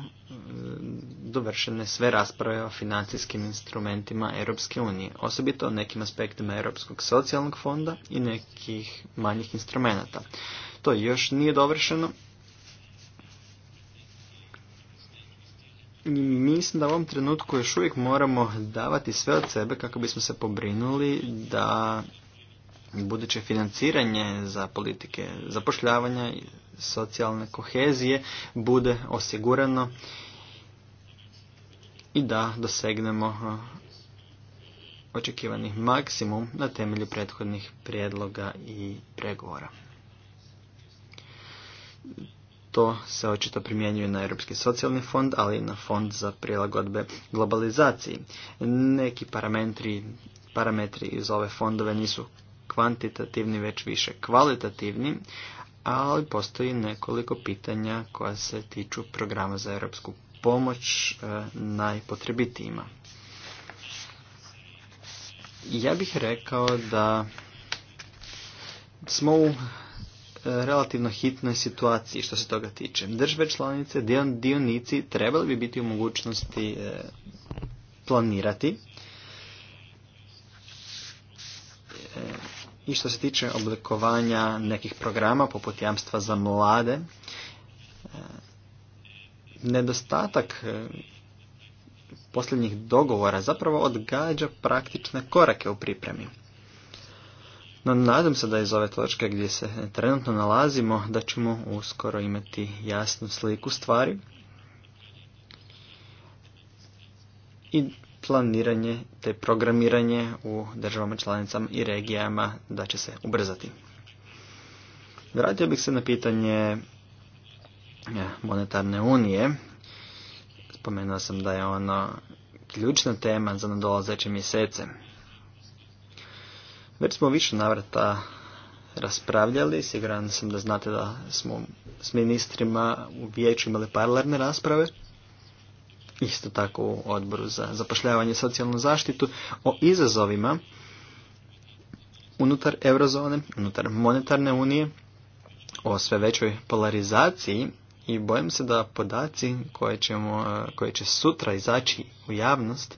dovršene sve rasprave o financijskim instrumentima Europske unije, osobito o nekim aspektima Europskog socijalnog fonda i nekih manjih instrumenata. To još nije dovršeno. mislim da u ovom trenutku još uvijek moramo davati sve od sebe kako bismo se pobrinuli da buduće financiranje za politike zapošljavanja i socijalne kohezije bude osigurano i da dosegnemo očekivani maksimum na temelju prethodnih prijedloga i pregovora. To se očito primjenjuje na Europski socijalni fond, ali i na fond za prilagodbe globalizaciji. Neki parametri parametri iz ove fondove nisu kvantitativni, već više kvalitativni, ali postoji nekoliko pitanja koja se tiču programa za europsku pomoć e, najpotrebitijima. Ja bih rekao da smo u e, relativno hitnoj situaciji što se toga tiče. Države članice, dionici trebali bi biti u mogućnosti e, planirati i što se tiče oblikovanja nekih programa poput jamstva za mlade, e, nedostatak e, posljednjih dogovora zapravo odgađa praktične korake u pripremi. No nadam se da iz ove točke gdje se trenutno nalazimo da ćemo uskoro imati jasnu sliku stvari i planiranje te programiranje u državama članicama i regijama da će se ubrzati. Vratio bih se na pitanje monetarne unije. Spomenuo sam da je ono ključna tema za nadolazeće mjesece. Već smo više navrata raspravljali, siguran sam da znate da smo s ministrima u vijeću imali paralelne rasprave isto tako u odboru za zapošljavanje i socijalnu zaštitu, o izazovima unutar eurozone, unutar monetarne unije, o sve većoj polarizaciji i bojim se da podaci koje, ćemo, koje će sutra izaći u javnost,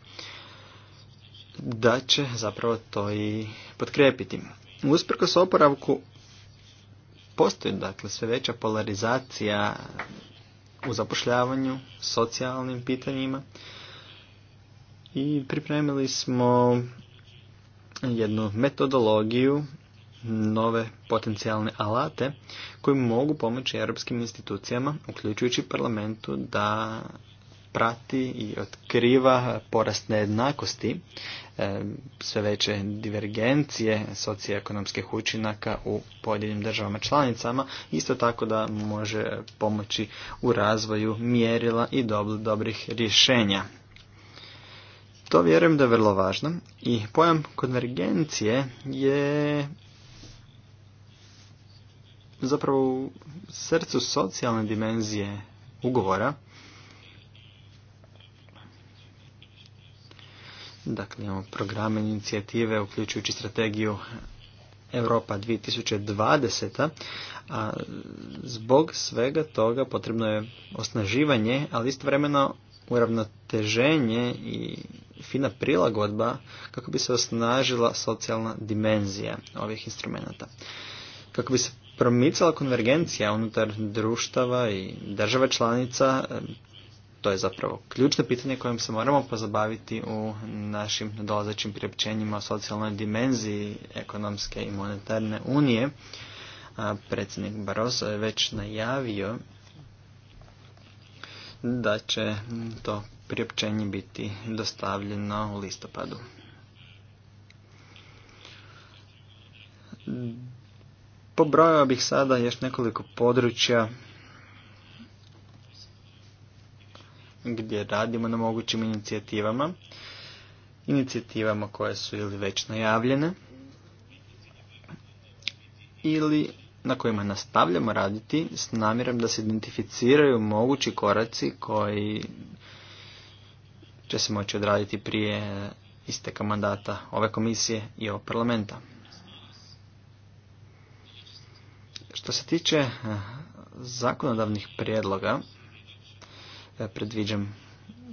da će zapravo to i potkrijepiti. Usprkos oporavku postoji dakle sve veća polarizacija u zapošljavanju, socijalnim pitanjima i pripremili smo jednu metodologiju, nove potencijalne alate koji mogu pomoći europskim institucijama, uključujući parlamentu, da prati i otkriva porast nejednakosti E, sve veće divergencije socioekonomskih učinaka u pojedinim državama članicama, isto tako da može pomoći u razvoju mjerila i dobrih rješenja. To vjerujem da je vrlo važno i pojam konvergencije je zapravo u srcu socijalne dimenzije ugovora Dakle, imamo programe inicijative, uključujući strategiju Europa 2020. A zbog svega toga potrebno je osnaživanje, ali istovremeno uravnoteženje i fina prilagodba kako bi se osnažila socijalna dimenzija ovih instrumenta. Kako bi se promicala konvergencija unutar društava i država članica, to je zapravo ključno pitanje kojim se moramo pozabaviti u našim nadolazećim priopćenjima o socijalnoj dimenziji ekonomske i monetarne unije. A predsjednik Barroso je već najavio da će to priopćenje biti dostavljeno u listopadu. Pobrojao bih sada još nekoliko područja gdje radimo na mogućim inicijativama, inicijativama koje su ili već najavljene ili na kojima nastavljamo raditi s namjerom da se identificiraju mogući koraci koji će se moći odraditi prije isteka mandata ove komisije i ovog parlamenta. Što se tiče eh, zakonodavnih prijedloga, E, predviđam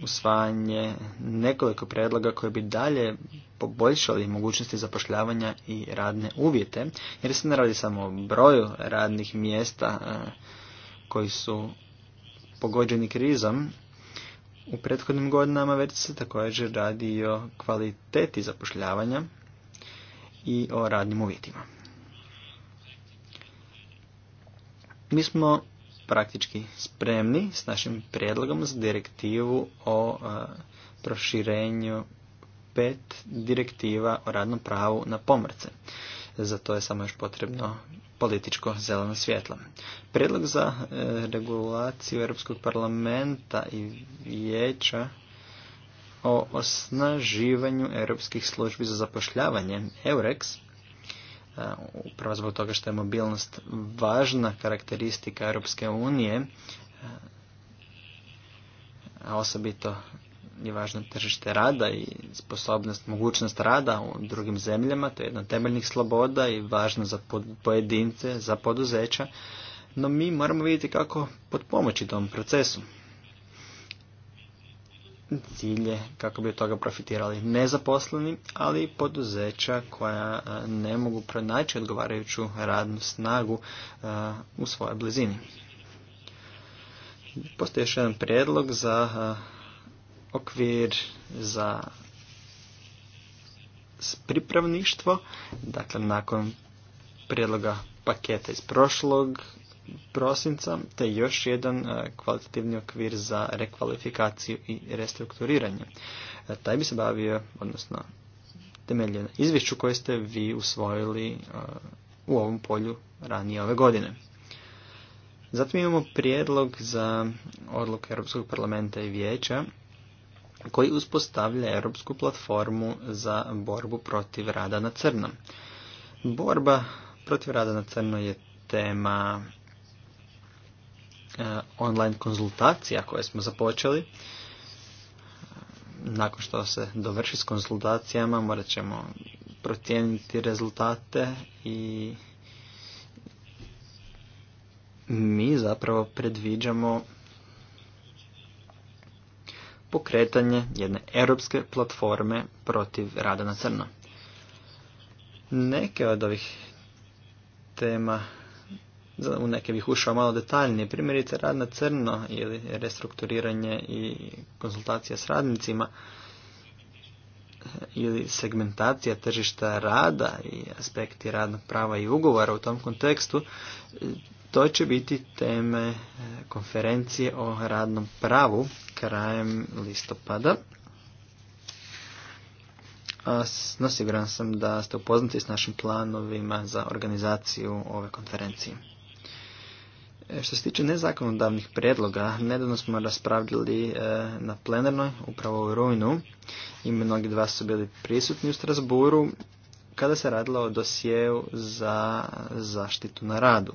usvajanje nekoliko predloga koji bi dalje poboljšali mogućnosti zapošljavanja i radne uvjete, jer se ne radi samo o broju radnih mjesta e, koji su pogođeni krizom. U prethodnim godinama već se također radi i o kvaliteti zapošljavanja i o radnim uvjetima. Mi smo praktički spremni s našim prijedlogom za direktivu o e, proširenju pet direktiva o radnom pravu na pomorce. Za to je samo još potrebno političko zeleno svjetlo. Prijedlog za e, regulaciju Europskog parlamenta i vijeća o osnaživanju europskih službi za zapošljavanje, EUREX, Uh, upravo zbog toga što je mobilnost važna karakteristika Europske unije, uh, a osobito je važno tržište rada i sposobnost, mogućnost rada u drugim zemljama, to je jedna od temeljnih sloboda i važno za pojedince, za poduzeća, no mi moramo vidjeti kako potpomoći tom procesu cilje kako bi od toga profitirali nezaposleni, ali i poduzeća koja eh, ne mogu pronaći odgovarajuću radnu snagu eh, u svojoj blizini. Postoji još jedan prijedlog za eh, okvir za pripravništvo, dakle nakon prijedloga paketa iz prošlog prosinca, te još jedan e, kvalitativni okvir za rekvalifikaciju i restrukturiranje. E, taj bi se bavio, odnosno temeljeno izvješću koje ste vi usvojili e, u ovom polju ranije ove godine. Zatim imamo prijedlog za odluke Europskog parlamenta i vijeća koji uspostavlja Europsku platformu za borbu protiv rada na crnom. Borba protiv rada na crno je tema E, online konzultacija koje smo započeli. E, nakon što se dovrši s konzultacijama morat ćemo procijeniti rezultate i mi zapravo predviđamo pokretanje jedne europske platforme protiv rada na crno. Neke od ovih tema u neke bih ušao malo detaljnije. Primjerice rad na crno ili restrukturiranje i konsultacija s radnicima ili segmentacija tržišta rada i aspekti radnog prava i ugovora u tom kontekstu, to će biti teme e, konferencije o radnom pravu krajem listopada. No siguran sam da ste upoznati s našim planovima za organizaciju ove konferencije. E, što se tiče nezakonodavnih predloga, nedavno smo raspravljali e, na plenarnoj, upravo u rujnu, i mnogi dva su bili prisutni u Strasburu, kada se radilo o dosjeu za zaštitu na radu.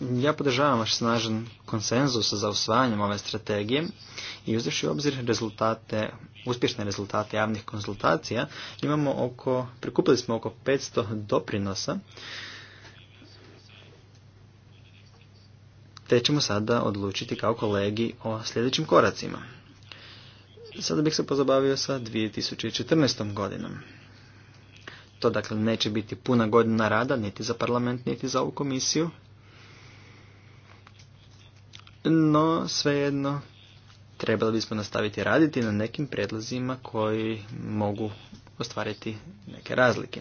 Ja podržavam vaš snažan konsenzus za usvajanjem ove strategije i uzevši u obzir rezultate, uspješne rezultate javnih konzultacija, imamo oko, prikupili smo oko 500 doprinosa, te ćemo sada odlučiti kao kolegi o sljedećim koracima. Sada bih se pozabavio sa 2014. godinom. To dakle neće biti puna godina rada niti za parlament, niti za ovu komisiju, no, svejedno, trebali bismo nastaviti raditi na nekim prijedlozima koji mogu ostvariti neke razlike.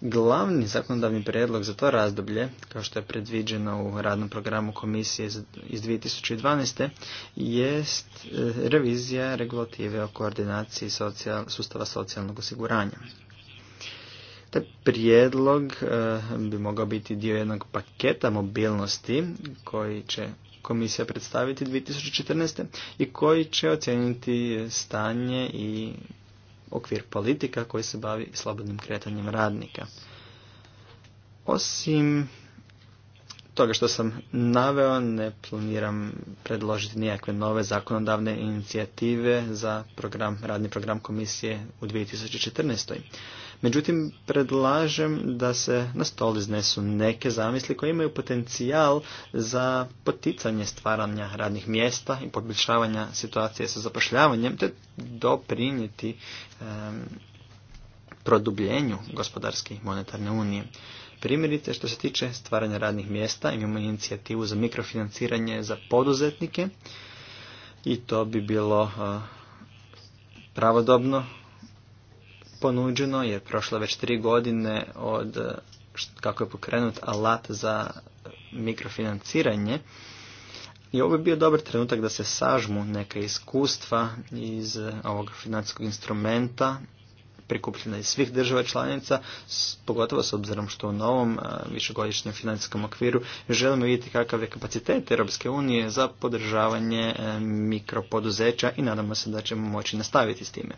Glavni zakonodavni prijedlog za to razdoblje, kao što je predviđeno u radnom programu komisije iz 2012. jest e, revizija regulative o koordinaciji sustava socijalnog osiguranja. Taj prijedlog e, bi mogao biti dio jednog paketa mobilnosti koji će komisija predstaviti 2014. i koji će ocijeniti stanje i okvir politika koji se bavi slobodnim kretanjem radnika. Osim toga što sam naveo, ne planiram predložiti nijakve nove zakonodavne inicijative za program, radni program komisije u 2014. Međutim, predlažem da se na stol iznesu neke zamisli koje imaju potencijal za poticanje stvaranja radnih mjesta i poboljšavanja situacije sa zapošljavanjem, te doprinijeti produbljenju gospodarske i monetarne unije. Primjerice, što se tiče stvaranja radnih mjesta, imamo inicijativu za mikrofinanciranje za poduzetnike i to bi bilo pravodobno ponuđeno je prošlo već tri godine od eh, kako je pokrenut alat za eh, mikrofinanciranje. I ovo je bio dobar trenutak da se sažmu neka iskustva iz eh, ovog financijskog instrumenta prikupljena iz svih država članica, pogotovo s obzirom što u novom višegodišnjem financijskom okviru želimo vidjeti kakav je kapacitet Europske unije za podržavanje mikropoduzeća i nadamo se da ćemo moći nastaviti s time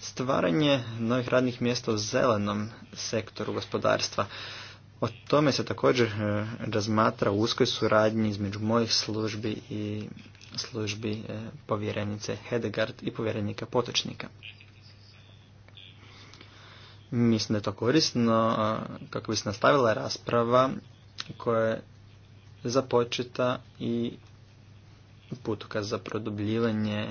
stvaranje novih radnih mjesta u zelenom sektoru gospodarstva. O tome se također e, razmatra u uskoj suradnji između mojih službi i službi e, povjerenice Hedegard i povjerenika Potočnika. Mislim da je to korisno kako bi se nastavila rasprava koja je započeta i putuka za produbljivanje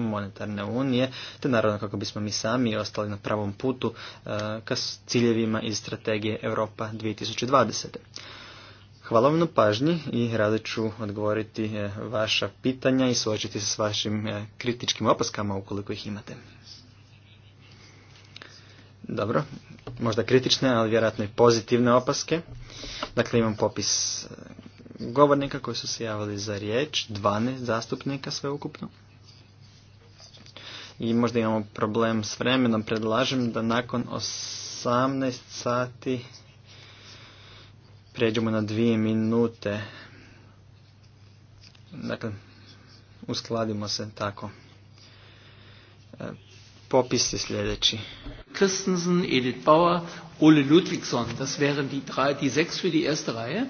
monetarne unije, te naravno kako bismo mi sami ostali na pravom putu eh, ka ciljevima iz strategije Europa 2020. Hvala vam na pažnji i rado ću odgovoriti eh, vaša pitanja i suočiti se s vašim eh, kritičkim opaskama ukoliko ih imate. Dobro, možda kritične, ali vjerojatno i pozitivne opaske. Dakle, imam popis govornika koji su se javili za riječ, 12 zastupnika sve ukupno i možda imamo problem s vremenom. Predlažem da nakon 18 sati pređemo na dvije minute. Dakle, uskladimo se tako. E, popis je sljedeći. Christensen, Edith Bauer, Ole Ludwigsson. Das wären die, drei, die sechs für die erste Reihe.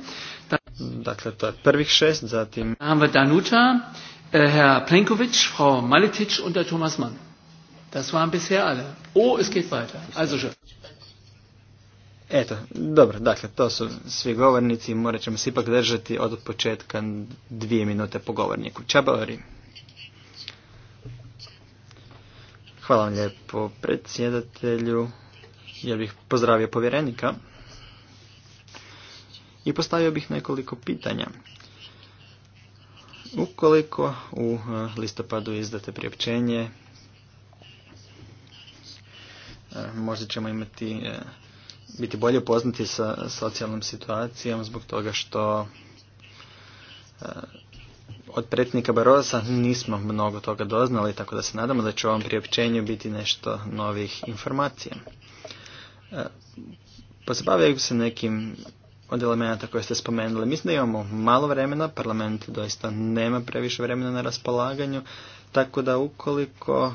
Dakle, to je prvih šest, zatim... Haben wir Danuta, Äh, Herr Plenkovic, Frau Maletic und der Thomas Mann. Das waren bisher alle. Oh, es geht weiter. Also schön. Eto, dobro, dakle, to su svi govornici, morat ćemo se ipak držati od početka dvije minute po govorniku. Čabori. Hvala vam lijepo predsjedatelju. Ja bih pozdravio povjerenika i postavio bih nekoliko pitanja. Ukoliko u e, listopadu izdate priopćenje, e, možda ćemo imati e, biti bolje upoznati sa socijalnom situacijom zbog toga što od pretnika Barosa nismo mnogo toga doznali, tako da se nadamo da će u ovom priopćenju biti nešto novih informacija. Pozabavljaju se nekim od elemenata koje ste spomenuli. Mislim da imamo malo vremena, parlament doista nema previše vremena na raspolaganju, tako da ukoliko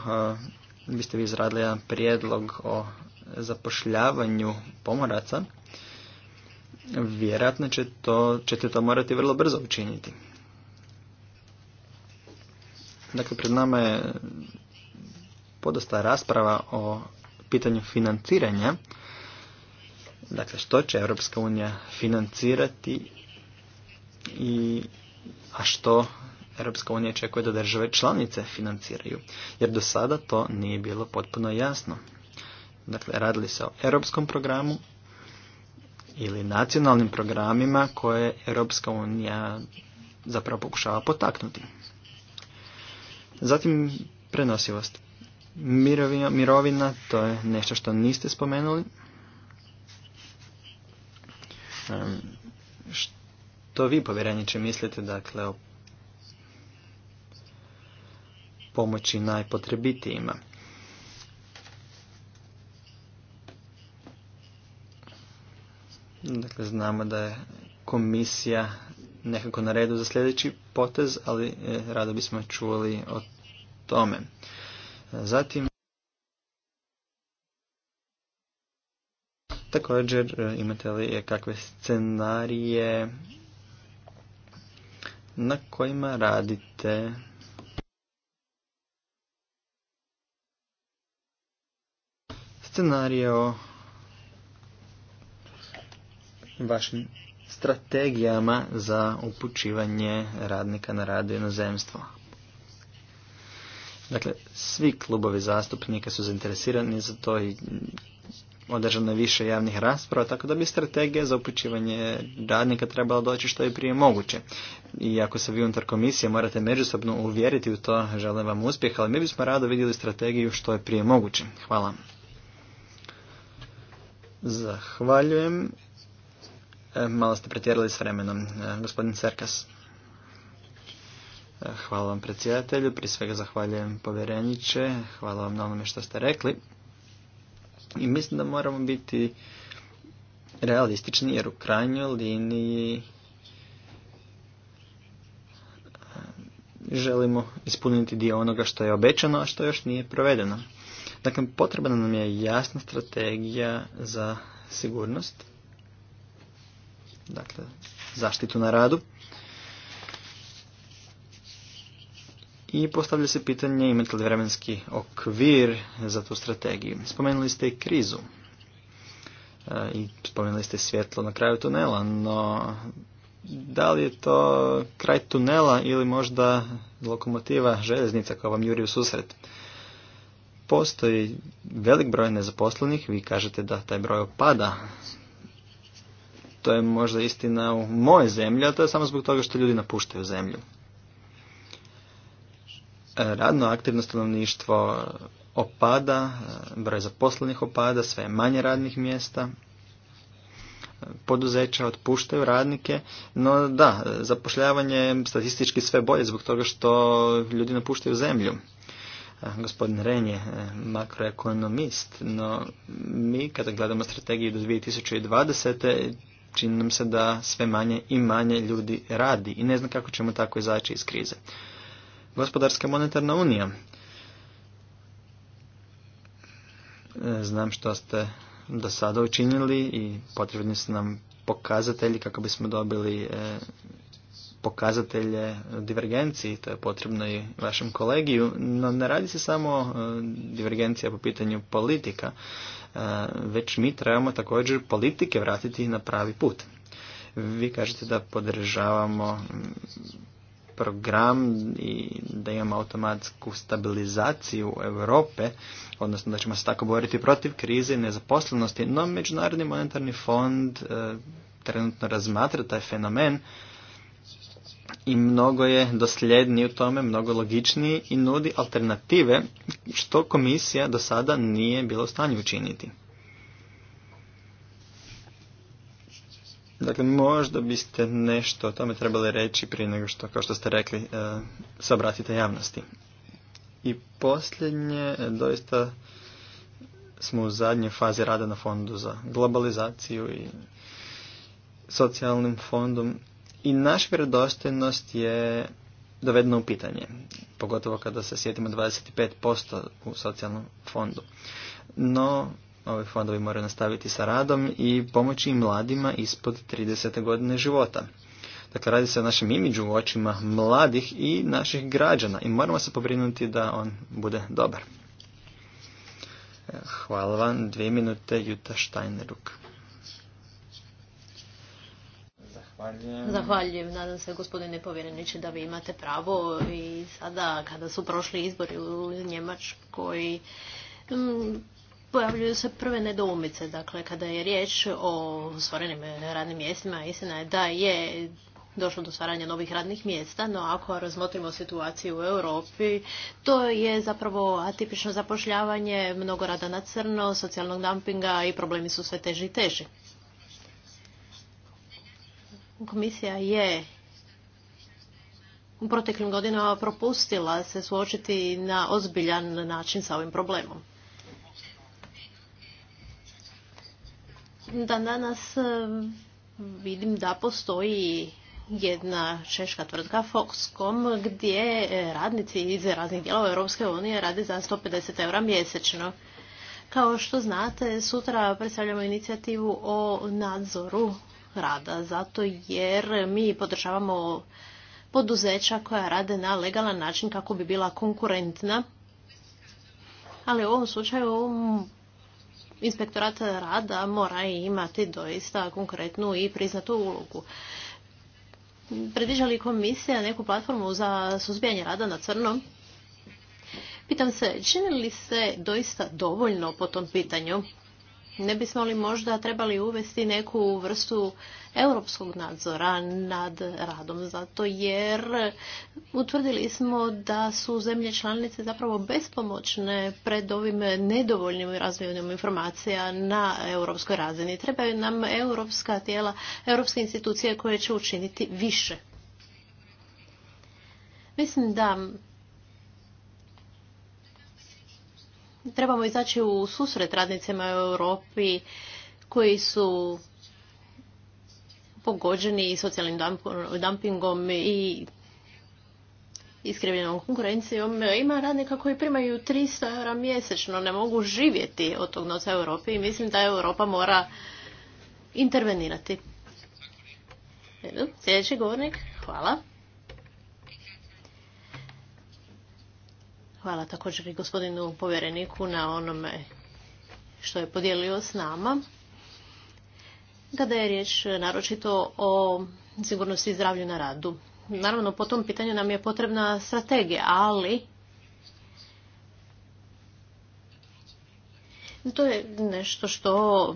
biste vi izradili jedan prijedlog o zapošljavanju pomoraca, vjerojatno će to, ćete to morati vrlo brzo učiniti. Dakle, pred nama je podosta rasprava o pitanju financiranja Dakle, što će Europska unija financirati i, a što Europska unija očekuje da države članice financiraju, jer do sada to nije bilo potpuno jasno. Dakle, radili se o europskom programu ili nacionalnim programima koje Europska unija zapravo pokušava potaknuti. Zatim, prenosivost. Mirovina, mirovina, to je nešto što niste spomenuli. Ehm, što vi povjereniče mislite dakle o pomoći najpotrebitijima? Dakle, znamo da je komisija nekako na redu za sljedeći potez, ali eh, rado bismo čuli o tome. Zatim, Također e, imate li kakve scenarije na kojima radite scenarije o vašim strategijama za upućivanje radnika na radu zemstvo. Dakle, svi klubovi zastupnika su zainteresirani za to i održano više javnih rasprava, tako da bi strategija za upućivanje radnika trebala doći što je prije moguće. I ako se vi unutar komisije morate međusobno uvjeriti u to, želim vam uspjeh, ali mi bismo rado vidjeli strategiju što je prije moguće. Hvala. Zahvaljujem. E, malo ste pretjerali s vremenom, e, gospodin Cerkas. E, hvala vam predsjedatelju, prije svega zahvaljujem povjereniče, hvala vam na onome što ste rekli. I mislim da moramo biti realistični jer u krajnjoj liniji eh, želimo ispuniti dio onoga što je obećano, a što još nije provedeno. Dakle, potrebna nam je jasna strategija za sigurnost, dakle, zaštitu na radu. I postavlja se pitanje imate li vremenski okvir za tu strategiju. Spomenuli ste i krizu. E, I spomenuli ste svjetlo na kraju tunela, no da li je to kraj tunela ili možda lokomotiva željeznica koja vam juri u susret? Postoji velik broj nezaposlenih, vi kažete da taj broj opada. To je možda istina u moje zemlji, a to je samo zbog toga što ljudi napuštaju zemlju radno aktivno stanovništvo opada, broj zaposlenih opada, sve manje radnih mjesta, poduzeća otpuštaju radnike, no da, zapošljavanje je statistički sve bolje zbog toga što ljudi napuštaju zemlju. Gospodin Ren je e, makroekonomist, no mi kada gledamo strategiju do 2020. čini nam se da sve manje i manje ljudi radi i ne znam kako ćemo tako izaći iz krize gospodarska monetarna unija. E, znam što ste do sada učinili i potrebni su nam pokazatelji kako bismo dobili e, pokazatelje divergenciji, to je potrebno i vašem kolegiju, no ne radi se samo e, divergencija po pitanju politika, već mi trebamo također politike vratiti na pravi put. Vi kažete da podržavamo program i da imamo automatsku stabilizaciju Europe, odnosno da ćemo se tako boriti protiv krize i nezaposlenosti, no Međunarodni monetarni fond e, trenutno razmatra taj fenomen i mnogo je dosljedniji u tome, mnogo logičniji i nudi alternative što komisija do sada nije bila u stanju učiniti. Dakle, možda biste nešto o tome trebali reći prije nego što, kao što ste rekli, e, se obratite javnosti. I posljednje, e, doista smo u zadnjoj fazi rada na fondu za globalizaciju i socijalnim fondom i naša vjerodostojnost je dovedena u pitanje, pogotovo kada se sjetimo 25% u socijalnom fondu. No, Ovi fondovi moraju nastaviti sa radom i pomoći mladima ispod 30. godine života. Dakle, radi se o našem imidžu u očima mladih i naših građana i moramo se pobrinuti da on bude dobar. E, hvala vam. Dvije minute, Juta Štajneruk. Zahvaljujem. Zahvaljujem. Nadam se, gospodine povjereniče, da vi imate pravo i sada kada su prošli izbori u Njemačkoj, mm, pojavljuju se prve nedoumice. Dakle, kada je riječ o stvorenim radnim mjestima, istina je da je došlo do stvaranja novih radnih mjesta, no ako razmotrimo situaciju u Europi, to je zapravo atipično zapošljavanje, mnogo rada na crno, socijalnog dumpinga i problemi su sve teži i teži. Komisija je u proteklim godinama propustila se suočiti na ozbiljan način sa ovim problemom. dan danas e, vidim da postoji jedna češka tvrtka Foxcom gdje e, radnici iz raznih dijelova Europske unije rade za 150 eura mjesečno. Kao što znate, sutra predstavljamo inicijativu o nadzoru rada, zato jer mi podržavamo poduzeća koja rade na legalan način kako bi bila konkurentna. Ali u ovom slučaju inspektorat rada mora imati doista konkretnu i priznatu ulogu. Predviđa li komisija neku platformu za suzbijanje rada na crnom. Pitam se, čini li se doista dovoljno po tom pitanju? Ne bismo li možda trebali uvesti neku vrstu europskog nadzora nad radom, zato jer utvrdili smo da su zemlje članice zapravo bespomoćne pred ovim nedovoljnim razvijenim informacija na europskoj razini. Trebaju nam europska tijela, europske institucije koje će učiniti više. Mislim da trebamo izaći u susret radnicima u Europi koji su pogođeni socijalnim dumpingom i iskrivljenom konkurencijom. Ima radnika koji primaju 300 eura mjesečno, ne mogu živjeti od tog u Europi i mislim da Europa mora intervenirati. Sljedeći govornik, hvala. Hvala također i gospodinu povjereniku na onome što je podijelio s nama. Kada je riječ naročito o sigurnosti i zdravlju na radu. Naravno, po tom pitanju nam je potrebna strategija, ali to je nešto što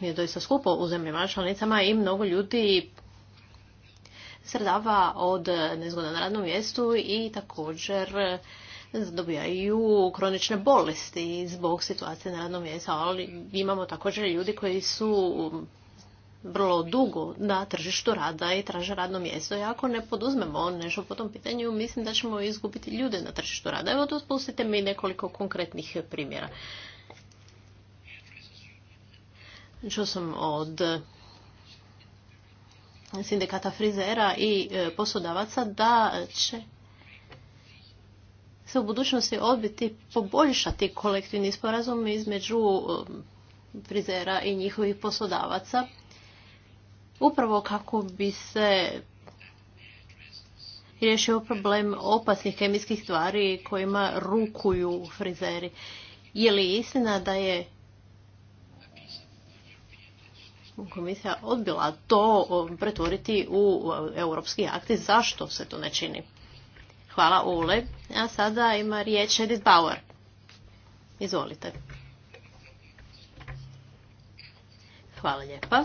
je doista skupo u zemljama članicama i mnogo ljudi sredava od nezgoda na radnom mjestu i također dobijaju kronične bolesti zbog situacije na radnom mjestu, ali imamo također ljudi koji su vrlo dugo na tržištu rada i traže radno mjesto. I ako ne poduzmemo nešto po tom pitanju, mislim da ćemo izgubiti ljude na tržištu rada. Evo, dopustite mi nekoliko konkretnih primjera. Čuo sam od sindikata frizera i e, poslodavaca da će se u budućnosti odbiti poboljšati kolektivni sporazum između um, frizera i njihovih poslodavaca, upravo kako bi se riješio problem opasnih kemijskih tvari kojima rukuju frizeri. Je li istina da je komisija odbila to um, pretvoriti u um, europski akt? Zašto se to ne čini? Hvala Ule. A sada ima riječ Edith Bauer. Izvolite. Hvala lijepa.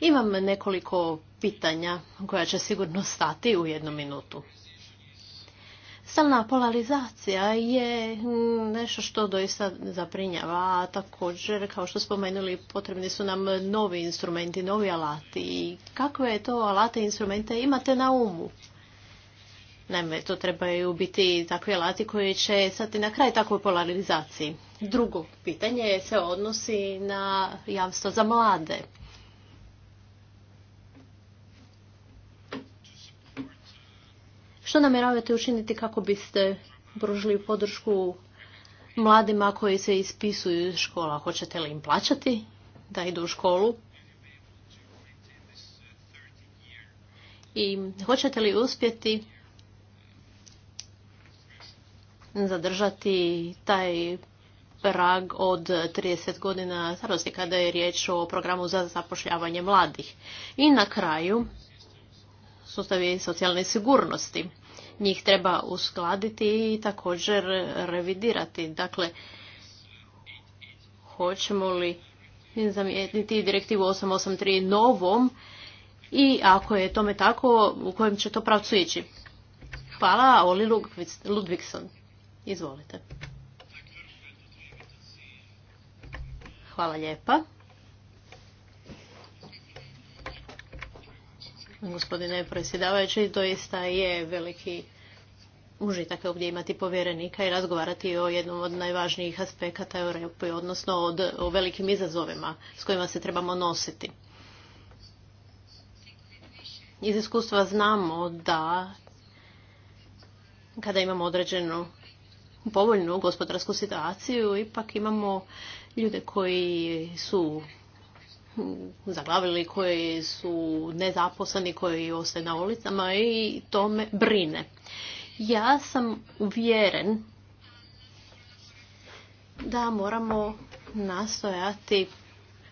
Imam nekoliko pitanja koja će sigurno stati u jednu minutu. Stalna polarizacija je nešto što doista zaprinjava, a također, kao što spomenuli, potrebni su nam novi instrumenti, novi alati. Kakve to alate i instrumente imate na umu? Naime, to trebaju biti takvi alati koji će stati na kraj takvoj polarizaciji. Drugo pitanje se odnosi na jamstvo za mlade. Što namjeravate učiniti kako biste pružili podršku mladima koji se ispisuju iz škola? Hoćete li im plaćati da idu u školu? I hoćete li uspjeti zadržati taj prag od 30 godina starosti kada je riječ o programu za zapošljavanje mladih. I na kraju sustavi socijalne sigurnosti. Njih treba uskladiti i također revidirati. Dakle, hoćemo li zamijetiti direktivu 883 novom i ako je tome tako, u kojem će to pravcu ići? Hvala, Oli Ludvigson. Izvolite. Hvala lijepa. Gospodine predsjedavajući, doista je veliki užitak ovdje imati povjerenika i razgovarati o jednom od najvažnijih aspekata Europe, odnosno o velikim izazovima s kojima se trebamo nositi. Iz iskustva znamo da kada imamo određenu povoljnu gospodarsku situaciju, ipak imamo ljude koji su zaglavili, koji su nezaposleni, koji ostaju na ulicama i to me brine. Ja sam uvjeren da moramo nastojati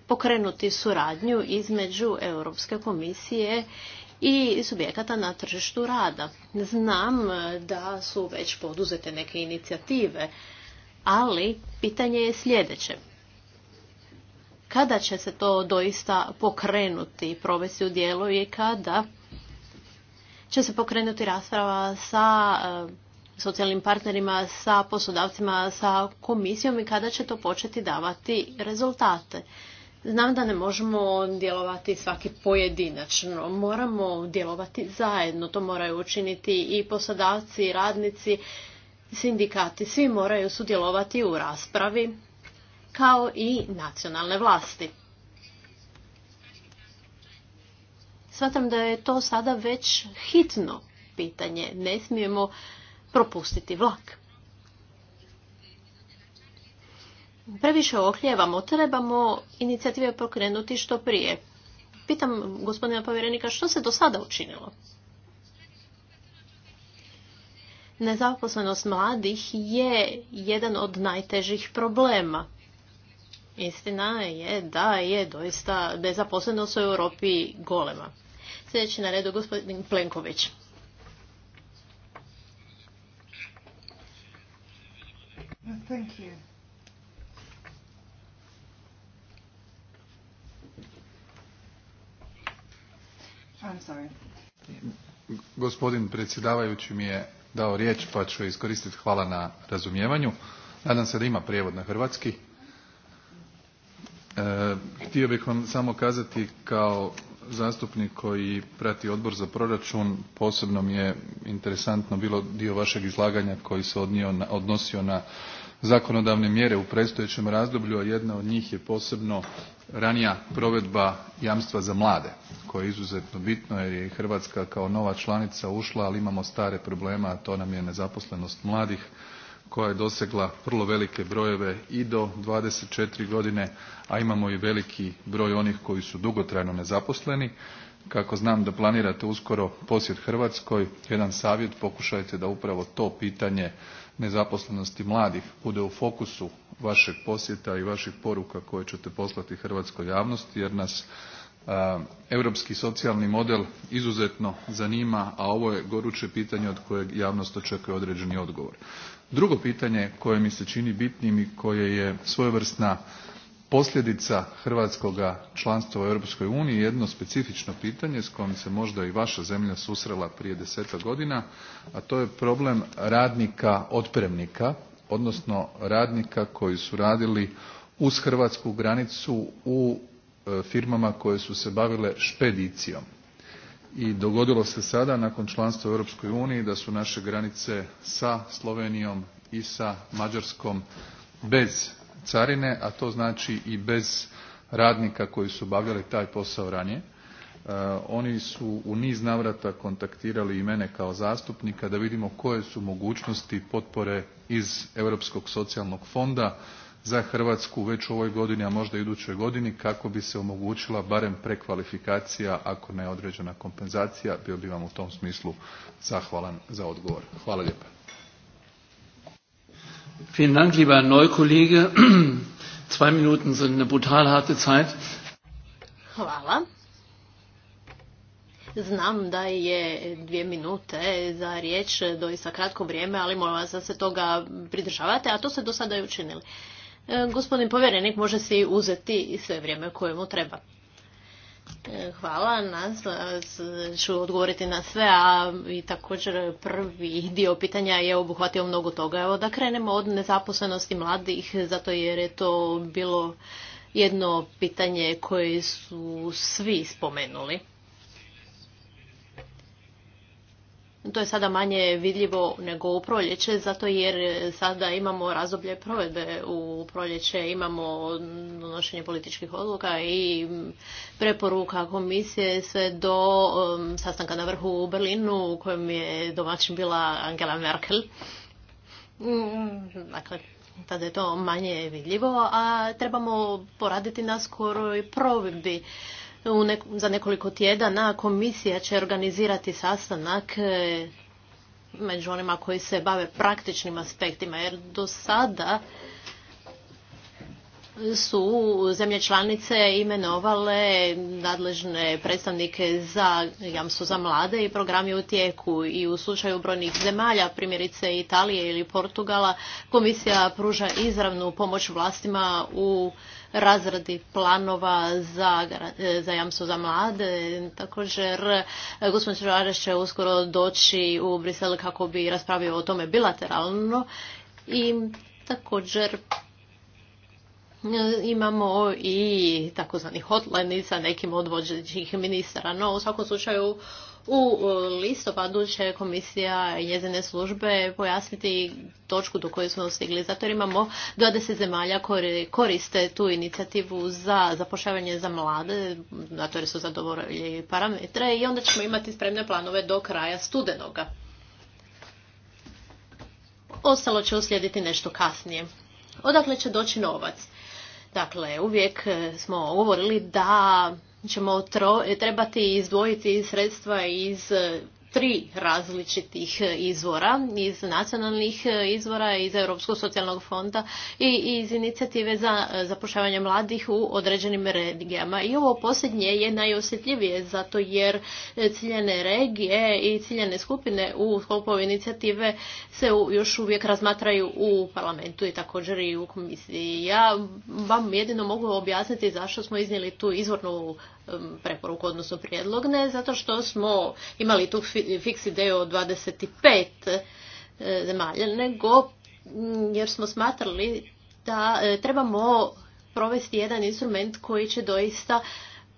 pokrenuti suradnju između Europske komisije i subjekata na tržištu rada. Znam e, da su već poduzete neke inicijative, ali pitanje je sljedeće. Kada će se to doista pokrenuti, provesti u dijelu i kada će se pokrenuti rasprava sa e, socijalnim partnerima, sa poslodavcima, sa komisijom i kada će to početi davati rezultate. Znam da ne možemo djelovati svaki pojedinačno, moramo djelovati zajedno, to moraju učiniti i poslodavci, i radnici, sindikati, svi moraju sudjelovati u raspravi, kao i nacionalne vlasti. Svatam da je to sada već hitno pitanje, ne smijemo propustiti vlak. previše okljevamo. Trebamo inicijative pokrenuti što prije. Pitam gospodina povjerenika što se do sada učinilo? Nezaposlenost mladih je jedan od najtežih problema. Istina je da je doista nezaposlenost u Europi golema. Sljedeći na redu gospodin Plenković. Thank you. Gospodin predsjedavajući mi je dao riječ pa ću iskoristiti hvala na razumijevanju. Nadam se da ima prijevod na hrvatski. E, htio bih vam samo kazati kao zastupnik koji prati odbor za proračun posebno mi je interesantno bilo dio vašeg izlaganja koji se odnosio na zakonodavne mjere u predstojećem razdoblju a jedna od njih je posebno ranija provedba jamstva za mlade koje je izuzetno bitno jer je i hrvatska kao nova članica ušla ali imamo stare probleme a to nam je nezaposlenost mladih koja je dosegla vrlo velike brojeve i do dvadeset četiri godine a imamo i veliki broj onih koji su dugotrajno nezaposleni kako znam da planirate uskoro posjet hrvatskoj jedan savjet pokušajte da upravo to pitanje nezaposlenosti mladih bude u fokusu vašeg posjeta i vaših poruka koje ćete poslati hrvatskoj javnosti jer nas europski socijalni model izuzetno zanima a ovo je goruće pitanje od kojeg javnost očekuje određeni odgovor. drugo pitanje koje mi se čini bitnim i koje je svojevrsna posljedica hrvatskoga članstva u Europskoj uniji jedno specifično pitanje s kojim se možda i vaša zemlja susrela prije desetak godina, a to je problem radnika otpremnika, odnosno radnika koji su radili uz hrvatsku granicu u e, firmama koje su se bavile špedicijom. I dogodilo se sada nakon članstva u Europskoj uniji da su naše granice sa Slovenijom i sa Mađarskom bez carine a to znači i bez radnika koji su obavljali taj posao ranije e, oni su u niz navrata kontaktirali i mene kao zastupnika da vidimo koje su mogućnosti potpore iz europskog socijalnog fonda za hrvatsku već u ovoj godini a možda i idućoj godini kako bi se omogućila barem prekvalifikacija ako ne određena kompenzacija bio bih vam u tom smislu zahvalan za odgovor. hvala lijepa. Hvala. Znam da je dvije minute za riječ doista kratko vrijeme, ali molim vas da se toga pridržavate, a to se do sada i učinili. E, gospodin povjerenik može si uzeti sve vrijeme koje mu treba. E, hvala, nas ću odgovoriti na sve, a i također prvi dio pitanja je obuhvatio mnogo toga. Evo da krenemo od nezaposlenosti mladih, zato jer je to bilo jedno pitanje koje su svi spomenuli. to je sada manje vidljivo nego u proljeće, zato jer sada imamo razoblje provedbe u proljeće, imamo donošenje političkih odluka i preporuka komisije sve do um, sastanka na vrhu u Berlinu u kojem je domaćin bila Angela Merkel. Mm, dakle, tada je to manje vidljivo, a trebamo poraditi na skoroj provedbi za nekoliko tjedana komisija će organizirati sastanak e, među onima koji se bave praktičnim aspektima, jer do sada su zemlje članice imenovale nadležne predstavnike za jamstvo za mlade i programi u tijeku i u slučaju brojnih zemalja, primjerice Italije ili Portugala, komisija pruža izravnu pomoć vlastima u razradi planova za, eh, za jamstvo za mlade. Također, eh, gospodin Čuvareš će uskoro doći u Brisel kako bi raspravio o tome bilateralno i također eh, imamo i takozvani hotline sa nekim od ministara. No, u svakom slučaju u e, listopadu će komisija njezine službe pojasniti točku do koje smo stigli, zato jer imamo 20 zemalja koje koriste tu inicijativu za zapošljavanje za mlade, zato jer su zadovoljili parametre i onda ćemo imati spremne planove do kraja studenoga. Ostalo će uslijediti nešto kasnije. Odakle će doći novac? Dakle, uvijek smo govorili da ćemo trebati izdvojiti sredstva iz tri različitih e, izvora, iz nacionalnih e, izvora, iz Europskog socijalnog fonda i iz inicijative za e, zapošljavanje mladih u određenim regijama. I ovo posljednje je najosjetljivije zato jer ciljene regije i ciljene skupine u sklopu inicijative se još uvijek razmatraju u parlamentu i također i u komisiji. Ja vam jedino mogu objasniti zašto smo iznijeli tu izvornu Um, preporuku, odnosno prijedlog, ne zato što smo imali tu fiks ideju od 25 e, zemalja, nego mm, jer smo smatrali da e, trebamo provesti jedan instrument koji će doista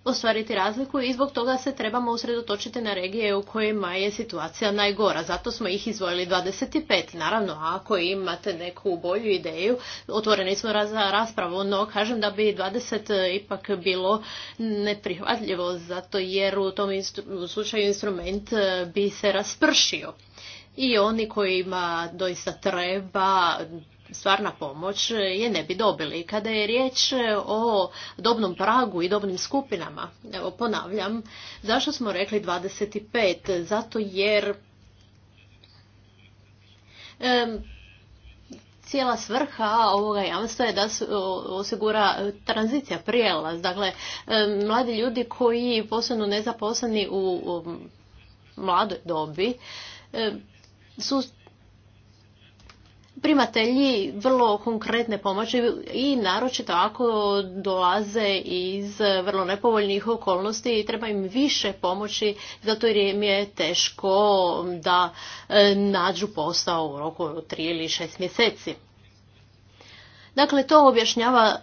ostvariti razliku i zbog toga se trebamo usredotočiti na regije u kojima je situacija najgora. Zato smo ih izvojili 25. Naravno, ako imate neku bolju ideju, otvoreni smo za raspravu, no kažem da bi 20 ipak bilo neprihvatljivo, zato jer u tom slučaju instrument e, bi se raspršio. I oni kojima doista treba stvarna pomoć je ne bi dobili. Kada je riječ o dobnom pragu i dobnim skupinama, evo ponavljam, zašto smo rekli 25? Zato jer cijela svrha ovoga jamstva je da se osigura tranzicija, prijelaz. Dakle, mladi ljudi koji posebno nezaposleni u mladoj dobi su primatelji vrlo konkretne pomoći i naročito ako dolaze iz vrlo nepovoljnih okolnosti i treba im više pomoći zato jer im je teško da e, nađu posao u roku od 3 ili 6 mjeseci. Dakle, to objašnjava,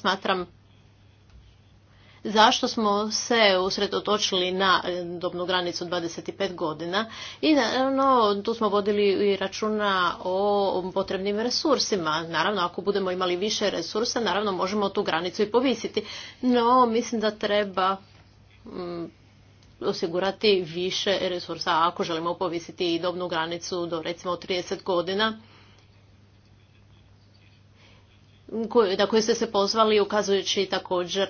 smatram, zašto smo se usredotočili na dobnu granicu 25 godina i naravno tu smo vodili i računa o potrebnim resursima. Naravno ako budemo imali više resursa naravno možemo tu granicu i povisiti. No mislim da treba mm, osigurati više resursa ako želimo povisiti i dobnu granicu do recimo 30 godina na koje ste se pozvali ukazujući također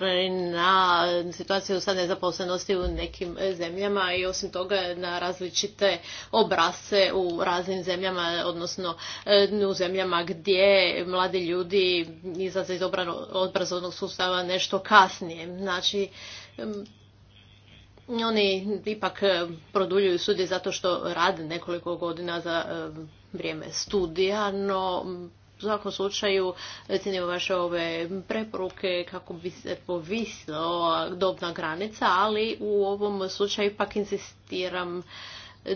na situaciju sa nezaposlenosti u nekim e, zemljama i osim toga na različite obrasce u raznim zemljama, odnosno e, u zemljama gdje mladi ljudi izlaze iz obrazovnog sustava nešto kasnije. Znači, oni ipak e, produljuju studije zato što rade nekoliko godina za vrijeme studija, no svakom slučaju cijenimo vaše ove preporuke kako bi se povisila dobna granica, ali u ovom slučaju pak insistiram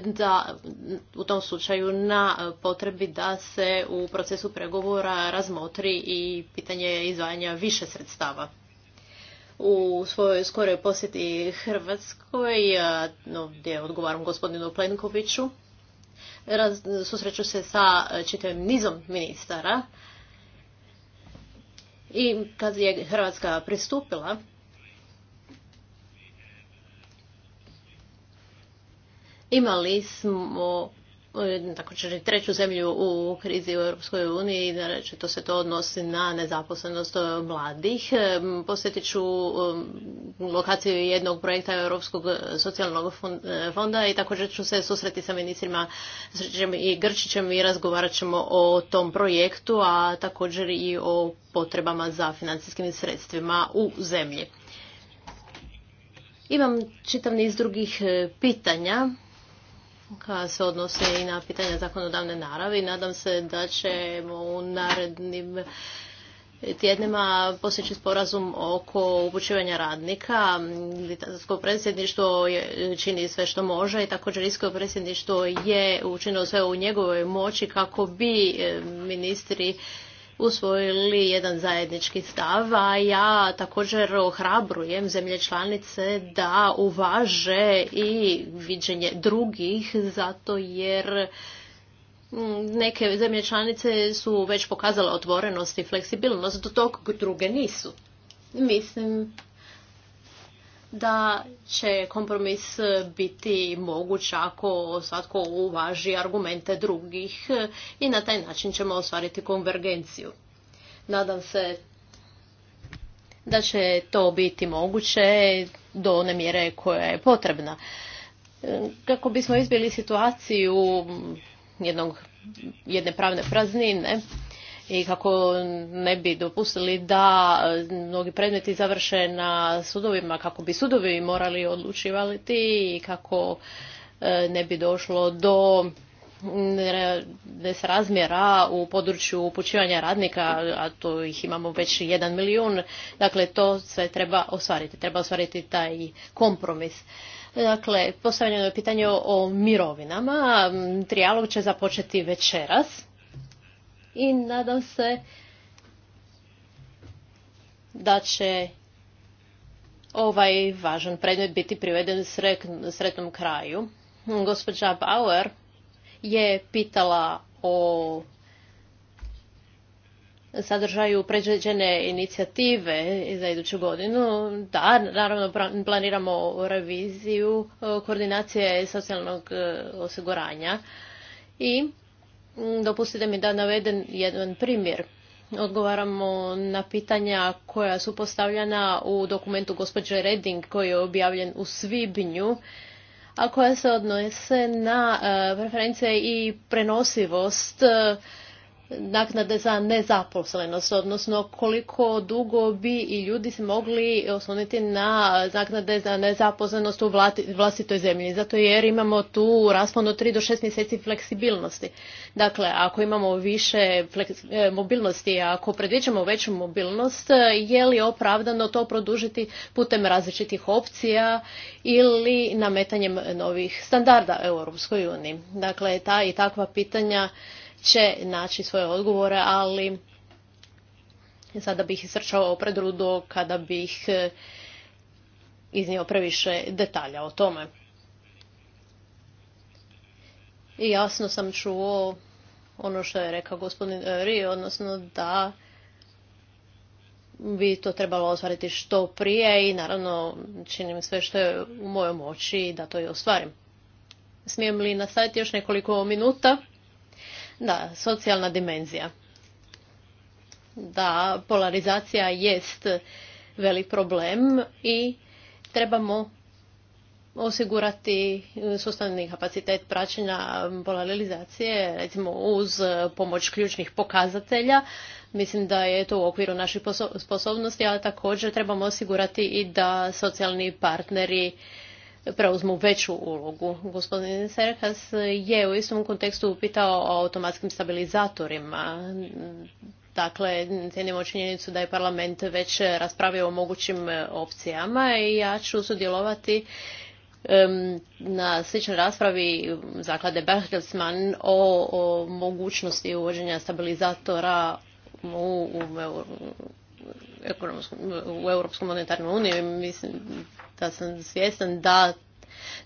da u tom slučaju na potrebi da se u procesu pregovora razmotri i pitanje izdvajanja više sredstava. U svojoj skoroj posjeti Hrvatskoj, gdje odgovaram gospodinu Plenkoviću, raz, susreću se sa e, čitavim nizom ministara. I kad je Hrvatska pristupila, imali smo također i treću zemlju u krizi u Europskoj uniji, znači to se to odnosi na nezaposlenost mladih. Posjetit ću lokaciju jednog projekta Europskog socijalnog fonda i također ću se susreti sa ministrima Srećem i Grčićem i razgovarat ćemo o tom projektu, a također i o potrebama za financijskim sredstvima u zemlji. Imam čitav niz drugih e, pitanja koja se odnose i na pitanja zakonodavne naravi. Nadam se da ćemo u narednim tjednima postići sporazum oko upućivanja radnika. Litansko predsjedništvo čini sve što može i također Isko predsjedništvo je učinilo sve u njegovoj moći kako bi eh, ministri usvojili jedan zajednički stav, a ja također ohrabrujem zemlje članice da uvaže i viđenje drugih, zato jer mm, neke zemlje članice su već pokazale otvorenost i fleksibilnost, do tog druge nisu. Mislim da će kompromis biti moguć ako svatko uvaži argumente drugih i na taj način ćemo ostvariti konvergenciju. Nadam se da će to biti moguće do one mjere koja je potrebna. Kako bismo izbjeli situaciju jednog, jedne pravne praznine, i kako ne bi dopustili da e, mnogi predmeti završe na sudovima, kako bi sudovi morali odlučivati i kako e, ne bi došlo do mm, nesrazmjera u području upućivanja radnika, a to ih imamo već jedan milijun, dakle to sve treba ostvariti, treba ostvariti taj kompromis. Dakle, postavljeno je pitanje o mirovinama, mm, trijalog će započeti večeras, i nadam se da će ovaj važan predmet biti priveden sretnom kraju. Gospođa Bauer je pitala o sadržaju pređeđene inicijative za iduću godinu. Da, naravno planiramo reviziju e, koordinacije socijalnog e, osiguranja i Mm, dopustite mi da navedem jedan primjer. Odgovaramo na pitanja koja su postavljena u dokumentu gospođe Reding koji je objavljen u svibnju, a koja se odnose na eh, preferencije i prenosivost eh, naknade za nezaposlenost, odnosno koliko dugo bi i ljudi se mogli osloniti na naknade za nezaposlenost u vlastitoj zemlji. Zato jer imamo tu raspon od 3 do 6 mjeseci fleksibilnosti. Dakle, ako imamo više e, mobilnosti, ako predviđamo veću mobilnost, je li opravdano to produžiti putem različitih opcija ili nametanjem novih standarda Europskoj uniji? Dakle, ta i takva pitanja će naći svoje odgovore, ali sada bih srčao o kada bih e, iznio previše detalja o tome. I jasno sam čuo ono što je rekao gospodin Eri, odnosno da bi to trebalo ostvariti što prije i naravno činim sve što je u mojoj moći da to i ostvarim. Smijem li nastaviti još nekoliko minuta? Da, socijalna dimenzija. Da, polarizacija jest velik problem i trebamo osigurati sustavni kapacitet praćenja polarizacije, recimo uz pomoć ključnih pokazatelja. Mislim da je to u okviru naših sposobnosti, ali također trebamo osigurati i da socijalni partneri preuzmu veću ulogu. Gospodin Serkas je u istom kontekstu upitao o automatskim stabilizatorima. Dakle, cijenimo činjenicu da je parlament već raspravio o mogućim opcijama i ja ću sudjelovati na sličnoj raspravi zaklade Bertelsmann o, mogućnosti uvođenja stabilizatora u, u, u Europsku monetarnu uniju. Mislim, da sam svjestan da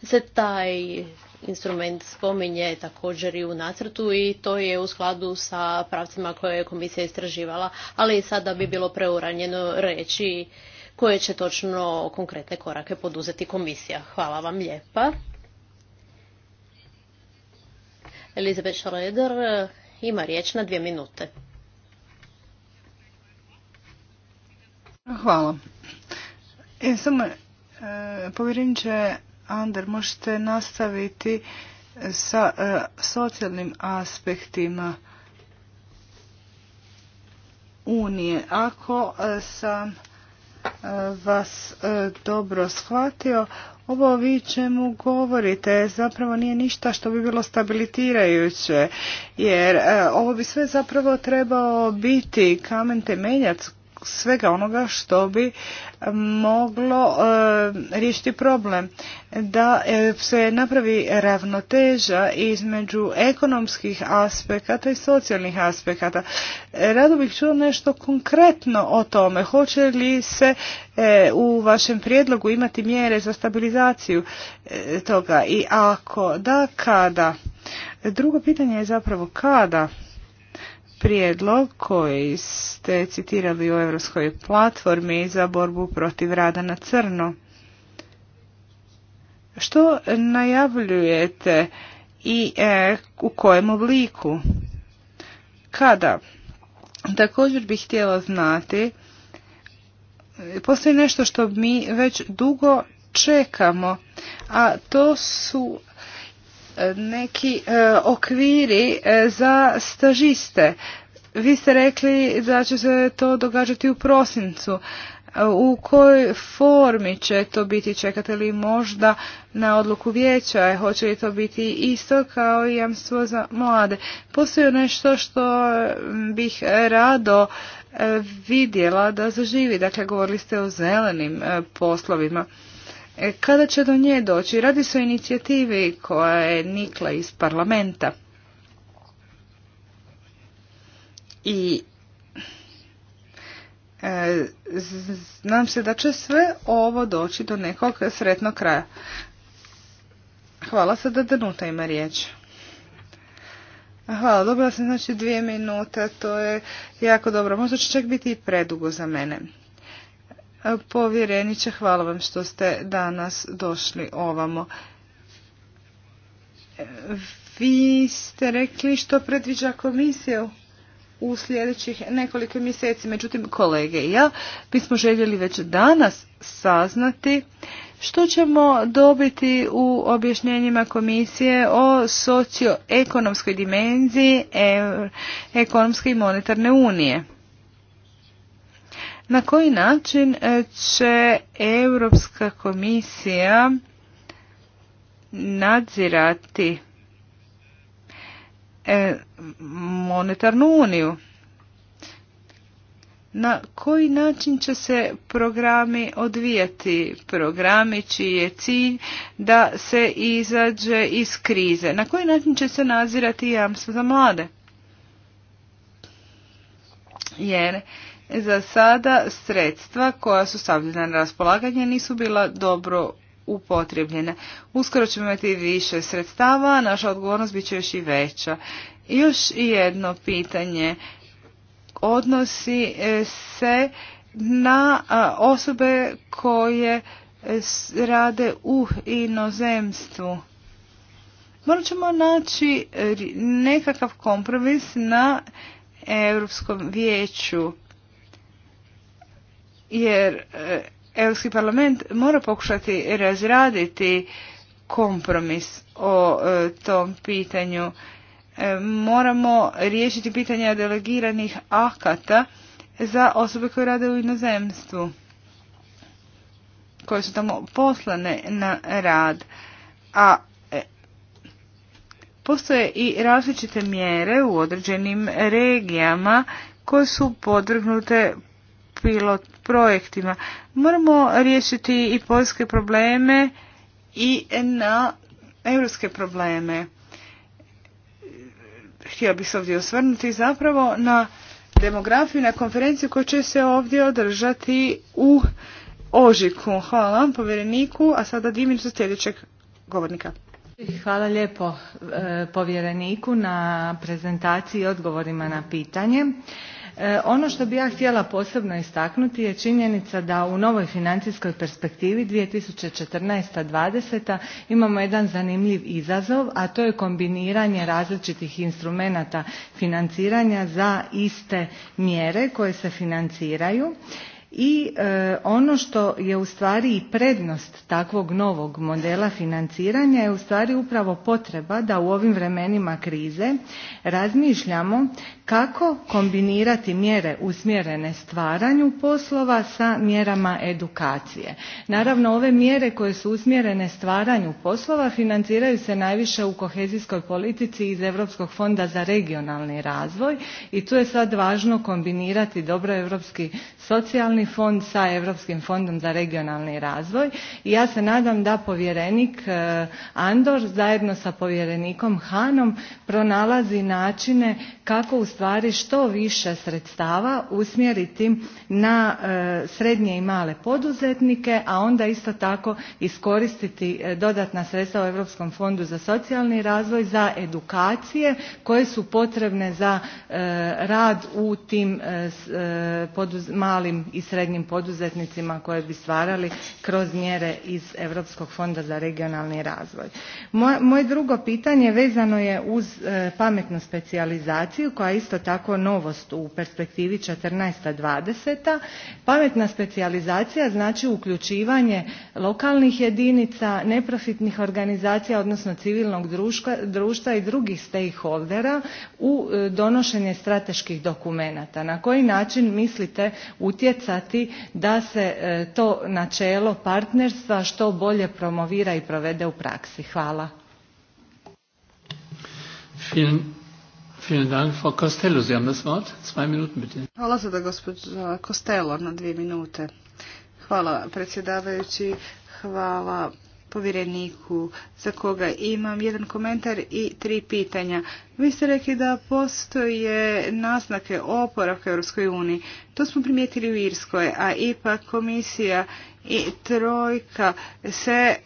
se taj instrument spominje također i u nacrtu i to je u skladu sa pravcima koje je komisija istraživala, ali i sada bi bilo preuranjeno reći koje će točno konkretne korake poduzeti komisija. Hvala vam lijepa. Elizabeth Schroeder ima riječ na dvije minute. Hvala. E, Povjerinče Ander, možete nastaviti sa e, socijalnim aspektima Unije. Ako e, sam e, vas dobro shvatio, ovo vi čemu govorite zapravo nije ništa što bi bilo stabilitirajuće, jer ovo bi sve zapravo trebao biti kamen temeljac svega onoga što bi moglo e, riješiti problem da e, se napravi ravnoteža između ekonomskih aspekata i socijalnih aspekata. E, rado bih čuo nešto konkretno o tome. Hoće li se u vašem prijedlogu imati mjere za stabilizaciju toga i ako da, kada? Drugo pitanje je zapravo kada prijedlog koji ste citirali u Europskoj platformi za borbu protiv rada na crno. Što najavljujete i e, u kojem obliku? Kada? Također bih htjela znati, postoji nešto što mi već dugo čekamo, a to su neki e, okviri e, za stažiste. Vi ste rekli da će se to događati u prosincu. E, u kojoj formi će to biti? Čekate li možda na odluku vijeća? Hoće li to biti isto kao i jamstvo za mlade? Postoji nešto što bih rado vidjela da zaživi. Dakle, govorili ste o zelenim poslovima. E, kada će do nje doći? Radi se o inicijativi koja je nikla iz parlamenta. I e, znam se da će sve ovo doći do nekog sretnog kraja. Hvala sada da Danuta ima riječ. Hvala, dobila sam znači dvije minute, to je jako dobro. Možda će čak biti i predugo za mene. Povjereniče, hvala vam što ste danas došli ovamo. Vi ste rekli što predviđa komisiju u sljedećih nekoliko mjeseci. Međutim, kolege i ja bismo željeli već danas saznati što ćemo dobiti u objašnjenjima komisije o socioekonomskoj dimenziji e- ekonomske i monetarne unije. Na koji način e, će Europska komisija nadzirati e, monetarnu uniju? Na koji način će se programi odvijati, programi čiji je cilj da se izađe iz krize? Na koji način će se nadzirati jamstvo za mlade? Jer za sada sredstva koja su stavljena na raspolaganje nisu bila dobro upotrebljene. Uskoro ćemo imati više sredstava, a naša odgovornost bit će još i veća. još jedno pitanje odnosi e, se na osobe koje e, rade u inozemstvu. Morat ćemo naći e, nekakav kompromis na Europskom vijeću jer eh, Europski parlament mora pokušati razraditi kompromis o eh, tom pitanju. Eh, moramo riješiti pitanja delegiranih akata za osobe koje rade u inozemstvu, koje su tamo poslane na rad. A postoje i različite mjere u određenim regijama koje su podvrgnute pilot projektima. Moramo riješiti i poljske probleme i na europske probleme. Htio bih se ovdje osvrnuti zapravo na demografiju, na konferenciju koja će se ovdje održati u Ožiku. Hvala vam povjereniku, a sada Dimir za sljedećeg govornika. Hvala lijepo e, povjereniku na prezentaciji i odgovorima na pitanje. E, ono što bih ja htjela posebno istaknuti je činjenica da u novoj financijskoj perspektivi. two thousand and fourteen twenty imamo jedan zanimljiv izazov a to je kombiniranje različitih instrumenata financiranja za iste mjere koje se financiraju i e, ono što je ustvari i prednost takvog novog modela financiranja je ustvari upravo potreba da u ovim vremenima krize razmišljamo kako kombinirati mjere usmjerene stvaranju poslova sa mjerama edukacije. Naravno ove mjere koje su usmjerene stvaranju poslova financiraju se najviše u kohezijskoj politici iz Europskog fonda za regionalni razvoj i tu je sad važno kombinirati dobro Europski socijalni fond sa Europskim fondom za regionalni razvoj i ja se nadam da povjerenik e, Andor zajedno sa povjerenikom Hanom pronalazi načine kako stvari što više sredstava usmjeriti na e, srednje i male poduzetnike, a onda isto tako iskoristiti e, dodatna sredstva u Europskom fondu za socijalni razvoj za edukacije koje su potrebne za e, rad u tim malim i srednjim poduzetnicima koje bi stvarali kroz mjere iz Europskog fonda za regionalni razvoj. Moje drugo pitanje vezano je uz pametnu specijalizaciju koja isto tako novost u perspektivi 14.20. Pametna specijalizacija znači uključivanje lokalnih jedinica, neprofitnih organizacija, odnosno civilnog društva i drugih stakeholdera u e, donošenje strateških dokumenata. Na koji način mislite utjecati da se e, to načelo partnerstva što bolje promovira i provede u praksi? Hvala. Hvala sada gospođa Costello na dvije minute. Hvala predsjedavajući, hvala povjereniku za koga imam jedan komentar i tri pitanja. Vi ste rekli da postoje naznake oporavka Europskoj uniji. To smo primijetili u Irskoj, a ipak komisija i trojka se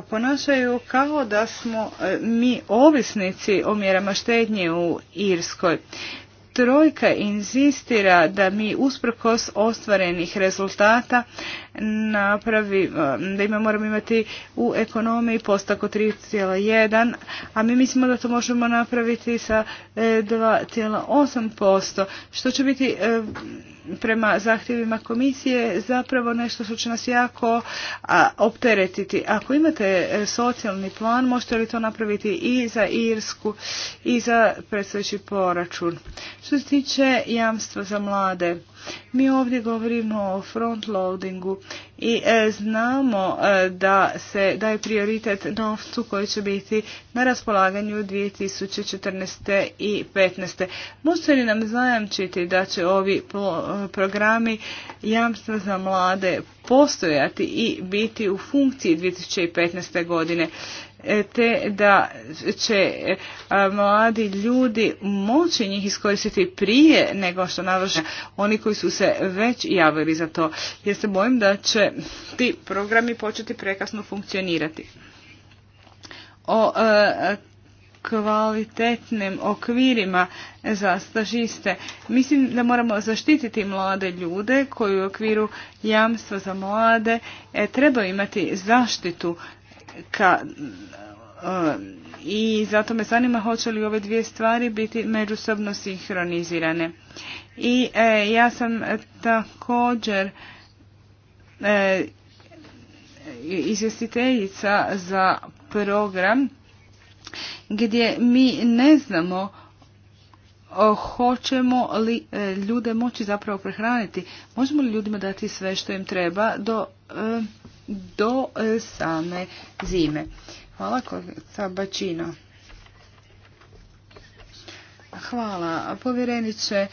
ponašaju kao da smo e, mi ovisnici o mjerama štednje u Irskoj. Trojka inzistira da mi usprkos ostvarenih rezultata napravi, e, da ima, moramo imati u ekonomiji postako 3,1, a mi mislimo da to možemo napraviti sa 2,8%, e, što će biti prema zahtjevima komisije zapravo nešto što će nas jako opteretiti. Ako imate e, socijalni plan, možete li to napraviti i za Irsku i za predstojeći poračun. Što se tiče jamstva za mlade, mi ovdje govorimo o front loadingu i e, znamo e, da se daje prioritet novcu koji će biti na raspolaganju 2014. i 2015. Možete li nam zajamčiti da će ovi e, programi jamstva za mlade postojati i biti u funkciji 2015. godine? E, te da će e, mladi ljudi moći njih iskoristiti prije nego što navrše oni koji su se već javili za to. Jer se bojim da će ti programi početi prekasno funkcionirati. O e, kvalitetnim okvirima za stažiste. Mislim da moramo zaštititi mlade ljude koji u okviru jamstva za mlade e, trebaju imati zaštitu ka, e, i zato me zanima hoće li ove dvije stvari biti međusobno sinhronizirane. I e, ja sam također e, izvjestiteljica za program gdje mi ne znamo hoćemo li e, ljude moći zapravo prehraniti. Možemo li ljudima dati sve što im treba do do e, same zime. Hvala kolegica Bačino. Hvala povjereniče.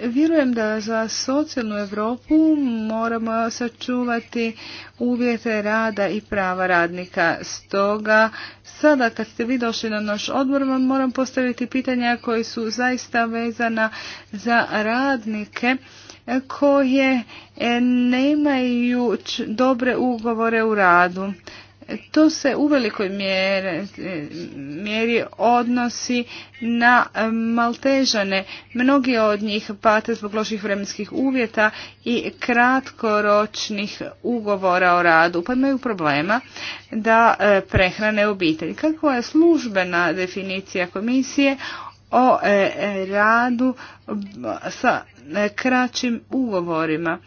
Vjerujem da za socijalnu Europu moramo sačuvati uvjete rada i prava radnika. Stoga, sada kad ste vi došli na naš odbor, vam moram postaviti pitanja koji su zaista vezana za radnike koje e, nemaju dobre ugovore u radu. To se u velikoj mjeri, e, mjeri odnosi na e, maltežane. Mnogi od njih pate zbog loših vremenskih uvjeta i kratkoročnih ugovora o radu, pa imaju problema da prehrane obitelj. Kakva je službena definicija komisije o e, e, radu sa e, kraćim ugovorima.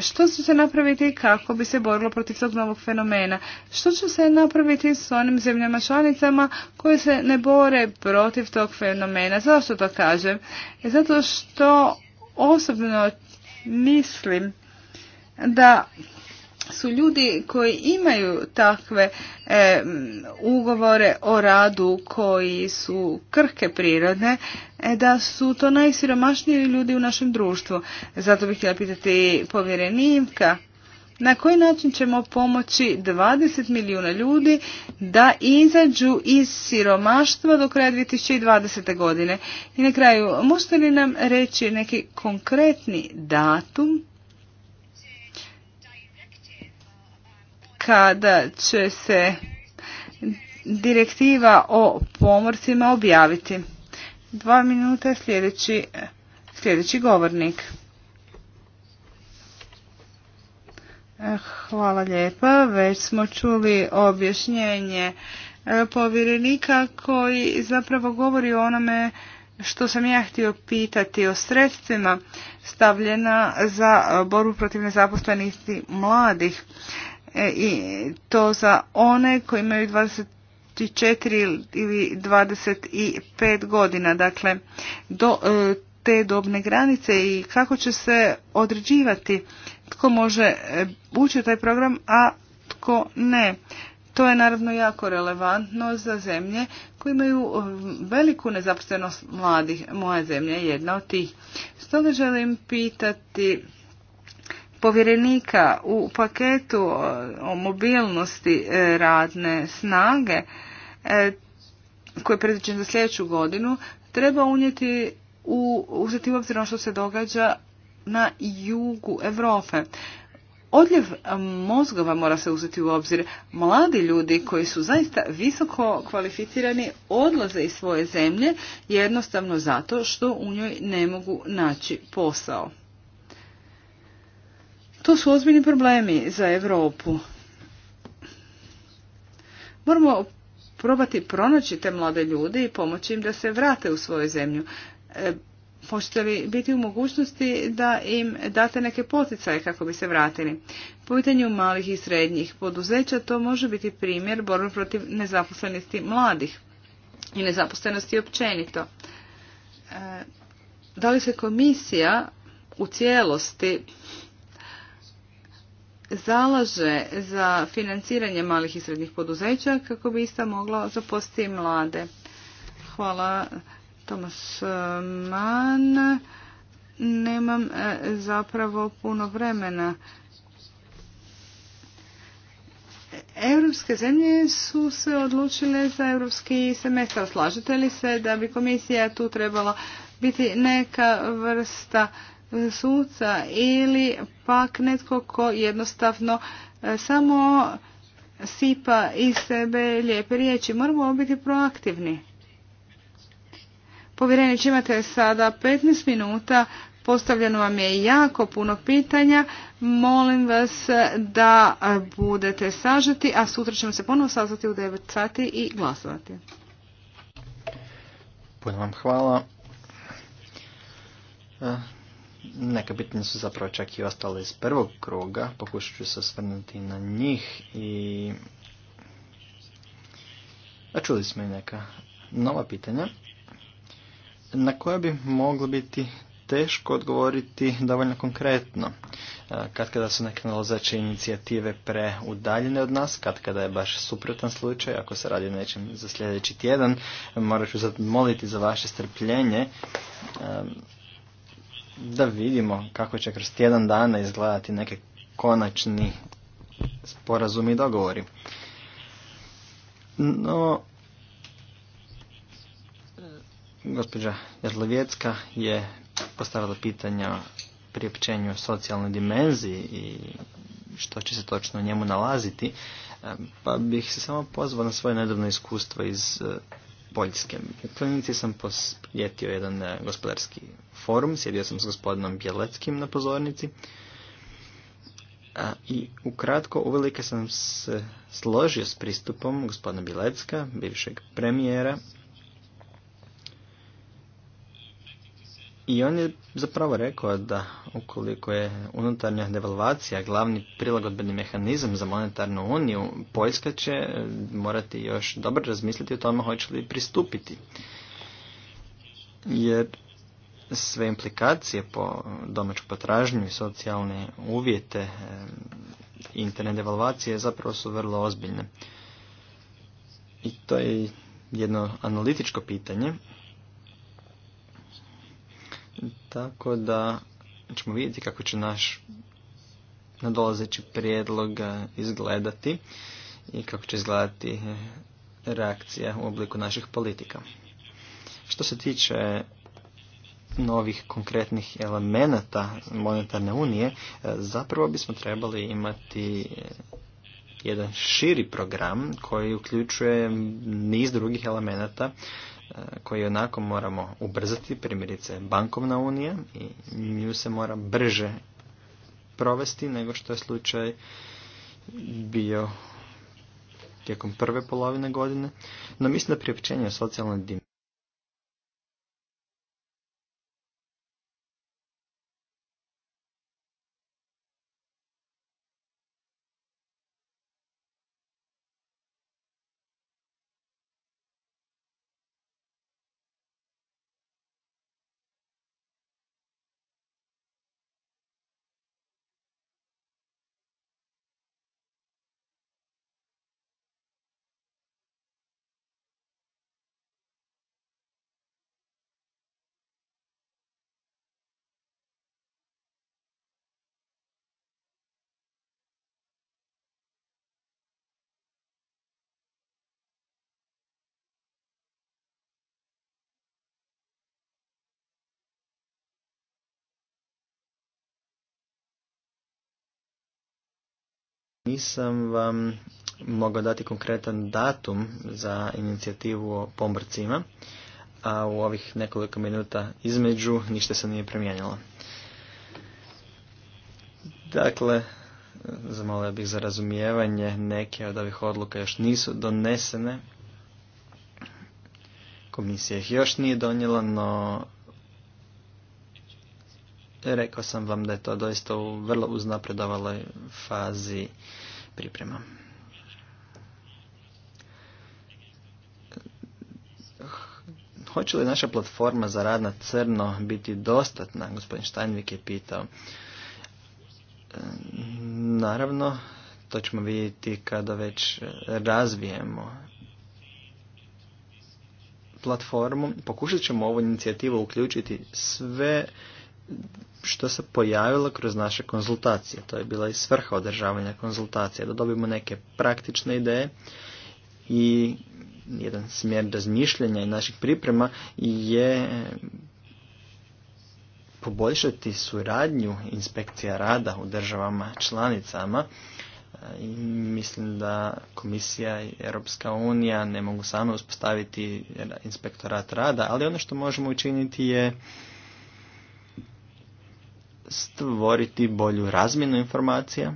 Što će se napraviti kako bi se borilo protiv tog novog fenomena? Što će se napraviti s onim zemljama članicama koje se ne bore protiv tog fenomena? Zašto to kažem? Zato što osobno mislim da su ljudi koji imaju takve e, ugovore o radu koji su krhke prirodne, e, da su to najsiromašniji ljudi u našem društvu. Zato bih htjela pitati povjerenika na koji način ćemo pomoći 20 milijuna ljudi da izađu iz siromaštva do kraja 2020. godine. I na kraju, možete li nam reći neki konkretni datum kada će se direktiva o pomorcima objaviti. Dva minuta sljedeći, sljedeći govornik. Hvala lijepa. Već smo čuli objašnjenje e, povjerenika koji zapravo govori o onome što sam ja htio pitati o sredstvima stavljena za borbu protiv nezaposlenosti mladih. E, i to za one koji imaju 24 ili 25 godina, dakle do e, te dobne granice i kako će se određivati tko može e, ući u taj program, a tko ne. To je naravno jako relevantno za zemlje koje imaju veliku nezaposlenost mladih. Moja zemlja je jedna od tih. Stoga želim pitati povjerenika u paketu o mobilnosti e, radne snage e, koji je predviđen za sljedeću godinu treba unijeti u, uzeti u obzir ono što se događa na jugu Europe. Odljev e, mozgova mora se uzeti u obzir. Mladi ljudi koji su zaista visoko kvalificirani odlaze iz svoje zemlje jednostavno zato što u njoj ne mogu naći posao. To su ozbiljni problemi za Europu. Moramo probati pronaći te mlade ljude i pomoći im da se vrate u svoju zemlju. Možete e, li biti u mogućnosti da im date neke poticaje kako bi se vratili? Po pitanju malih i srednjih poduzeća to može biti primjer borbe protiv nezaposlenosti mladih i nezaposlenosti općenito. E, da li se komisija u cijelosti zalaže za financiranje malih i srednjih poduzeća kako bi ista mogla zaposliti mlade. Hvala Tomas e, Man. Nemam e, zapravo puno vremena. Europske zemlje su se odlučile za europski semestar. Slažete li se da bi komisija tu trebala biti neka vrsta suca ili pak netko ko jednostavno e, samo sipa iz sebe lijepe riječi. Moramo biti proaktivni. Povjerenić, imate sada 15 minuta, postavljeno vam je jako puno pitanja. Molim vas da budete sažeti, a sutra ćemo se ponovno sazvati u 9 sati i glasovati. Puno vam hvala. E, neka pitanja su zapravo čak i ostale iz prvog kruga, pokušat ću se osvrnuti na njih i... A čuli smo i neka nova pitanja na koja bi moglo biti teško odgovoriti dovoljno konkretno. E, kad kada su neke nalazeće inicijative preudaljene od nas, kad kada je baš suprotan slučaj, ako se radi o nečem za sljedeći tjedan, morat ću moliti za vaše strpljenje. E, da vidimo kako će kroz tjedan dana izgledati neke konačni sporazumi i dogovori. No, gospođa Jadlovjecka je postavila pitanja o priopćenju socijalnoj dimenziji i što će se točno u njemu nalaziti, pa bih se samo pozvao na svoje nedavno iskustvo iz Poljske. U klinici sam posjetio jedan e, gospodarski forum, sjedio sam s gospodinom Bjeleckim na pozornici a, i ukratko uvelike sam se složio s pristupom gospodina Bjelecka, bivšeg premijera, I on je zapravo rekao da ukoliko je unutarnja devalvacija glavni prilagodbeni mehanizam za monetarnu uniju, Poljska će e, morati još dobro razmisliti o tome hoće li pristupiti. Jer sve implikacije po domaću potražnju i socijalne uvjete e, interne devalvacije zapravo su vrlo ozbiljne. I to je jedno analitičko pitanje tako da ćemo vidjeti kako će naš nadolazeći prijedlog e, izgledati i kako će izgledati e, reakcija u obliku naših politika. Što se tiče novih konkretnih elemenata monetarne unije, e, zapravo bismo trebali imati jedan širi program koji uključuje niz drugih elemenata koji onako moramo ubrzati, primjerice bankovna unija i nju se mora brže provesti nego što je slučaj bio tijekom prve polovine godine, no mislim da priopćenje o socijalnoj Nisam vam mogao dati konkretan datum za inicijativu o pomrcima, a u ovih nekoliko minuta između ništa se nije promijenilo. Dakle, zamolio bih za razumijevanje, neke od ovih odluka još nisu donesene. Komisija ih još nije donijela, no rekao sam vam da je to doista u vrlo uznapredovaloj fazi priprema. Hoće li naša platforma za rad na crno biti dostatna? Gospodin Štajnvik je pitao. Naravno, to ćemo vidjeti kada već razvijemo platformu. Pokušat ćemo ovu inicijativu uključiti sve što se pojavilo kroz naše konzultacije. To je bila i svrha održavanja konzultacije, da dobimo neke praktične ideje i jedan smjer razmišljanja i naših priprema je poboljšati suradnju inspekcija rada u državama članicama i mislim da komisija i Europska unija ne mogu same uspostaviti inspektorat rada, ali ono što možemo učiniti je stvoriti bolju razmjenu informacija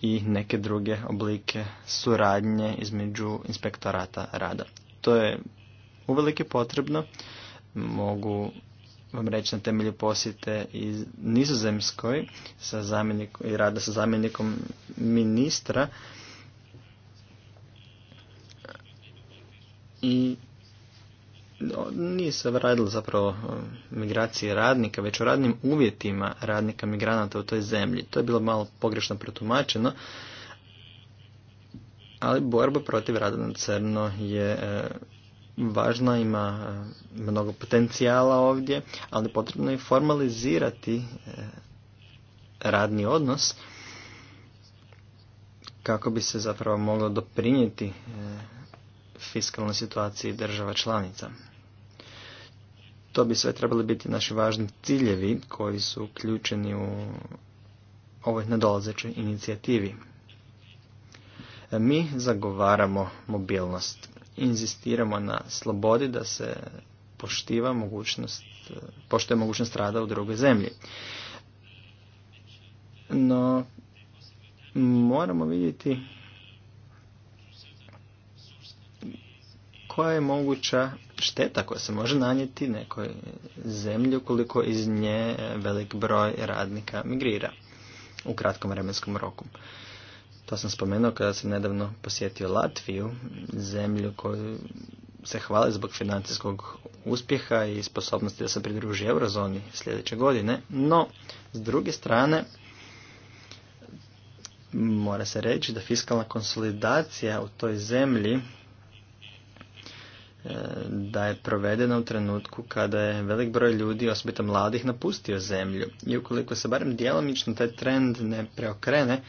i neke druge oblike suradnje između inspektorata rada. To je uvelike potrebno. Mogu vam reći na temelju posjete iz Nizozemskoj i rada sa zamjenikom ministra i nije se radilo zapravo migracije radnika, već o radnim uvjetima radnika migranata u toj zemlji. To je bilo malo pogrešno protumačeno, ali borba protiv rada na crno je e, važna, ima e, mnogo potencijala ovdje, ali potrebno je formalizirati e, radni odnos kako bi se zapravo moglo doprinijeti fiskalnoj situaciji država članica. To bi sve trebali biti naši važni ciljevi koji su uključeni u ovoj nadolazećoj inicijativi. Mi zagovaramo mobilnost. Inzistiramo na slobodi da se poštiva mogućnost, poštuje mogućnost rada u drugoj zemlji. No, moramo vidjeti koja je moguća šteta koja se može nanijeti nekoj zemlji ukoliko iz nje velik broj radnika migrira u kratkom vremenskom roku. To sam spomenuo kada sam nedavno posjetio Latviju, zemlju koju se hvali zbog financijskog uspjeha i sposobnosti da se pridruži eurozoni sljedeće godine, no s druge strane mora se reći da fiskalna konsolidacija u toj zemlji da je provedena u trenutku kada je velik broj ljudi, osobito mladih, napustio zemlju. I ukoliko se barem djelomično taj trend ne preokrene,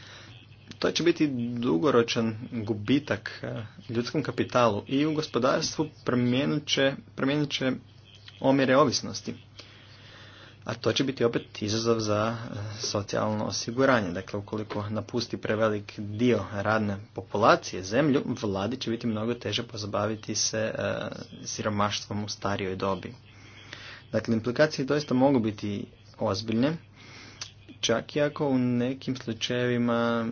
to će biti dugoročan gubitak e, ljudskom kapitalu i u gospodarstvu promijenit će, promijenit će omjere ovisnosti. A to će biti opet izazov za e, socijalno osiguranje. Dakle, ukoliko napusti prevelik dio radne populacije zemlju, vladi će biti mnogo teže pozabaviti se e, siromaštvom u starijoj dobi. Dakle, implikacije doista mogu biti ozbiljne, čak i ako u nekim slučajevima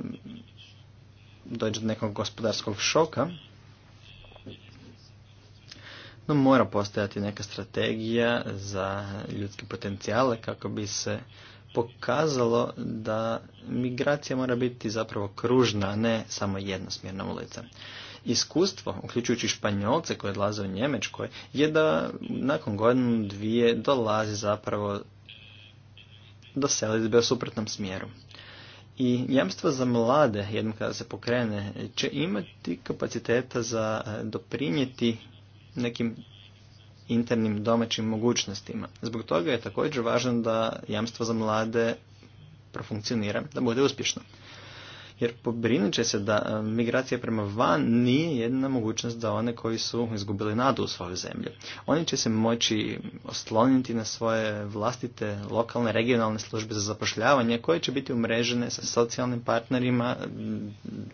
dođe do nekog gospodarskog šoka, no mora postojati neka strategija za ljudske potencijale kako bi se pokazalo da migracija mora biti zapravo kružna, a ne samo jednosmjerna ulica. Iskustvo, uključujući Španjolce koje odlaze u Njemečkoj, je da nakon godinu dvije dolazi zapravo do selitbe u suprotnom smjeru. I jamstvo za mlade, jednom kada se pokrene, će imati kapaciteta za doprinijeti nekim internim domaćim mogućnostima. Zbog toga je također važno da jamstvo za mlade profunkcionira, da bude uspješno jer pobrinut će se da e, migracija prema van nije jedna mogućnost za one koji su izgubili nadu u svojoj zemlju. Oni će se moći osloniti na svoje vlastite lokalne, regionalne službe za zapošljavanje koje će biti umrežene sa socijalnim partnerima,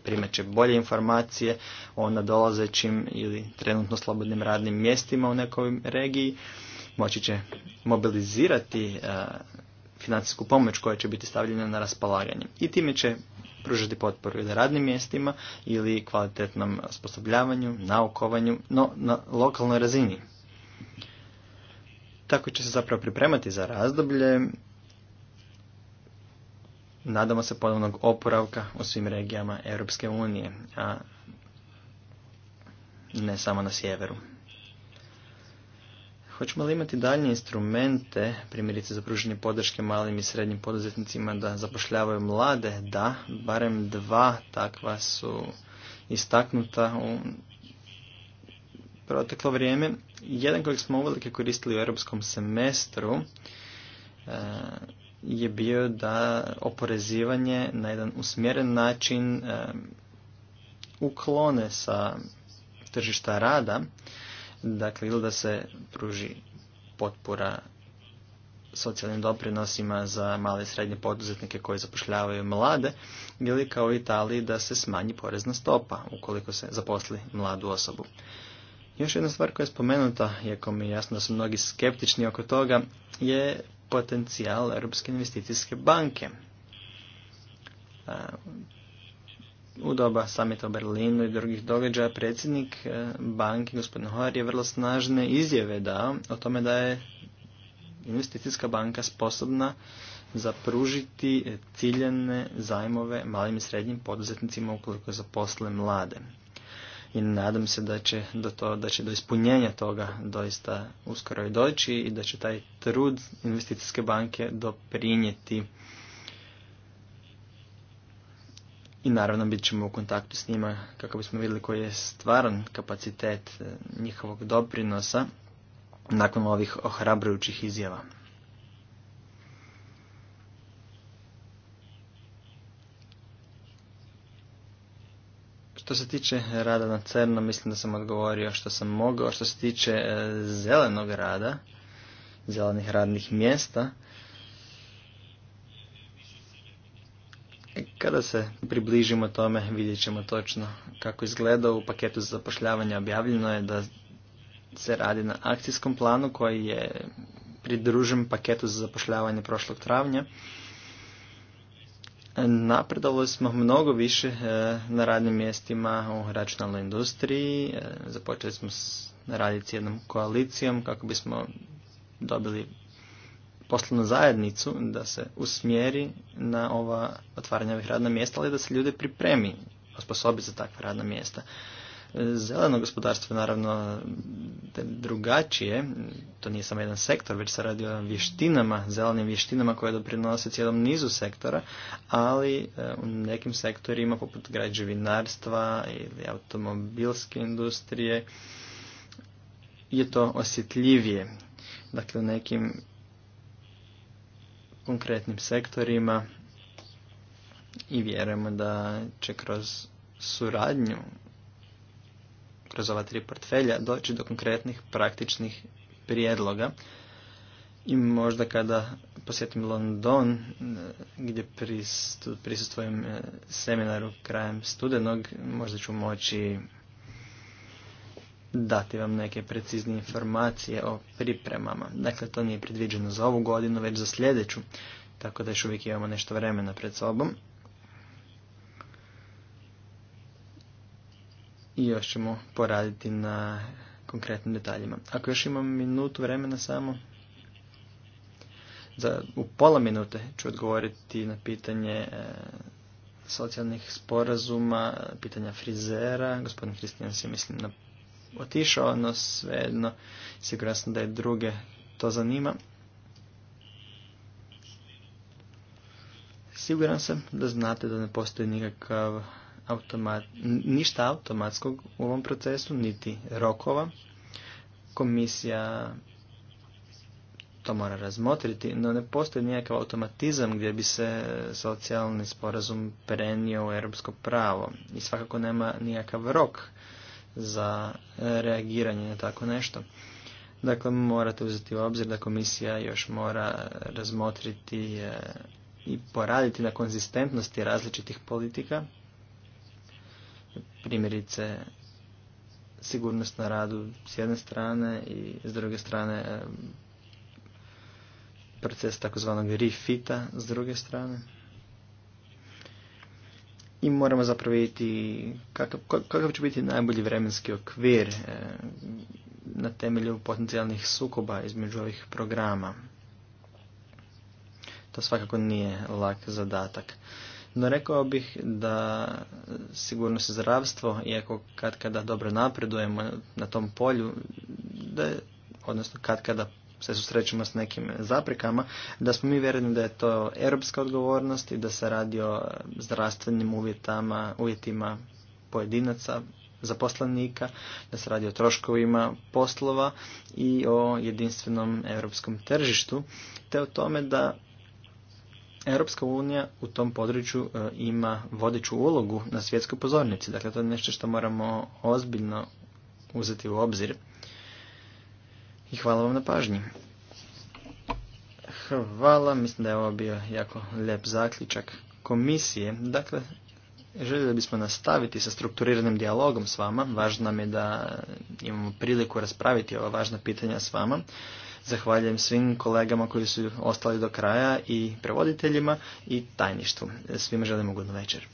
primat će bolje informacije o nadolazećim ili trenutno slobodnim radnim mjestima u nekoj regiji, moći će mobilizirati e, financijsku pomoć koja će biti stavljena na raspolaganje. I time će pružiti potporu ili radnim mjestima ili kvalitetnom osposobljavanju, naukovanju, no na lokalnoj razini. Tako će se zapravo pripremati za razdoblje nadamo se ponovnog oporavka u svim regijama Europske unije, a ne samo na sjeveru. Hoćemo li imati dalje instrumente, primjerice za pružanje podrške malim i srednjim poduzetnicima da zapošljavaju mlade? Da, barem dva takva su istaknuta u proteklo vrijeme. Jedan kojeg smo uvelike koristili u europskom semestru e, je bio da oporezivanje na jedan usmjeren način e, uklone sa tržišta rada Dakle, ili da se pruži potpora socijalnim doprinosima za male i srednje poduzetnike koji zapošljavaju mlade ili kao u Italiji da se smanji porezna stopa ukoliko se zaposli mladu osobu. Još jedna stvar koja je spomenuta, iako mi je jasno da su mnogi skeptični oko toga, je potencijal Europske investicijske banke u doba samita u Berlinu i drugih događaja predsjednik e, banke, gospodin Hoar, je vrlo snažne izjave dao o tome da je investicijska banka sposobna zapružiti e, ciljene zajmove malim i srednjim poduzetnicima ukoliko zaposle mlade. I nadam se da će do, to, da će do ispunjenja toga doista uskoro i doći i da će taj trud investicijske banke doprinijeti i naravno bit ćemo u kontaktu s njima kako bismo vidjeli koji je stvaran kapacitet e, njihovog doprinosa nakon ovih ohrabrujućih izjava. Što se tiče rada na crno, mislim da sam odgovorio što sam mogao. Što se tiče e, zelenog rada, zelenih radnih mjesta, Kada se približimo tome, vidjet ćemo točno kako izgleda. U paketu za zapošljavanje objavljeno je da se radi na akcijskom planu koji je pridružen paketu za zapošljavanje prošlog travnja. napredovali smo mnogo više e, na radnim mjestima u računalnoj industriji. E, započeli smo raditi s jednom koalicijom kako bismo dobili poslovnu zajednicu da se usmjeri na ova otvaranja ovih radna mjesta, ali da se ljude pripremi, osposobi za takva radna mjesta. Zeleno gospodarstvo je naravno drugačije, to nije samo jedan sektor, već se radi o vještinama, zelenim vještinama koje doprinose cijelom nizu sektora, ali e, u nekim sektorima poput građevinarstva ili automobilske industrije je to osjetljivije. Dakle, u nekim konkretnim sektorima i vjerujemo da će kroz suradnju kroz ova tri portfelja doći do konkretnih praktičnih prijedloga. I možda kada posjetim London, gdje prisustujem eh, seminaru krajem studenog, možda ću moći dati vam neke precizne informacije o pripremama. Dakle, to nije predviđeno za ovu godinu, već za sljedeću, tako da još uvijek imamo nešto vremena pred sobom. I još ćemo poraditi na konkretnim detaljima. Ako još imam minutu vremena samo, u pola minute ću odgovoriti na pitanje e, socijalnih sporazuma, pitanja frizera. Gospodin Kristijan se mislim na otišao, no svejedno siguran sam da je druge to zanima. Siguran sam da znate da ne postoji nikakav automat, ništa automatskog u ovom procesu, niti rokova. Komisija to mora razmotriti, no ne postoji nikakav automatizam gdje bi se socijalni sporazum prenio u europsko pravo i svakako nema nikakav rok za e, reagiranje na tako nešto. Dakle, morate uzeti u obzir da komisija još mora razmotriti e, i poraditi na konzistentnosti različitih politika. Primjerice, sigurnost na radu s jedne strane i s druge strane e, proces takozvanog refita s druge strane i moramo zapravo vidjeti kakav, će biti najbolji vremenski okvir e, na temelju potencijalnih sukoba između ovih programa. To svakako nije lak zadatak. No rekao bih da sigurnost se zdravstvo, iako kad kada dobro napredujemo na tom polju, da odnosno kad kada se susrećemo s nekim zaprekama, da smo mi vjereni da je to europska odgovornost i da se radi o zdravstvenim uvjetama, uvjetima pojedinaca, zaposlenika, da se radi o troškovima poslova i o jedinstvenom europskom tržištu, te o tome da Europska unija u tom području e, ima vodeću ulogu na svjetskoj pozornici. Dakle, to je nešto što moramo ozbiljno uzeti u obzir i hvala vam na pažnji. Hvala, mislim da je ovo bio jako lijep zaključak komisije. Dakle, željeli bismo nastaviti sa strukturiranim dijalogom s vama. Važno nam je da imamo priliku raspraviti ova važna pitanja s vama. Zahvaljujem svim kolegama koji su ostali do kraja i prevoditeljima i tajništvu. Svima želim ugodnu večer.